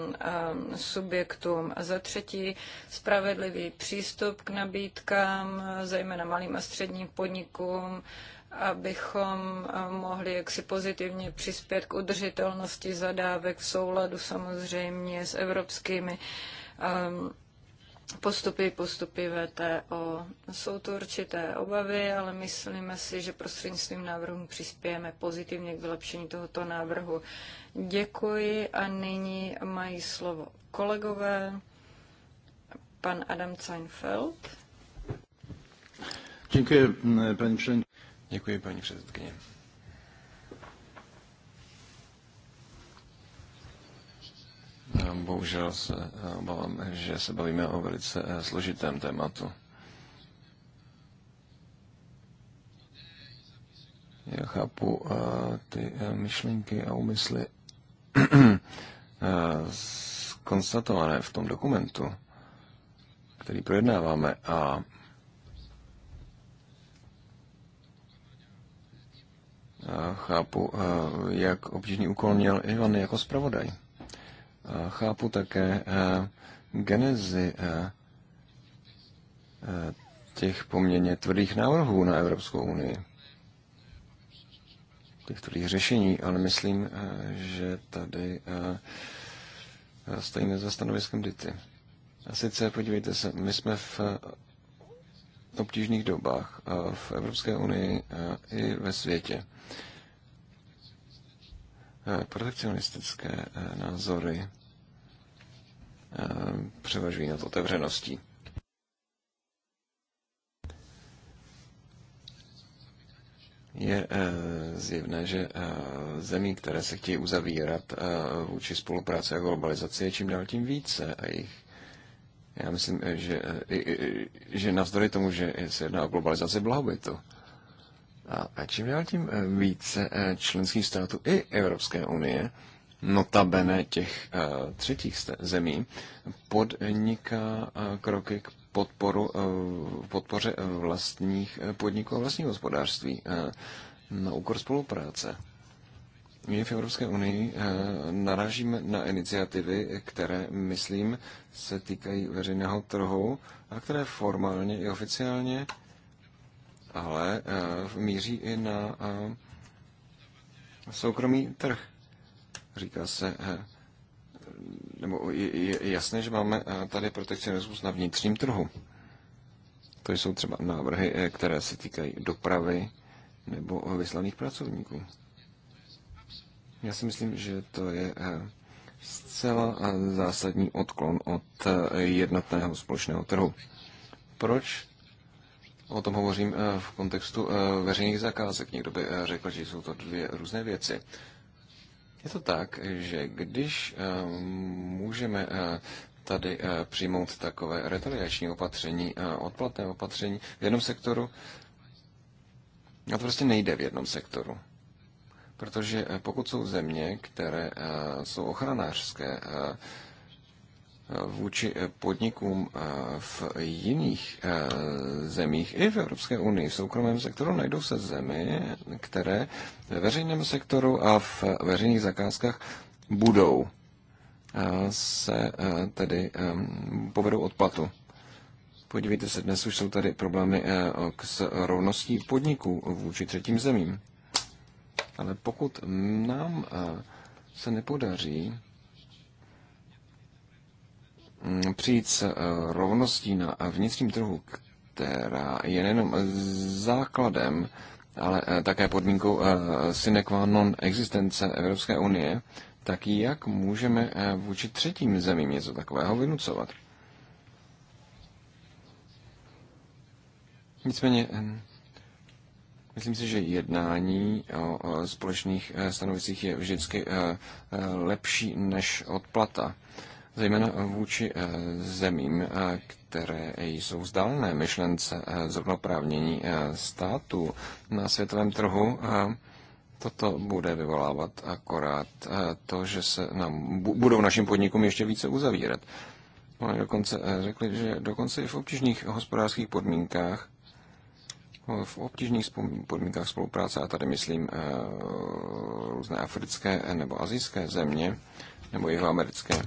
eh, subjektům. A za třetí, spravedlivý přístup k nabídkám, zejména malým a středním podnikům, abychom eh, mohli jaksi pozitivně přispět k udržitelnosti zadávek v souladu samozřejmě s evropskými postupy, postupy VTO. Jsou to určité obavy, ale myslíme si, že prostřednictvím návrhu přispějeme pozitivně k vylepšení tohoto návrhu. Děkuji a nyní mají slovo kolegové. Pan Adam Seinfeld. Děkuji, paní předsedkyně. Děkuji, paní předsedkyně. Bohužel se obávám, že se bavíme o velice eh, složitém tématu. Já chápu eh, ty eh, myšlenky a úmysly konstatované v tom dokumentu, který projednáváme a chápu, jak obtížný úkol měl Ivan jako zpravodaj chápu také eh, genezi eh, eh, těch poměrně tvrdých návrhů na Evropskou unii, těch tvrdých řešení, ale myslím, že tady stojíme za stanoviskem DITY. A sice, podívejte se, my jsme v obtížných dobách v Evropské unii i ve světě. Protekcionistické názory Eh, převažují nad otevřeností. je eh, zjevné, že eh, zemí, které se chtějí uzavírat vůči spolupráci a globalizaci, je čím dál tím více. A jich, já myslím, že, že navzdory tomu, že se jedná o globalizaci blahobytu. A, čím dál tím více členských států i Evropské unie notabene těch eh, třetích zemí, podniká eh, kroky k podporu, eh, podpoře vlastních podniků a vlastního hospodářství na úkor spolupráce. My v Evropské unii narážíme na iniciativy, které, myslím, se týkají veřejného trhu a které formálně i oficiálně, ale míří i na soukromý trh. Říká se, eh, nebo je jasné, že máme eh, tady protekcionismus na vnitřním trhu. To jsou třeba návrhy, eh, které se týkají dopravy nebo vyslaných pracovníků. Já si myslím, že to je zcela zásadní odklon od jednotného společného trhu. Proč o tom hovořím v kontextu veřejných zakázek? Někdo by řekl, že jsou to dvě různé věci. Je to tak, že když eh, můžeme eh, tady eh, přijmout takové retaliační opatření, odplatné opatření v jednom sektoru, a to prostě nejde v jednom sektoru. Protože pokud jsou země, které jsou ochranářské, vůči eh, podnikům eh, v jiných eh, zemích i v Evropské unii, v soukromém sektoru, najdou se zemi, které ve veřejném sektoru a v veřejných zakázkách budou se tedy povedou odplatu. Podívejte se, dnes už jsou tady problémy s rovností podniků vůči třetím zemím. Ale pokud nám se nepodaří Mm, přijít s eh, rovností na vnitřním trhu, která je nejenom základem, ale eh, také podmínkou eh, sine qua non existence Evropské unie, tak jak můžeme vůči třetím zemím něco takového vynucovat? Nicméně, myslím si, že jednání o společných stanovicích je vždycky lepší než odplata zejména vůči eh, zemím, eh, které jsou vzdálené myšlence eh, zrovnoprávnění státu na světovém trhu. Toto bude vyvolávat akorát to, že se nám, budou našim podnikům ještě více uzavírat. Oni dokonce řekli, že dokonce i v obtížných hospodářských podmínkách v obtížných podmínkách spolupráce, a tady myslím různé africké nebo azijské země, nebo americké,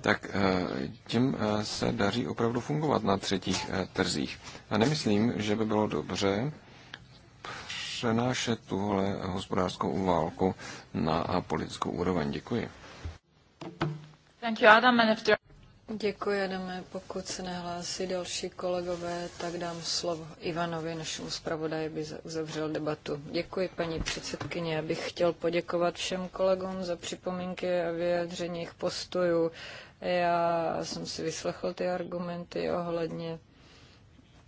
tak eh, tím eh, se daří opravdu fungovat na třetích eh, trzích. A nemyslím, že by bylo dobře přenášet tuhle hospodářskou válku na politickou úroveň. Děkuji. Děkuji, Adame. Pokud se nehlásí další kolegové, tak dám slovo Ivanovi, našemu zpravodaji, aby uzavřel debatu. Děkuji, paní předsedkyně. Já bych chtěl poděkovat všem kolegům za připomínky a vyjádření jejich postojů. Já jsem si vyslechl ty argumenty ohledně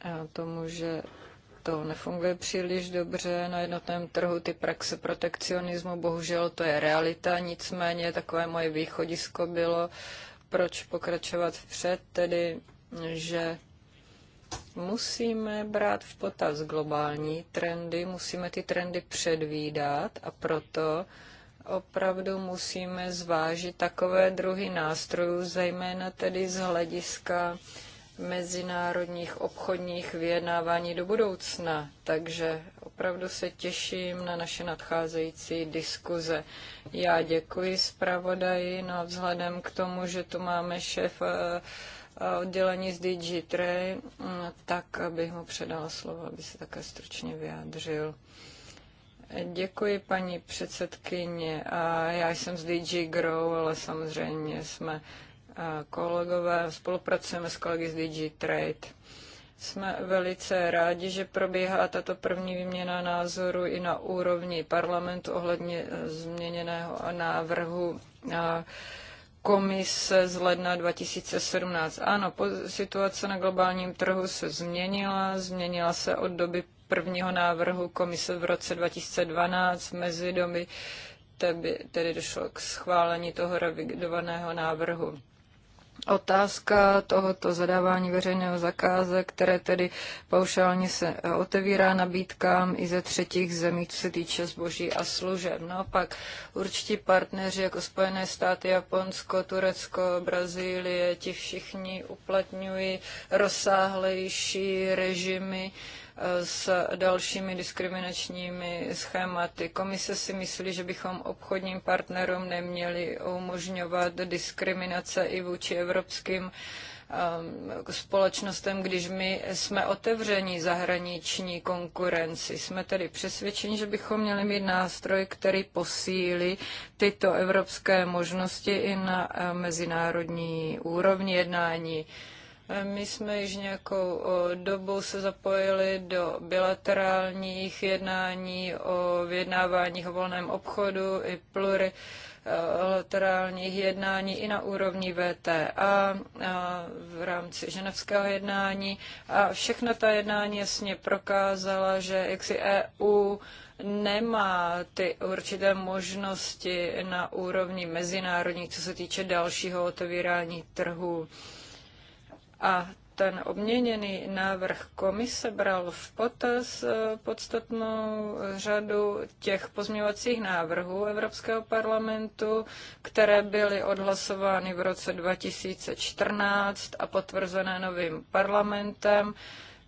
eh, tomu, že to nefunguje příliš dobře na jednotném trhu, ty praxe protekcionismu, bohužel to je realita, nicméně takové moje východisko bylo, proč pokračovat vpřed, tedy, že musíme brát v potaz globální trendy, musíme ty trendy předvídat a proto opravdu musíme zvážit takové druhy nástrojů, zejména tedy z hlediska mezinárodních obchodních vyjednávání do budoucna. Takže opravdu se těším na naše nadcházející diskuze. Já děkuji zpravodaji, no a vzhledem k tomu, že tu máme šéf eh, eh, oddělení z DigiTrade, mm, tak bych mu předala slovo, aby se také stručně vyjádřil. Děkuji, paní předsedkyně. Já jsem z DG Grow, ale samozřejmě jsme kolegové, spolupracujeme s kolegy z DG Trade. Jsme velice rádi, že probíhá tato první výměna názoru i na úrovni parlamentu ohledně e, změněného návrhu komise z ledna 2017. Ano, situace na globálním trhu se změnila, změnila se od doby prvního návrhu komise v roce 2012 mezi domy, teby, tedy došlo k schválení toho revidovaného návrhu. Otázka tohoto zadávání veřejného zakázek, které tedy paušálně se otevírá nabídkám i ze třetích zemí, co se týče zboží a služeb. pak určití partneři jako Spojené státy, Japonsko, Turecko, Brazílie, ti všichni uplatňují rozsáhlejší režimy s dalšími diskriminačními schématy. Komise si myslí, že bychom obchodním partnerům neměli umožňovat diskriminace i vůči evropským um, společnostem, když my jsme otevření zahraniční konkurenci. Jsme tedy přesvědčeni, že bychom měli mít nástroj, který posílí tyto evropské možnosti i na eh, mezinárodní úrovni jednání. My jsme již nějakou dobu se zapojili do bilaterálních jednání o vyjednáváních o volném obchodu i plury laterálních jednání i na úrovni VTA v rámci ženevského jednání. A všechna ta jednání jasně prokázala, že jaksi EU nemá ty určité možnosti na úrovni mezinárodní, co se týče dalšího otevírání trhu. A ten obměněný návrh komise bral v potaz e, podstatnou řadu těch pozměňovacích návrhů Evropského parlamentu, které byly odhlasovány v roce 2014 a potvrzené novým parlamentem.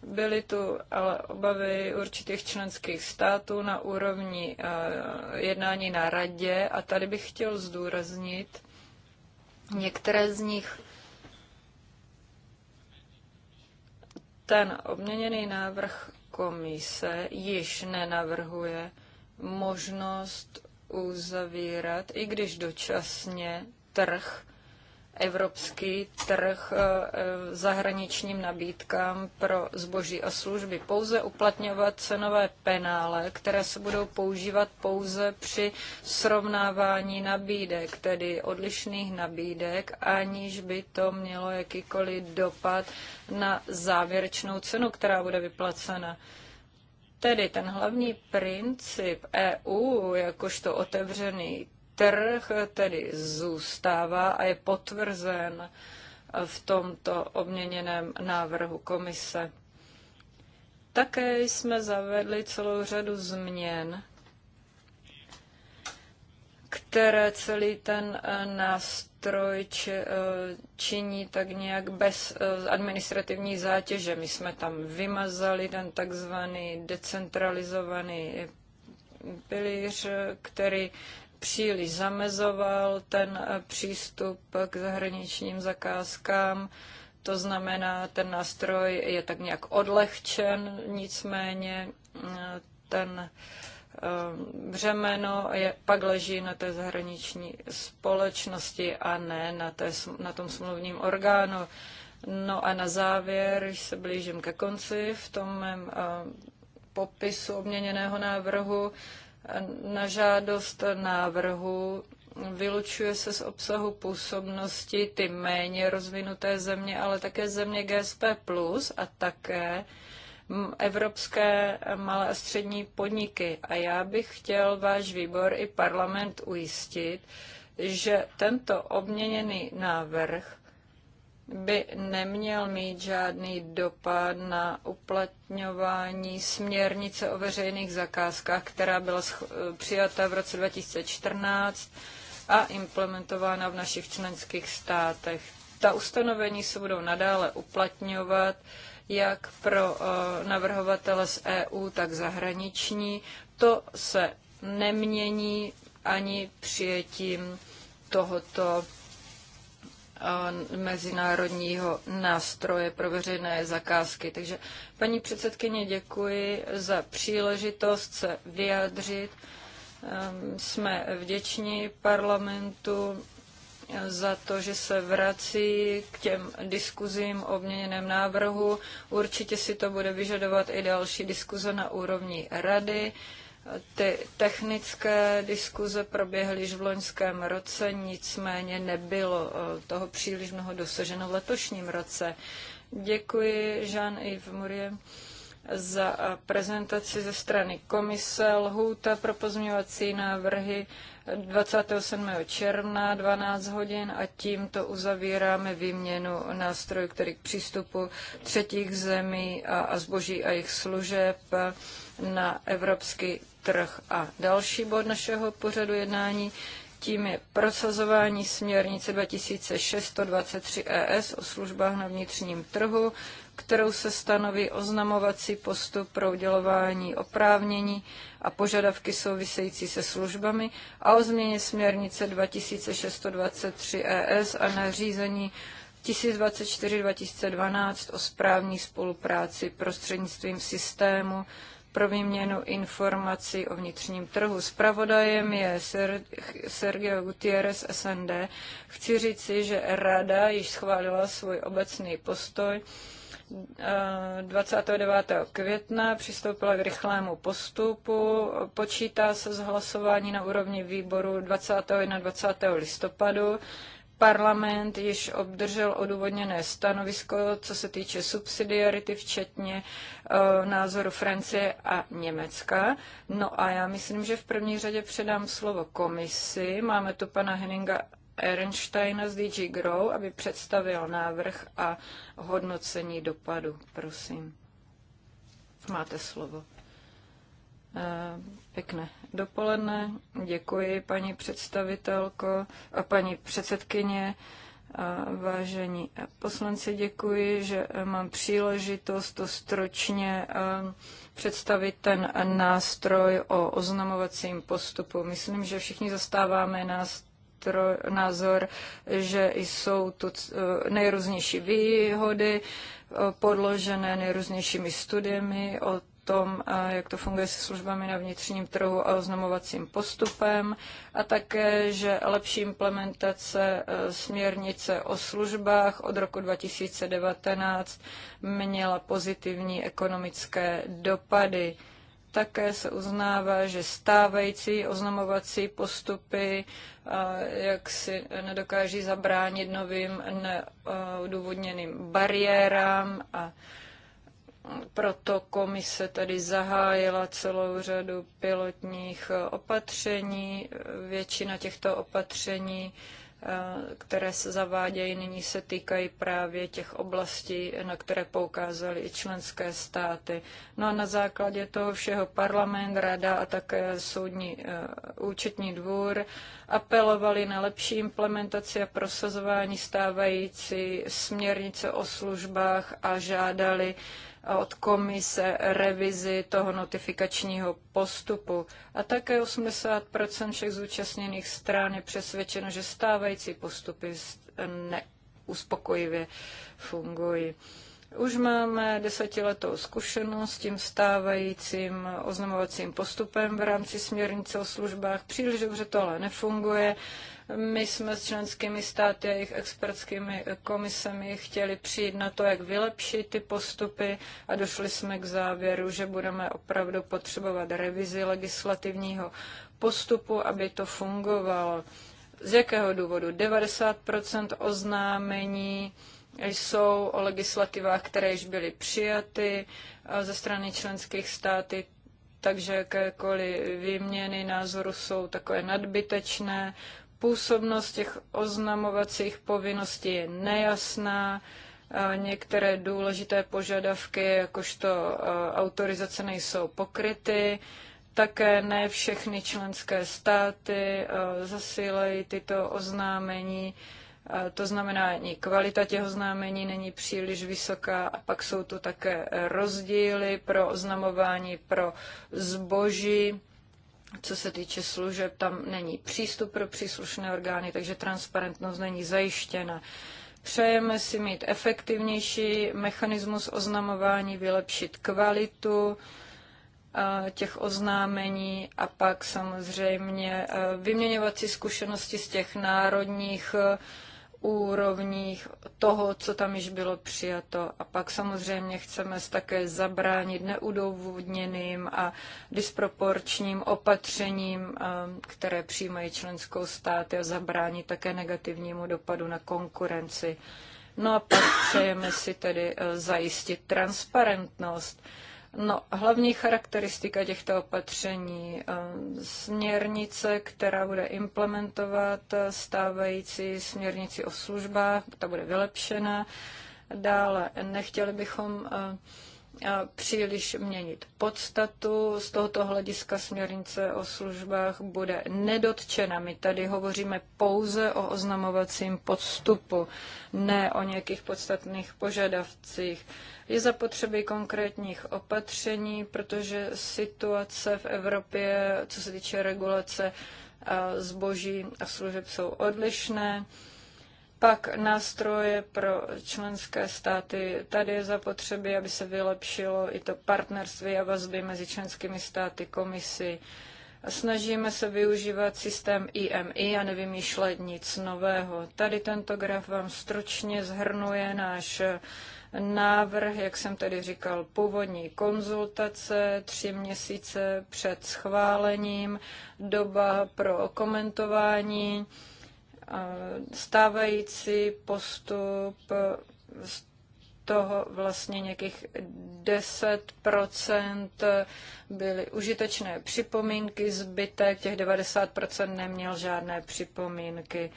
Byly tu ale obavy určitých členských států na úrovni e, jednání na radě a tady bych chtěl zdůraznit některé z nich ten obměněný návrh komise již nenavrhuje možnost uzavírat, i když dočasně, trh evropský trh eh, eh, zahraničním nabídkám pro zboží a služby. Pouze uplatňovat cenové penále, které se budou používat pouze při srovnávání nabídek, tedy odlišných nabídek, aniž by to mělo jakýkoliv dopad na závěrečnou cenu, která bude vyplacena. Tedy ten hlavní princip EU, jakožto otevřený trh tedy zůstává a je potvrzen v tomto obměněném návrhu komise. Také jsme zavedli celou řadu změn, které celý ten eh, nástroj eh, činí tak nějak bez eh, administrativní zátěže. My jsme tam vymazali ten takzvaný decentralizovaný pilíř, který příliš zamezoval ten eh, přístup k zahraničním zakázkám. To znamená, ten nástroj je tak nějak odlehčen, nicméně eh, ten eh, břemeno je, pak leží na té zahraniční společnosti a ne na, té, na tom smluvním orgánu. No a na závěr, když se blížím ke konci v tom mém popisu obměněného návrhu, na žádost návrhu vylučuje se z obsahu působnosti ty méně rozvinuté země, ale také země GSP+, a také evropské malé a střední podniky. A já bych chtěl váš výbor i parlament ujistit, že tento obměněný návrh by neměl mít žádný dopad na uplatňování směrnice o veřejných zakázkách, která byla přijata v roce 2014 a implementována v našich členských státech. Ta ustanovení se budou nadále uplatňovat jak pro eh, navrhovatele z EU, tak zahraniční. To se nemění ani přijetím tohoto mezinárodního nástroje pro veřejné zakázky. Takže paní předsedkyně, děkuji za příležitost se vyjádřit. Ehm, jsme vděční parlamentu za to, že se vrací k těm diskuzím o měněném návrhu. Určitě si to bude vyžadovat i další diskuze na úrovni rady. Ty technické diskuze proběhly již v loňském roce, nicméně nebylo eh, toho příliš mnoho dosaženo v letošním roce. Děkuji Jean-Yves Murie za eh, prezentaci ze strany komise. Lhůta pro pozměňovací návrhy 27. Eh, června 12 hodin a tímto uzavíráme výměnu nástrojů, který k přístupu třetích zemí a, a zboží a jejich služeb na evropský trh. A další bod našeho pořadu jednání tím je prosazování směrnice 2623 ES o službách na vnitřním trhu, kterou se stanoví oznamovací postup pro udělování oprávnění a požadavky související se službami a o změně směrnice 2623 ES a nařízení 1024-2012 o správní spolupráci prostřednictvím systému pro výměnu informací o vnitřním trhu. Spravodajem je Sergio Gutierrez SND. Chci říci, že Rada již schválila svůj obecný postoj 29. Eh, května přistoupila k rychlému postupu. Počítá se s hlasování na úrovni výboru 20. a 21. listopadu Parlament již obdržel odůvodněné stanovisko, co se týče subsidiarity, včetně e, názoru Francie a Německa. No a já myslím, že v první řadě předám slovo komisi. Máme tu pana Henninga Ehrensteina z DG Grow, aby představil návrh a hodnocení dopadu. Prosím, máte slovo. Eh, pěkné dopoledne. Děkuji, paní představitelko a paní předsedkyně. Vážení poslanci, děkuji, že mám příležitost to stročně eh, představit ten nástroj o oznamovacím postupu. Myslím, že všichni zastáváme nástroj názor, že jsou tu eh, nejrůznější výhody podložené nejrůznějšími studiemi o tom, eh, jak to funguje se službami na vnitřním trhu a oznamovacím postupem a také, že lepší implementace eh, směrnice o službách od roku 2019 měla pozitivní ekonomické dopady. Také se uznává, že stávající oznamovací postupy eh, jak si nedokáží zabránit novým neudůvodněným bariérám a proto komise tady zahájila celou řadu pilotních opatření. Většina těchto opatření, eh, které se zavádějí nyní, se týkají právě těch oblastí, na které poukázaly i členské státy. No a na základě toho všeho parlament, rada a také soudní eh, účetní dvůr apelovali na lepší implementaci a prosazování stávající směrnice o službách a žádali, od komise revizi toho notifikačního postupu. A také 80 všech zúčastněných stran je přesvědčeno, že stávající postupy neuspokojivě fungují. Už máme desetiletou zkušenost s tím stávajícím oznamovacím postupem v rámci směrnice o službách. Příliš dobře to ale nefunguje. My jsme s členskými státy a jejich expertskými komisemi chtěli přijít na to, jak vylepšit ty postupy a došli jsme k závěru, že budeme opravdu potřebovat revizi legislativního postupu, aby to fungovalo. Z jakého důvodu? 90 oznámení jsou o legislativách, které již byly přijaty ze strany členských státy, takže jakékoliv výměny názoru jsou takové nadbytečné působnost těch oznamovacích povinností je nejasná, některé důležité požadavky, jakožto e, autorizace, nejsou pokryty, také ne všechny členské státy e, zasílají tyto oznámení. E, to znamená, ani kvalita těch oznámení není příliš vysoká a pak jsou tu také rozdíly pro oznamování pro zboží co se týče služeb, tam není přístup pro příslušné orgány, takže transparentnost není zajištěna. Přejeme si mít efektivnější mechanismus oznamování, vylepšit kvalitu eh, těch oznámení a pak samozřejmě eh, vyměňovat si zkušenosti z těch národních eh, úrovních toho, co tam již bylo přijato. A pak samozřejmě chceme také zabránit neudovodněným a disproporčním opatřením, eh, které přijímají členskou státy a zabránit také negativnímu dopadu na konkurenci. No a pak přejeme si tedy eh, zajistit transparentnost. No, hlavní charakteristika těchto opatření. Eh, směrnice, která bude implementovat eh, stávající směrnici o službách, ta bude vylepšena. Dále nechtěli bychom eh, příliš měnit podstatu. Z tohoto hlediska směrnice o službách bude nedotčena. My tady hovoříme pouze o oznamovacím podstupu, ne o nějakých podstatných požadavcích. Je zapotřebí konkrétních opatření, protože situace v Evropě, co se týče regulace zboží a služeb, jsou odlišné. Pak nástroje pro členské státy. Tady je zapotřebí, aby se vylepšilo i to partnerství a vazby mezi členskými státy, komisi. Snažíme se využívat systém IMI e e a nevymýšlet nic nového. Tady tento graf vám stručně zhrnuje náš návrh, jak jsem tady říkal, původní konzultace, tři měsíce před schválením, doba pro komentování, stávající postup z toho vlastně nějakých 10% byly užitečné připomínky, zbytek těch 90% neměl žádné připomínky.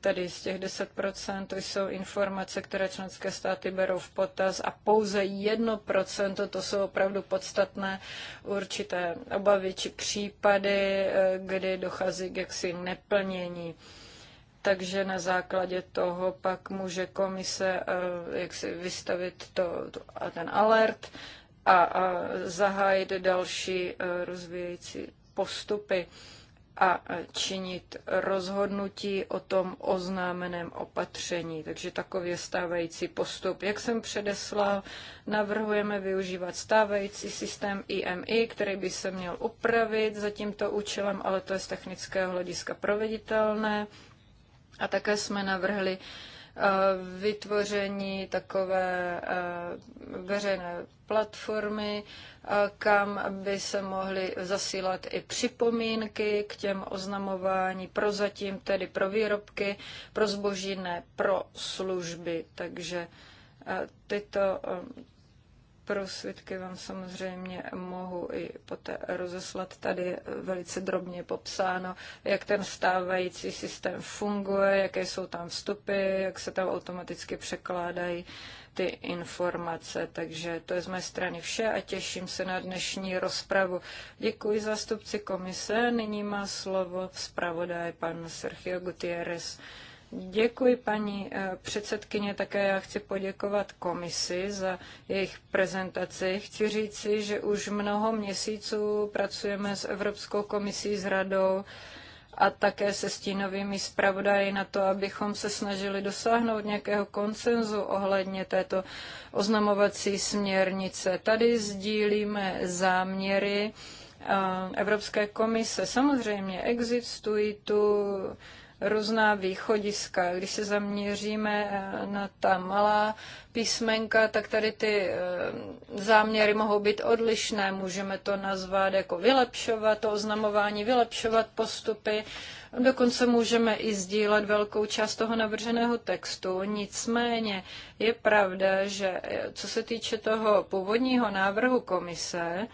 Tedy z těch 10% to jsou informace, které členské státy berou v potaz a pouze 1% to jsou opravdu podstatné určité obavy či případy, eh, kdy dochází k jaksi neplnění takže na základě toho pak může komise eh, jak si vystavit to, to, a ten alert a, a zahájit další eh, rozvíjející postupy a eh, činit rozhodnutí o tom oznámeném opatření. Takže takový je stávající postup. Jak jsem předeslal, navrhujeme využívat stávající systém IMI, který by se měl upravit za tímto účelem, ale to je z technického hlediska proveditelné. A také jsme navrhli eh, vytvoření takové eh, veřejné platformy, eh, kam by se mohly zasílat i připomínky k těm oznamování, prozatím tedy pro výrobky, pro zboží, ne pro služby. Takže tyto pro svědky vám samozřejmě mohu i poté rozeslat. Tady velice drobně popsáno, jak ten stávající systém funguje, jaké jsou tam vstupy, jak se tam automaticky překládají ty informace. Takže to je z mé strany vše a těším se na dnešní rozpravu. Děkuji zástupci komise. Nyní má slovo zpravodaj pan Sergio Gutierrez. Děkuji, paní eh, předsedkyně. Také já chci poděkovat komisi za jejich prezentaci. Chci říci, že už mnoho měsíců pracujeme s Evropskou komisí, s radou a také se stínovými zpravodaji na to, abychom se snažili dosáhnout nějakého konsenzu ohledně této oznamovací směrnice. Tady sdílíme záměry eh, Evropské komise. Samozřejmě existují tu různá východiska. Když se zaměříme eh, na ta malá písmenka, tak tady ty eh, záměry mohou být odlišné. Můžeme to nazvat jako vylepšovat to oznamování, vylepšovat postupy. Dokonce můžeme i sdílet velkou část toho navrženého textu. Nicméně je pravda, že eh, co se týče toho původního návrhu komise,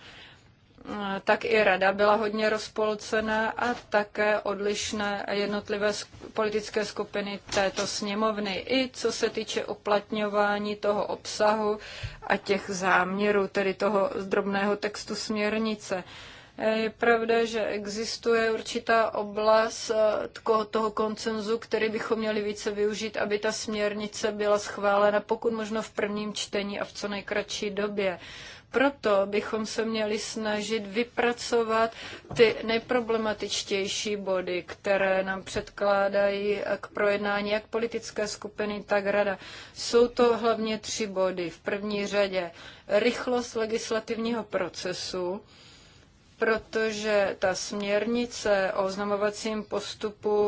tak i rada byla hodně rozpolcená a také odlišné jednotlivé politické skupiny této sněmovny. I co se týče uplatňování toho obsahu a těch záměrů, tedy toho zdrobného textu směrnice. Je pravda, že existuje určitá oblast eh, toho koncenzu, který bychom měli více využít, aby ta směrnice byla schválena pokud možno v prvním čtení a v co nejkratší době. Proto bychom se měli snažit vypracovat ty nejproblematičtější body, které nám předkládají k projednání jak politické skupiny, tak rada. Jsou to hlavně tři body. V první řadě rychlost legislativního procesu, protože ta směrnice o oznamovacím postupu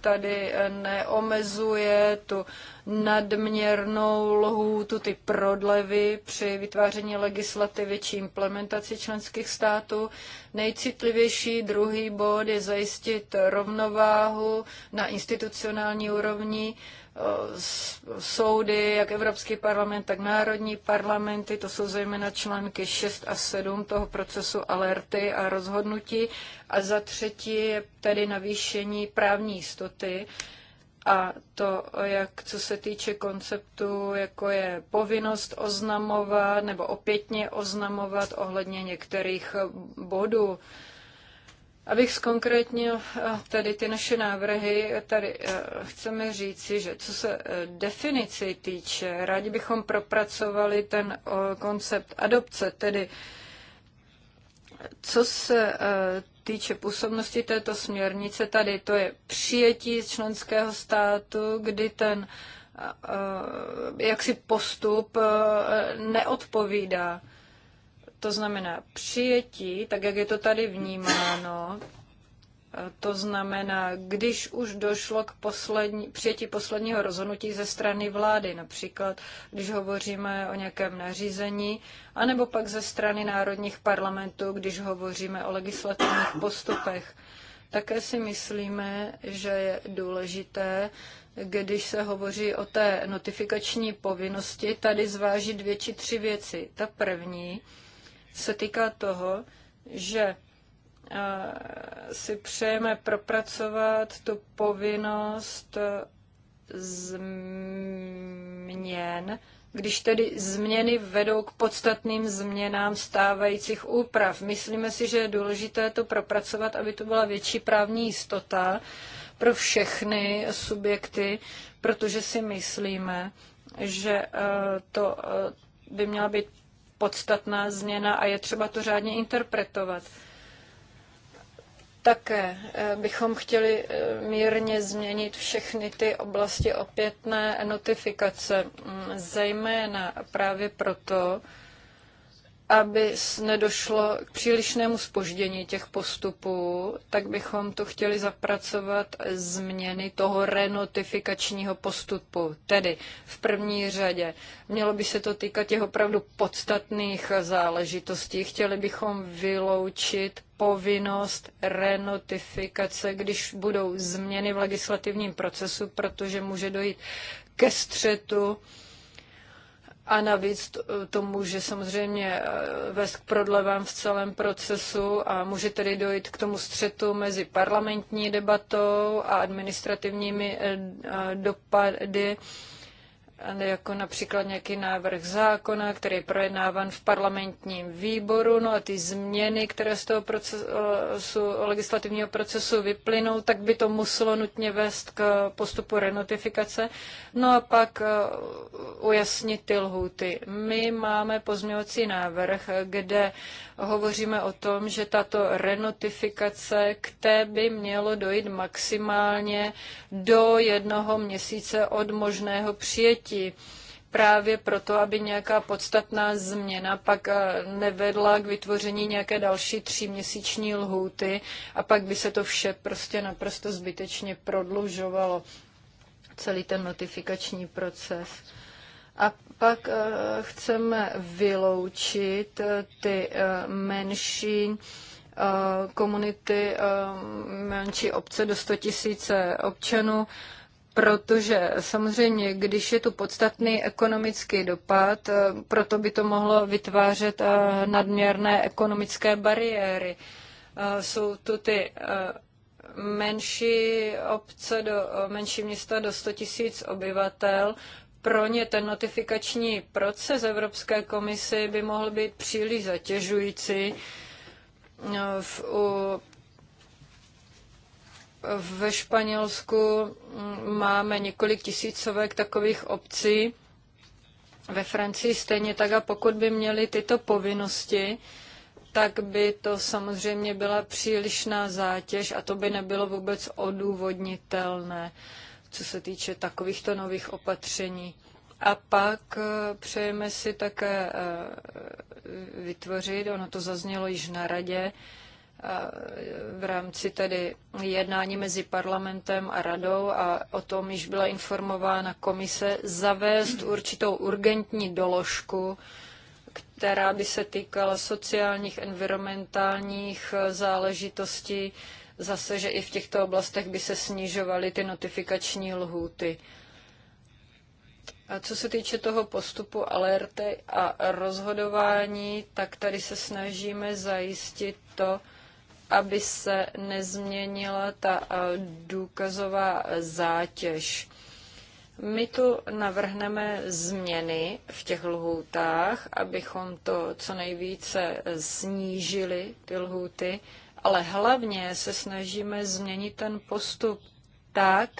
tady neomezuje tu nadměrnou lhůtu, ty prodlevy při vytváření legislativy či implementaci členských států. Nejcitlivější druhý bod je zajistit rovnováhu na institucionální úrovni Eh, soudy, jak Evropský parlament, tak národní parlamenty, to jsou zejména články 6 a 7 toho procesu alerty a rozhodnutí. A za třetí je tedy navýšení právní jistoty, a to, jak co se týče konceptu, jako je povinnost oznamovat nebo opětně oznamovat ohledně některých bodů, Abych zkonkrétnil eh, tady ty naše návrhy, tady eh, chceme říci, že co se eh, definici týče, rádi bychom propracovali ten koncept adopce, tedy co se týče působnosti této směrnice, tady to je přijetí členského státu, kdy ten jaksi postup neodpovídá to znamená přijetí, tak jak je to tady vnímáno, to znamená, když už došlo k poslední, přijetí posledního rozhodnutí ze strany vlády, například když hovoříme o nějakém nařízení, anebo pak ze strany národních parlamentů, když hovoříme o legislativních postupech. Také si myslíme, že je důležité, když se hovoří o té notifikační povinnosti, tady zvážit dvě či tři věci. Ta první, se týká toho, že eh, si přejeme propracovat tu povinnost eh, změn, když tedy změny vedou k podstatným změnám stávajících úprav. Myslíme si, že je důležité to propracovat, aby to byla větší právní jistota pro všechny subjekty, protože si myslíme, že eh, to by měla být podstatná změna a je třeba to řádně interpretovat. Také eh, bychom chtěli eh, mírně změnit všechny ty oblasti opětné notifikace, mm, zejména právě proto, aby nedošlo k přílišnému spoždění těch postupů, tak bychom to chtěli zapracovat změny toho renotifikačního postupu. Tedy v první řadě mělo by se to týkat těch opravdu podstatných záležitostí. Chtěli bychom vyloučit povinnost renotifikace, když budou změny v legislativním procesu, protože může dojít ke střetu a navíc to může samozřejmě eh, vést k prodlevám v celém procesu a může tedy dojít k tomu střetu mezi parlamentní debatou a administrativními eh, eh, dopady jako například nějaký návrh zákona, který je projednáván v parlamentním výboru, no a ty změny, které z toho procesu, legislativního procesu vyplynou, tak by to muselo nutně vést k postupu renotifikace, no a pak eh, ujasnit ty lhuty. My máme pozměňovací návrh, kde hovoříme o tom, že tato renotifikace, k té by mělo dojít maximálně do jednoho měsíce od možného přijetí oblasti právě proto, aby nějaká podstatná změna pak eh, nevedla k vytvoření nějaké další tříměsíční lhůty a pak by se to vše prostě naprosto zbytečně prodlužovalo, celý ten notifikační proces. A pak eh, chceme vyloučit eh, ty menší komunity, menší obce do 100 000 občanů, protože samozřejmě, když je tu podstatný ekonomický dopad, eh, proto by to mohlo vytvářet eh, nadměrné ekonomické bariéry. Eh, jsou tu ty menší obce, do, menší města do 100 tisíc obyvatel, pro ně ten notifikační proces Evropské komisy by mohl být příliš zatěžující v, u ve Španělsku mm, máme několik tisícovek takových obcí, ve Francii stejně tak a pokud by měli tyto povinnosti, tak by to samozřejmě byla přílišná zátěž a to by nebylo vůbec odůvodnitelné, co se týče takovýchto nových opatření. A pak eh, přejeme si také eh, vytvořit, ono to zaznělo již na radě, E, v rámci tedy jednání mezi parlamentem a radou a o tom již byla informována komise, zavést určitou urgentní doložku, která by se týkala sociálních, environmentálních e, záležitostí, zase, že i v těchto oblastech by se snižovaly ty notifikační lhůty. A co se týče toho postupu alerty a rozhodování, tak tady se snažíme zajistit to, aby se nezměnila ta eh, důkazová zátěž. My tu navrhneme změny v těch lhůtách, abychom to co nejvíce eh, snížili, ty lhůty, ale hlavně se snažíme změnit ten postup tak,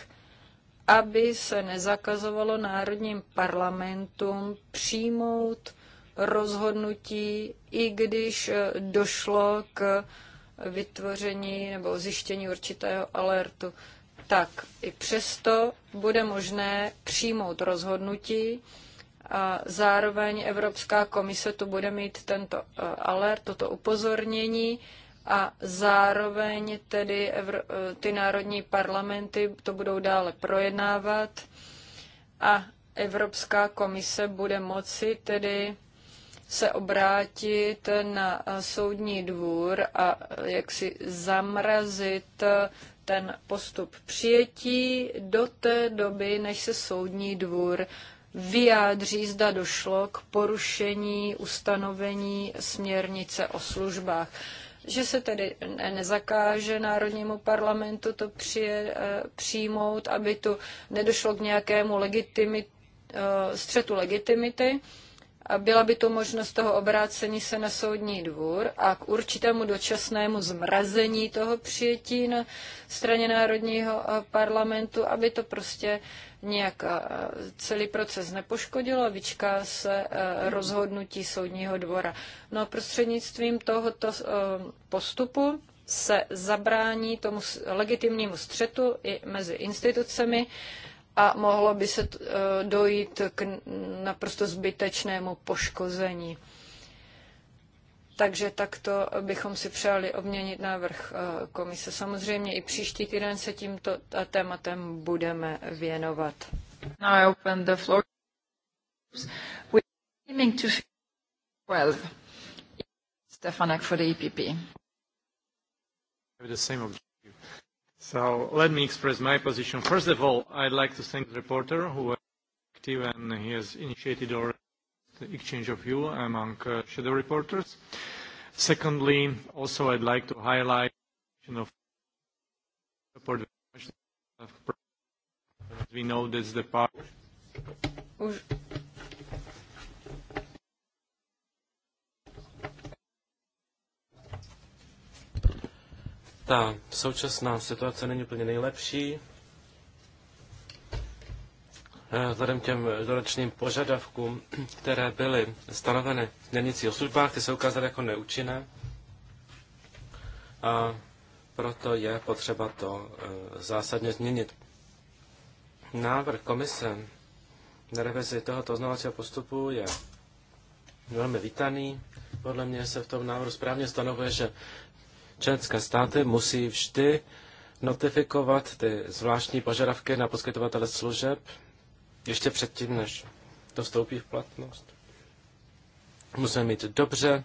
aby se nezakazovalo národním parlamentům přijmout rozhodnutí, i když eh, došlo k vytvoření nebo zjištění určitého alertu, tak i přesto bude možné přijmout rozhodnutí a zároveň Evropská komise tu bude mít tento eh, alert, toto upozornění a zároveň tedy eh, ty národní parlamenty to budou dále projednávat a Evropská komise bude moci tedy se obrátit na eh, soudní dvůr a eh, jak si zamrazit eh, ten postup přijetí do té doby, než se soudní dvůr vyjádří, zda došlo k porušení ustanovení směrnice o službách. Že se tedy nezakáže Národnímu parlamentu to přije, přijmout, aby tu nedošlo k nějakému legitimit, střetu legitimity, byla by to možnost toho obrácení se na soudní dvůr a k určitému dočasnému zmrazení toho přijetí na straně Národního eh, parlamentu, aby to prostě nějak eh, celý proces nepoškodilo a vyčká se eh, rozhodnutí soudního dvora. No a prostřednictvím tohoto postupu se zabrání tomu legitimnímu střetu i mezi institucemi, a mohlo by se eh, dojít k naprosto zbytečnému poškození. Takže takto bychom si přáli obměnit návrh eh, komise. Samozřejmě i příští týden se tímto eh, tématem budeme věnovat. Now I open the floor. We're aiming to 12. Stefanek for the EPP. The same So let me express my position. First of all, I'd like to thank the reporter who was active and he has initiated our exchange of view among uh, shadow reporters. Secondly, also I'd like to highlight you know, support as we know this is the part. Ta současná situace není úplně nejlepší. Eh, vzhledem těm dodatečným požadavkům, které byly stanoveny v o službách, ty se ukázaly jako neúčinné. A proto je potřeba to eh, zásadně změnit. Návrh komise na revizi tohoto oznamovacího postupu je velmi vítaný. Podle mě se v tom návrhu správně stanovuje, že Členské státy musí vždy notifikovat ty zvláštní požadavky na poskytovatele služeb ještě předtím, než to vstoupí v platnost. Musíme mít dobře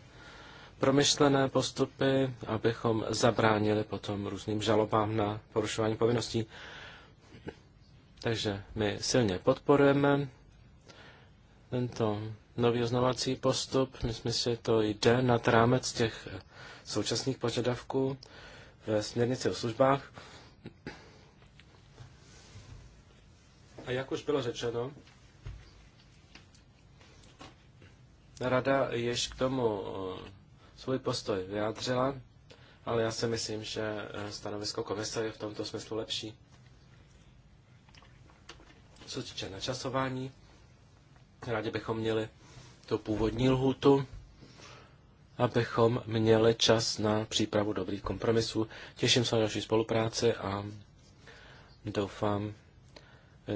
promyšlené postupy, abychom zabránili potom různým žalobám na porušování povinností. Takže my silně podporujeme tento nový oznovací postup. Myslím si, že to jde nad rámec těch současných požadavků ve směrnici o službách. A jak už bylo řečeno, rada již k tomu eh, svůj postoj vyjádřila, ale já si myslím, že eh, stanovisko komise je v tomto smyslu lepší. Co se týče načasování, rádi bychom měli tu původní lhůtu abychom měli čas na přípravu dobrých kompromisů. Těším se na další spolupráci a doufám,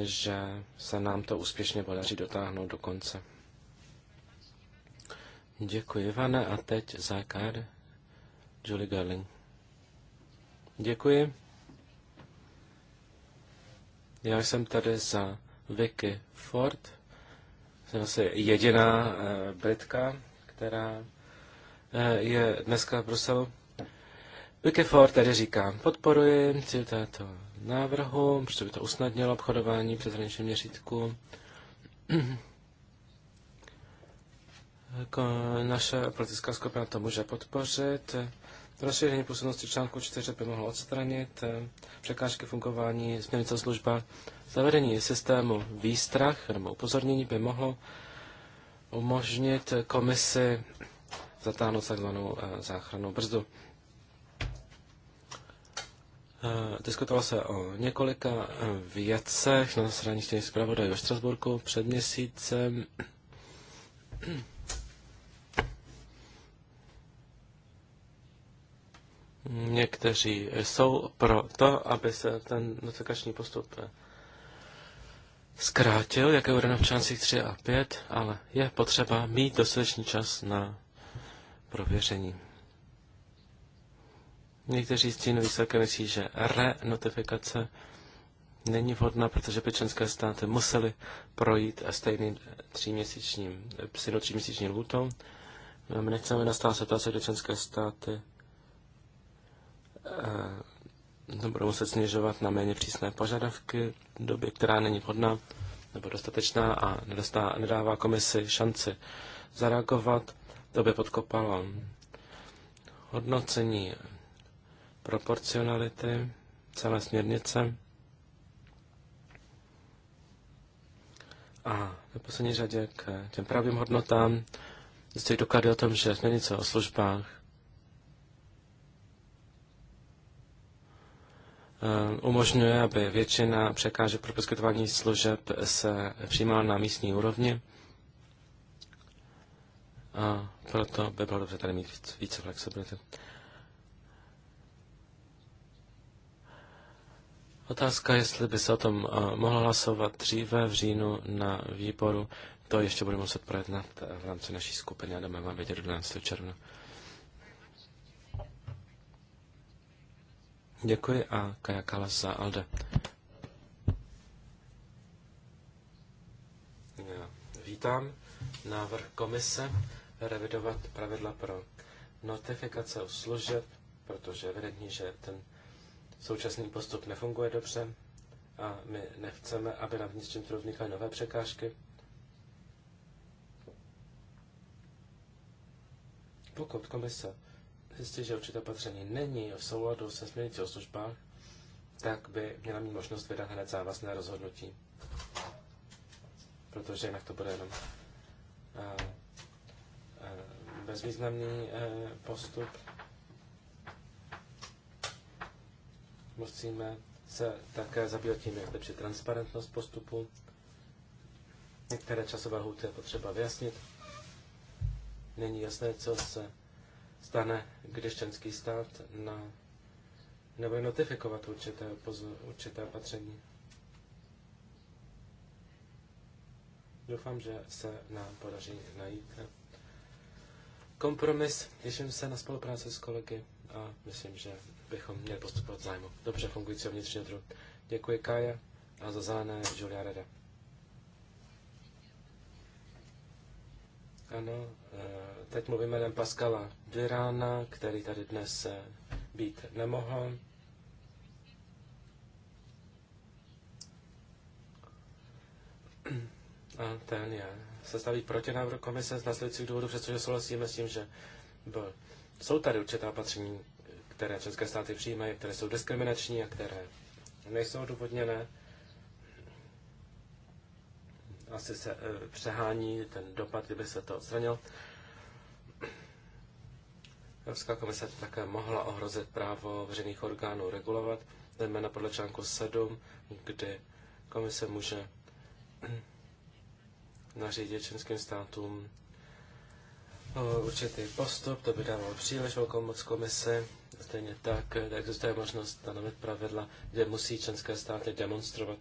že se nám to úspěšně podaří dotáhnout do konce. Děkuji, Ivane, a teď zákár Julie Garling. Děkuji. Já jsem tady za Vicky Ford. Jsem asi jediná eh, Britka, která Eh, je dneska v Bruselu. Wikifor tedy říká, podporuji cíl této návrhu, protože by to usnadnilo obchodování přes hraniční měřítku. Jako naše politická skupina to může podpořit. Rozšíření působnosti článku 4 by mohlo odstranit eh, překážky fungování směrnice služba Zavedení systému výstrach nebo upozornění by mohlo umožnit komisi zatáhnout takzvanou eh, záchrannou brzdu. Eh, diskutovalo se o několika eh, věcech na zasedání těch zpravodajů ve Štrasburku před měsícem. Někteří jsou pro to, aby se ten notifikační postup zkrátil, jak je uvedeno v článcích 3 a 5, ale je potřeba mít dostatečný čas na prověření. Někteří z stínoví vysoké myslí, že re-notifikace není vhodná, protože by členské státy museli projít stejným tříměsíčním, psinu tříměsíčním lůtou. No, my nechceme nastávat situace, kdy členské státy to eh, no, budou muset snižovat na méně přísné požadavky v době, která není vhodná nebo dostatečná a nedostá, nedává komisi šanci zareagovat. To by podkopalo hodnocení proporcionality celé směrnice. A v poslední řadě k těm pravým hodnotám zde doklady o tom, že směrnice o službách eh, umožňuje, aby většina překážek pro poskytování služeb se přijímala na místní úrovni. A proto by bylo dobře tady mít více flexibility. Otázka, jestli by se o tom eh, mohlo hlasovat dříve v říjnu na výboru, to ještě budeme muset projednat eh, v rámci naší skupiny a dáme vám vědět 12. června. Děkuji a Kaja Kalas za Alde. Já vítám návrh komise revidovat pravidla pro notifikace u služeb, protože je evidentní, že ten současný postup nefunguje dobře a my nechceme, aby na vnitřním trhu vznikaly nové překážky. Pokud komise zjistí, že určité opatření není v souladu se směrnicí o službách, tak by měla mít možnost vydat hned závazné rozhodnutí. Protože jinak to bude jenom eh, bezvýznamný eh, postup. Musíme se také zabývat tím, jak lepší transparentnost postupu. Některé časové lhuty je potřeba vyjasnit. Není jasné, co se stane, když členský stát na, nebo notifikovat určité, pozor, určité opatření. Doufám, že se nám podaří najít kompromis, těším se na spolupráci s kolegy a myslím, že bychom měli postupovat v zájmu dobře fungujícího vnitřního trhu. Děkuji Kaja a za záné Julia Rada. Ano, eh, teď mluvím jménem Pascala Dirána, který tady dnes eh, být nemohl. A ten je se staví proti návrhu komise z následujících důvodů, přestože souhlasíme s tím, že byl. jsou tady určitá opatření, které české státy přijímají, které jsou diskriminační a které nejsou odůvodněné. Asi se e, přehání ten dopad, kdyby se to odstranil. Evropská komise také mohla ohrozit právo veřejných orgánů regulovat, zejména podle článku 7, kdy komise může nařídit členským státům eh, určitý postup, to by dávalo příliš velkou moc komise. Stejně tak tak eh, existuje možnost stanovit pravidla, kde musí členské státy demonstrovat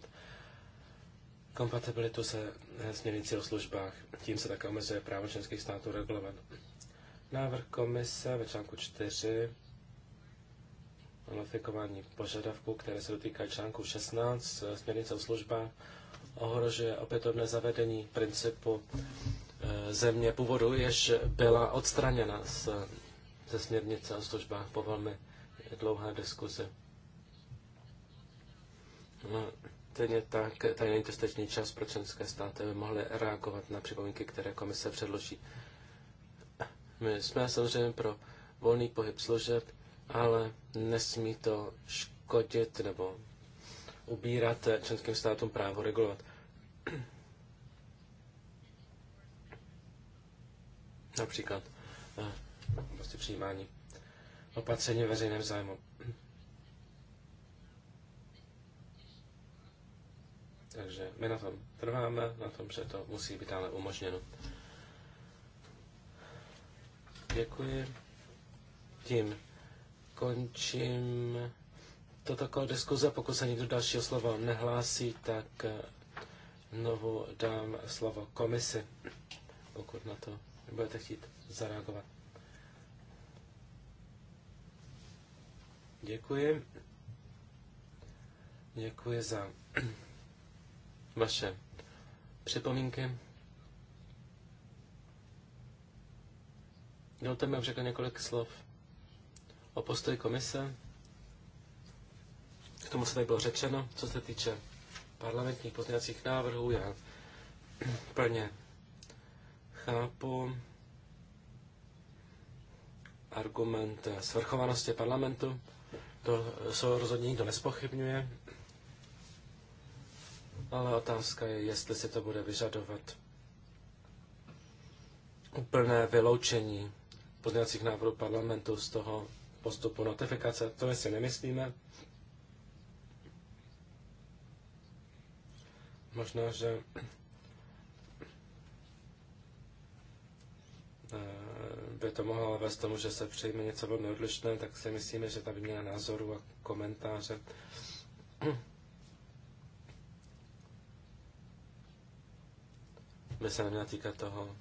kompatibilitu se eh, směrnicí o službách. Tím se také omezuje právo členských států regulovat. Návrh komise ve článku 4 notifikování požadavků, které se dotýkají článku 16 směrnice o službách, ohrožuje opětovné zavedení principu eh, země původu, jež byla odstraněna z, ze směrnice o službách po velmi dlouhé diskuzi. No, stejně tak tady není dostatečný čas pro členské státy, aby mohly reagovat na připomínky, které komise předloží. My jsme samozřejmě pro volný pohyb služeb, ale nesmí to škodit nebo ubírat členským státům právo regulovat. Například eh, prostě přijímání opatření veřejném zájmu. Takže my na tom trváme, na tom, že to musí být ale umožněno. Děkuji. Tím končím to takové diskuze. Pokud se nikdo dalšího slova nehlásí, tak eh, znovu dám slovo komisi, pokud na to budete chtít zareagovat. Děkuji. Děkuji za vaše připomínky. Dovolte mi, abych řekl několik slov o postoji komise k tomu se tady bylo řečeno, co se týče parlamentních pozměňovacích návrhů, já plně chápu argument svrchovanosti parlamentu, to se rozhodně nikdo nespochybňuje, ale otázka je, jestli si to bude vyžadovat úplné vyloučení pozměňovacích návrhů parlamentu z toho postupu notifikace. To my si nemyslíme. Možná, že eh, by to mohlo vést tomu, že se přijme něco velmi odlišné, tak si myslíme, že ta výměna názorů a komentáře by se neměla týkat toho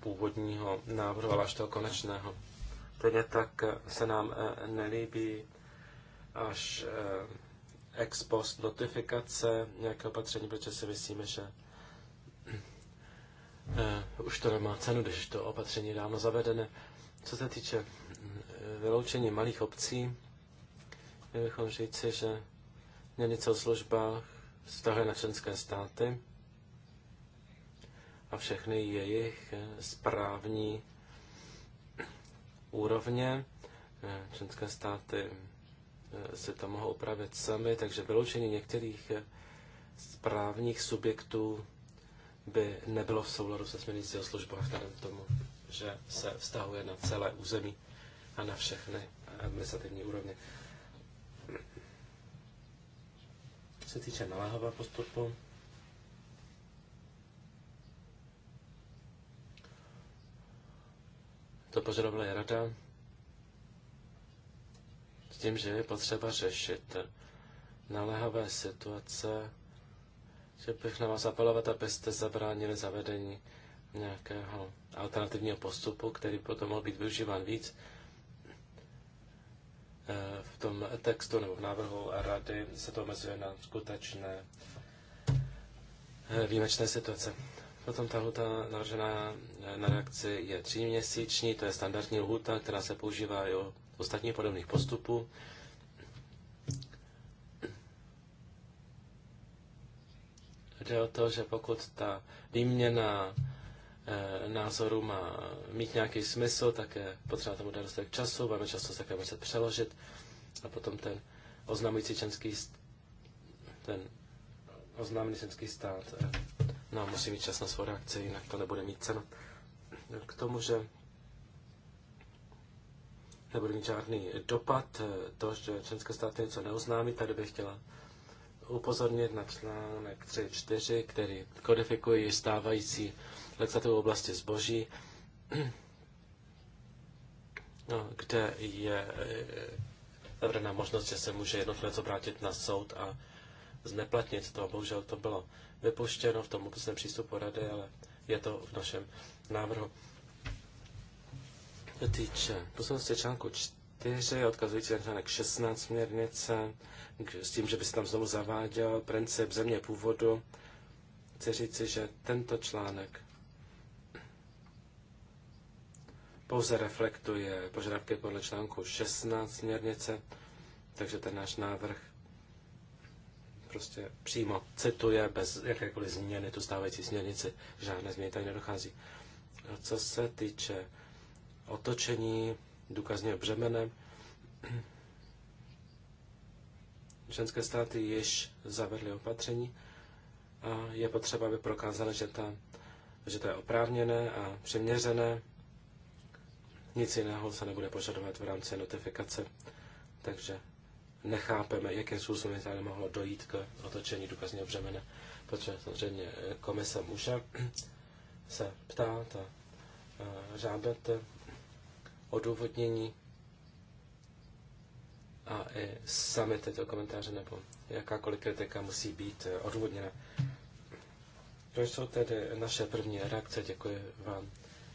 původního návrhu, ale až toho konečného. Teď tak se nám eh, nelíbí, až eh, ex post notifikace nějaké opatření, protože si myslíme, že eh, už to nemá cenu, když to opatření je dávno zavedené. Co se týče mm, vyloučení malých obcí, měli bychom říci, že něco o služba vztahuje na členské státy a všechny jejich eh, správní úrovně. Eh, členské státy se to mohou opravit sami, takže vyloučení některých eh, správních subjektů by nebylo v souladu se směrnicí o službách vzhledem tomu, že se vztahuje na celé území a na všechny administrativní úrovně. Co se týče naléhavého postupu, to požadovala rada tím, že je potřeba řešit naléhavé situace, že bych na vás apelovat, abyste zabránili zavedení nějakého alternativního postupu, který potom mohl být využíván víc. Eh, v tom textu nebo v návrhu rady se to omezuje na skutečné eh, výjimečné situace. Potom ta lhuta navržená eh, na reakci je tříměsíční, to je standardní lhuta, která se používá i u ostatních podobných postupů. Jde o to, že pokud ta výměna eh, názoru má mít nějaký smysl, tak je potřeba tomu dát dostatek času, budeme často se také muset přeložit a potom ten oznamující čenský ten oznámený čenský stát eh, nám no, musí mít čas na svou reakci, jinak to nebude mít cenu. K tomu, že nebude mít žádný dopad. To, že členské státy něco neoznámí, tady bych chtěla upozornit na článek 3.4, který kodifikuje stávající legislativu oblasti zboží, no, kde je eh, zavřená možnost, že se může jednotlivec obrátit na soud a zneplatnit to. Bohužel to bylo vypuštěno v tom obecném přístupu rady, ale je to v našem návrhu se týče poslednosti článku 4, odkazující na článek 16 směrnice, s tím, že by se tam znovu zaváděl princip země původu, chci říci, že tento článek pouze reflektuje požadavky podle článku 16 směrnice, takže ten náš návrh prostě přímo cituje bez jakékoliv změny tu stávající směrnici, žádné změny tady nedochází. A co se týče otočení důkazně břemene. Ženské státy již zavedly opatření a je potřeba, aby prokázali, že, ta, že to je oprávněné a přiměřené. Nic jiného se nebude požadovat v rámci notifikace, takže nechápeme, jaké způsoby tady mohlo dojít k otočení důkazního břemene, protože samozřejmě eh, komise může se ptát a žádat odůvodnění a i sami tyto komentáře nebo jakákoliv kritika musí být eh, odůvodněna. To jsou tedy naše první reakce. Děkuji vám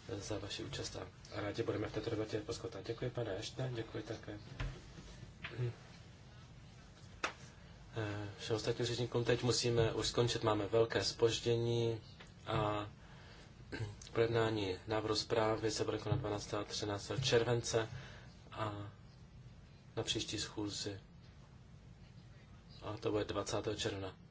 eh, za vaši účast a rádi budeme v této debatě poskotat. Děkuji, pane Ešte, děkuji také hm, eh, všem ostatním řečníkům. Teď musíme už skončit, máme velké spoždění a hm, Projednání návrhu zprávy se bude konat 12. a 13. července a na příští schůzi. A to bude 20. června.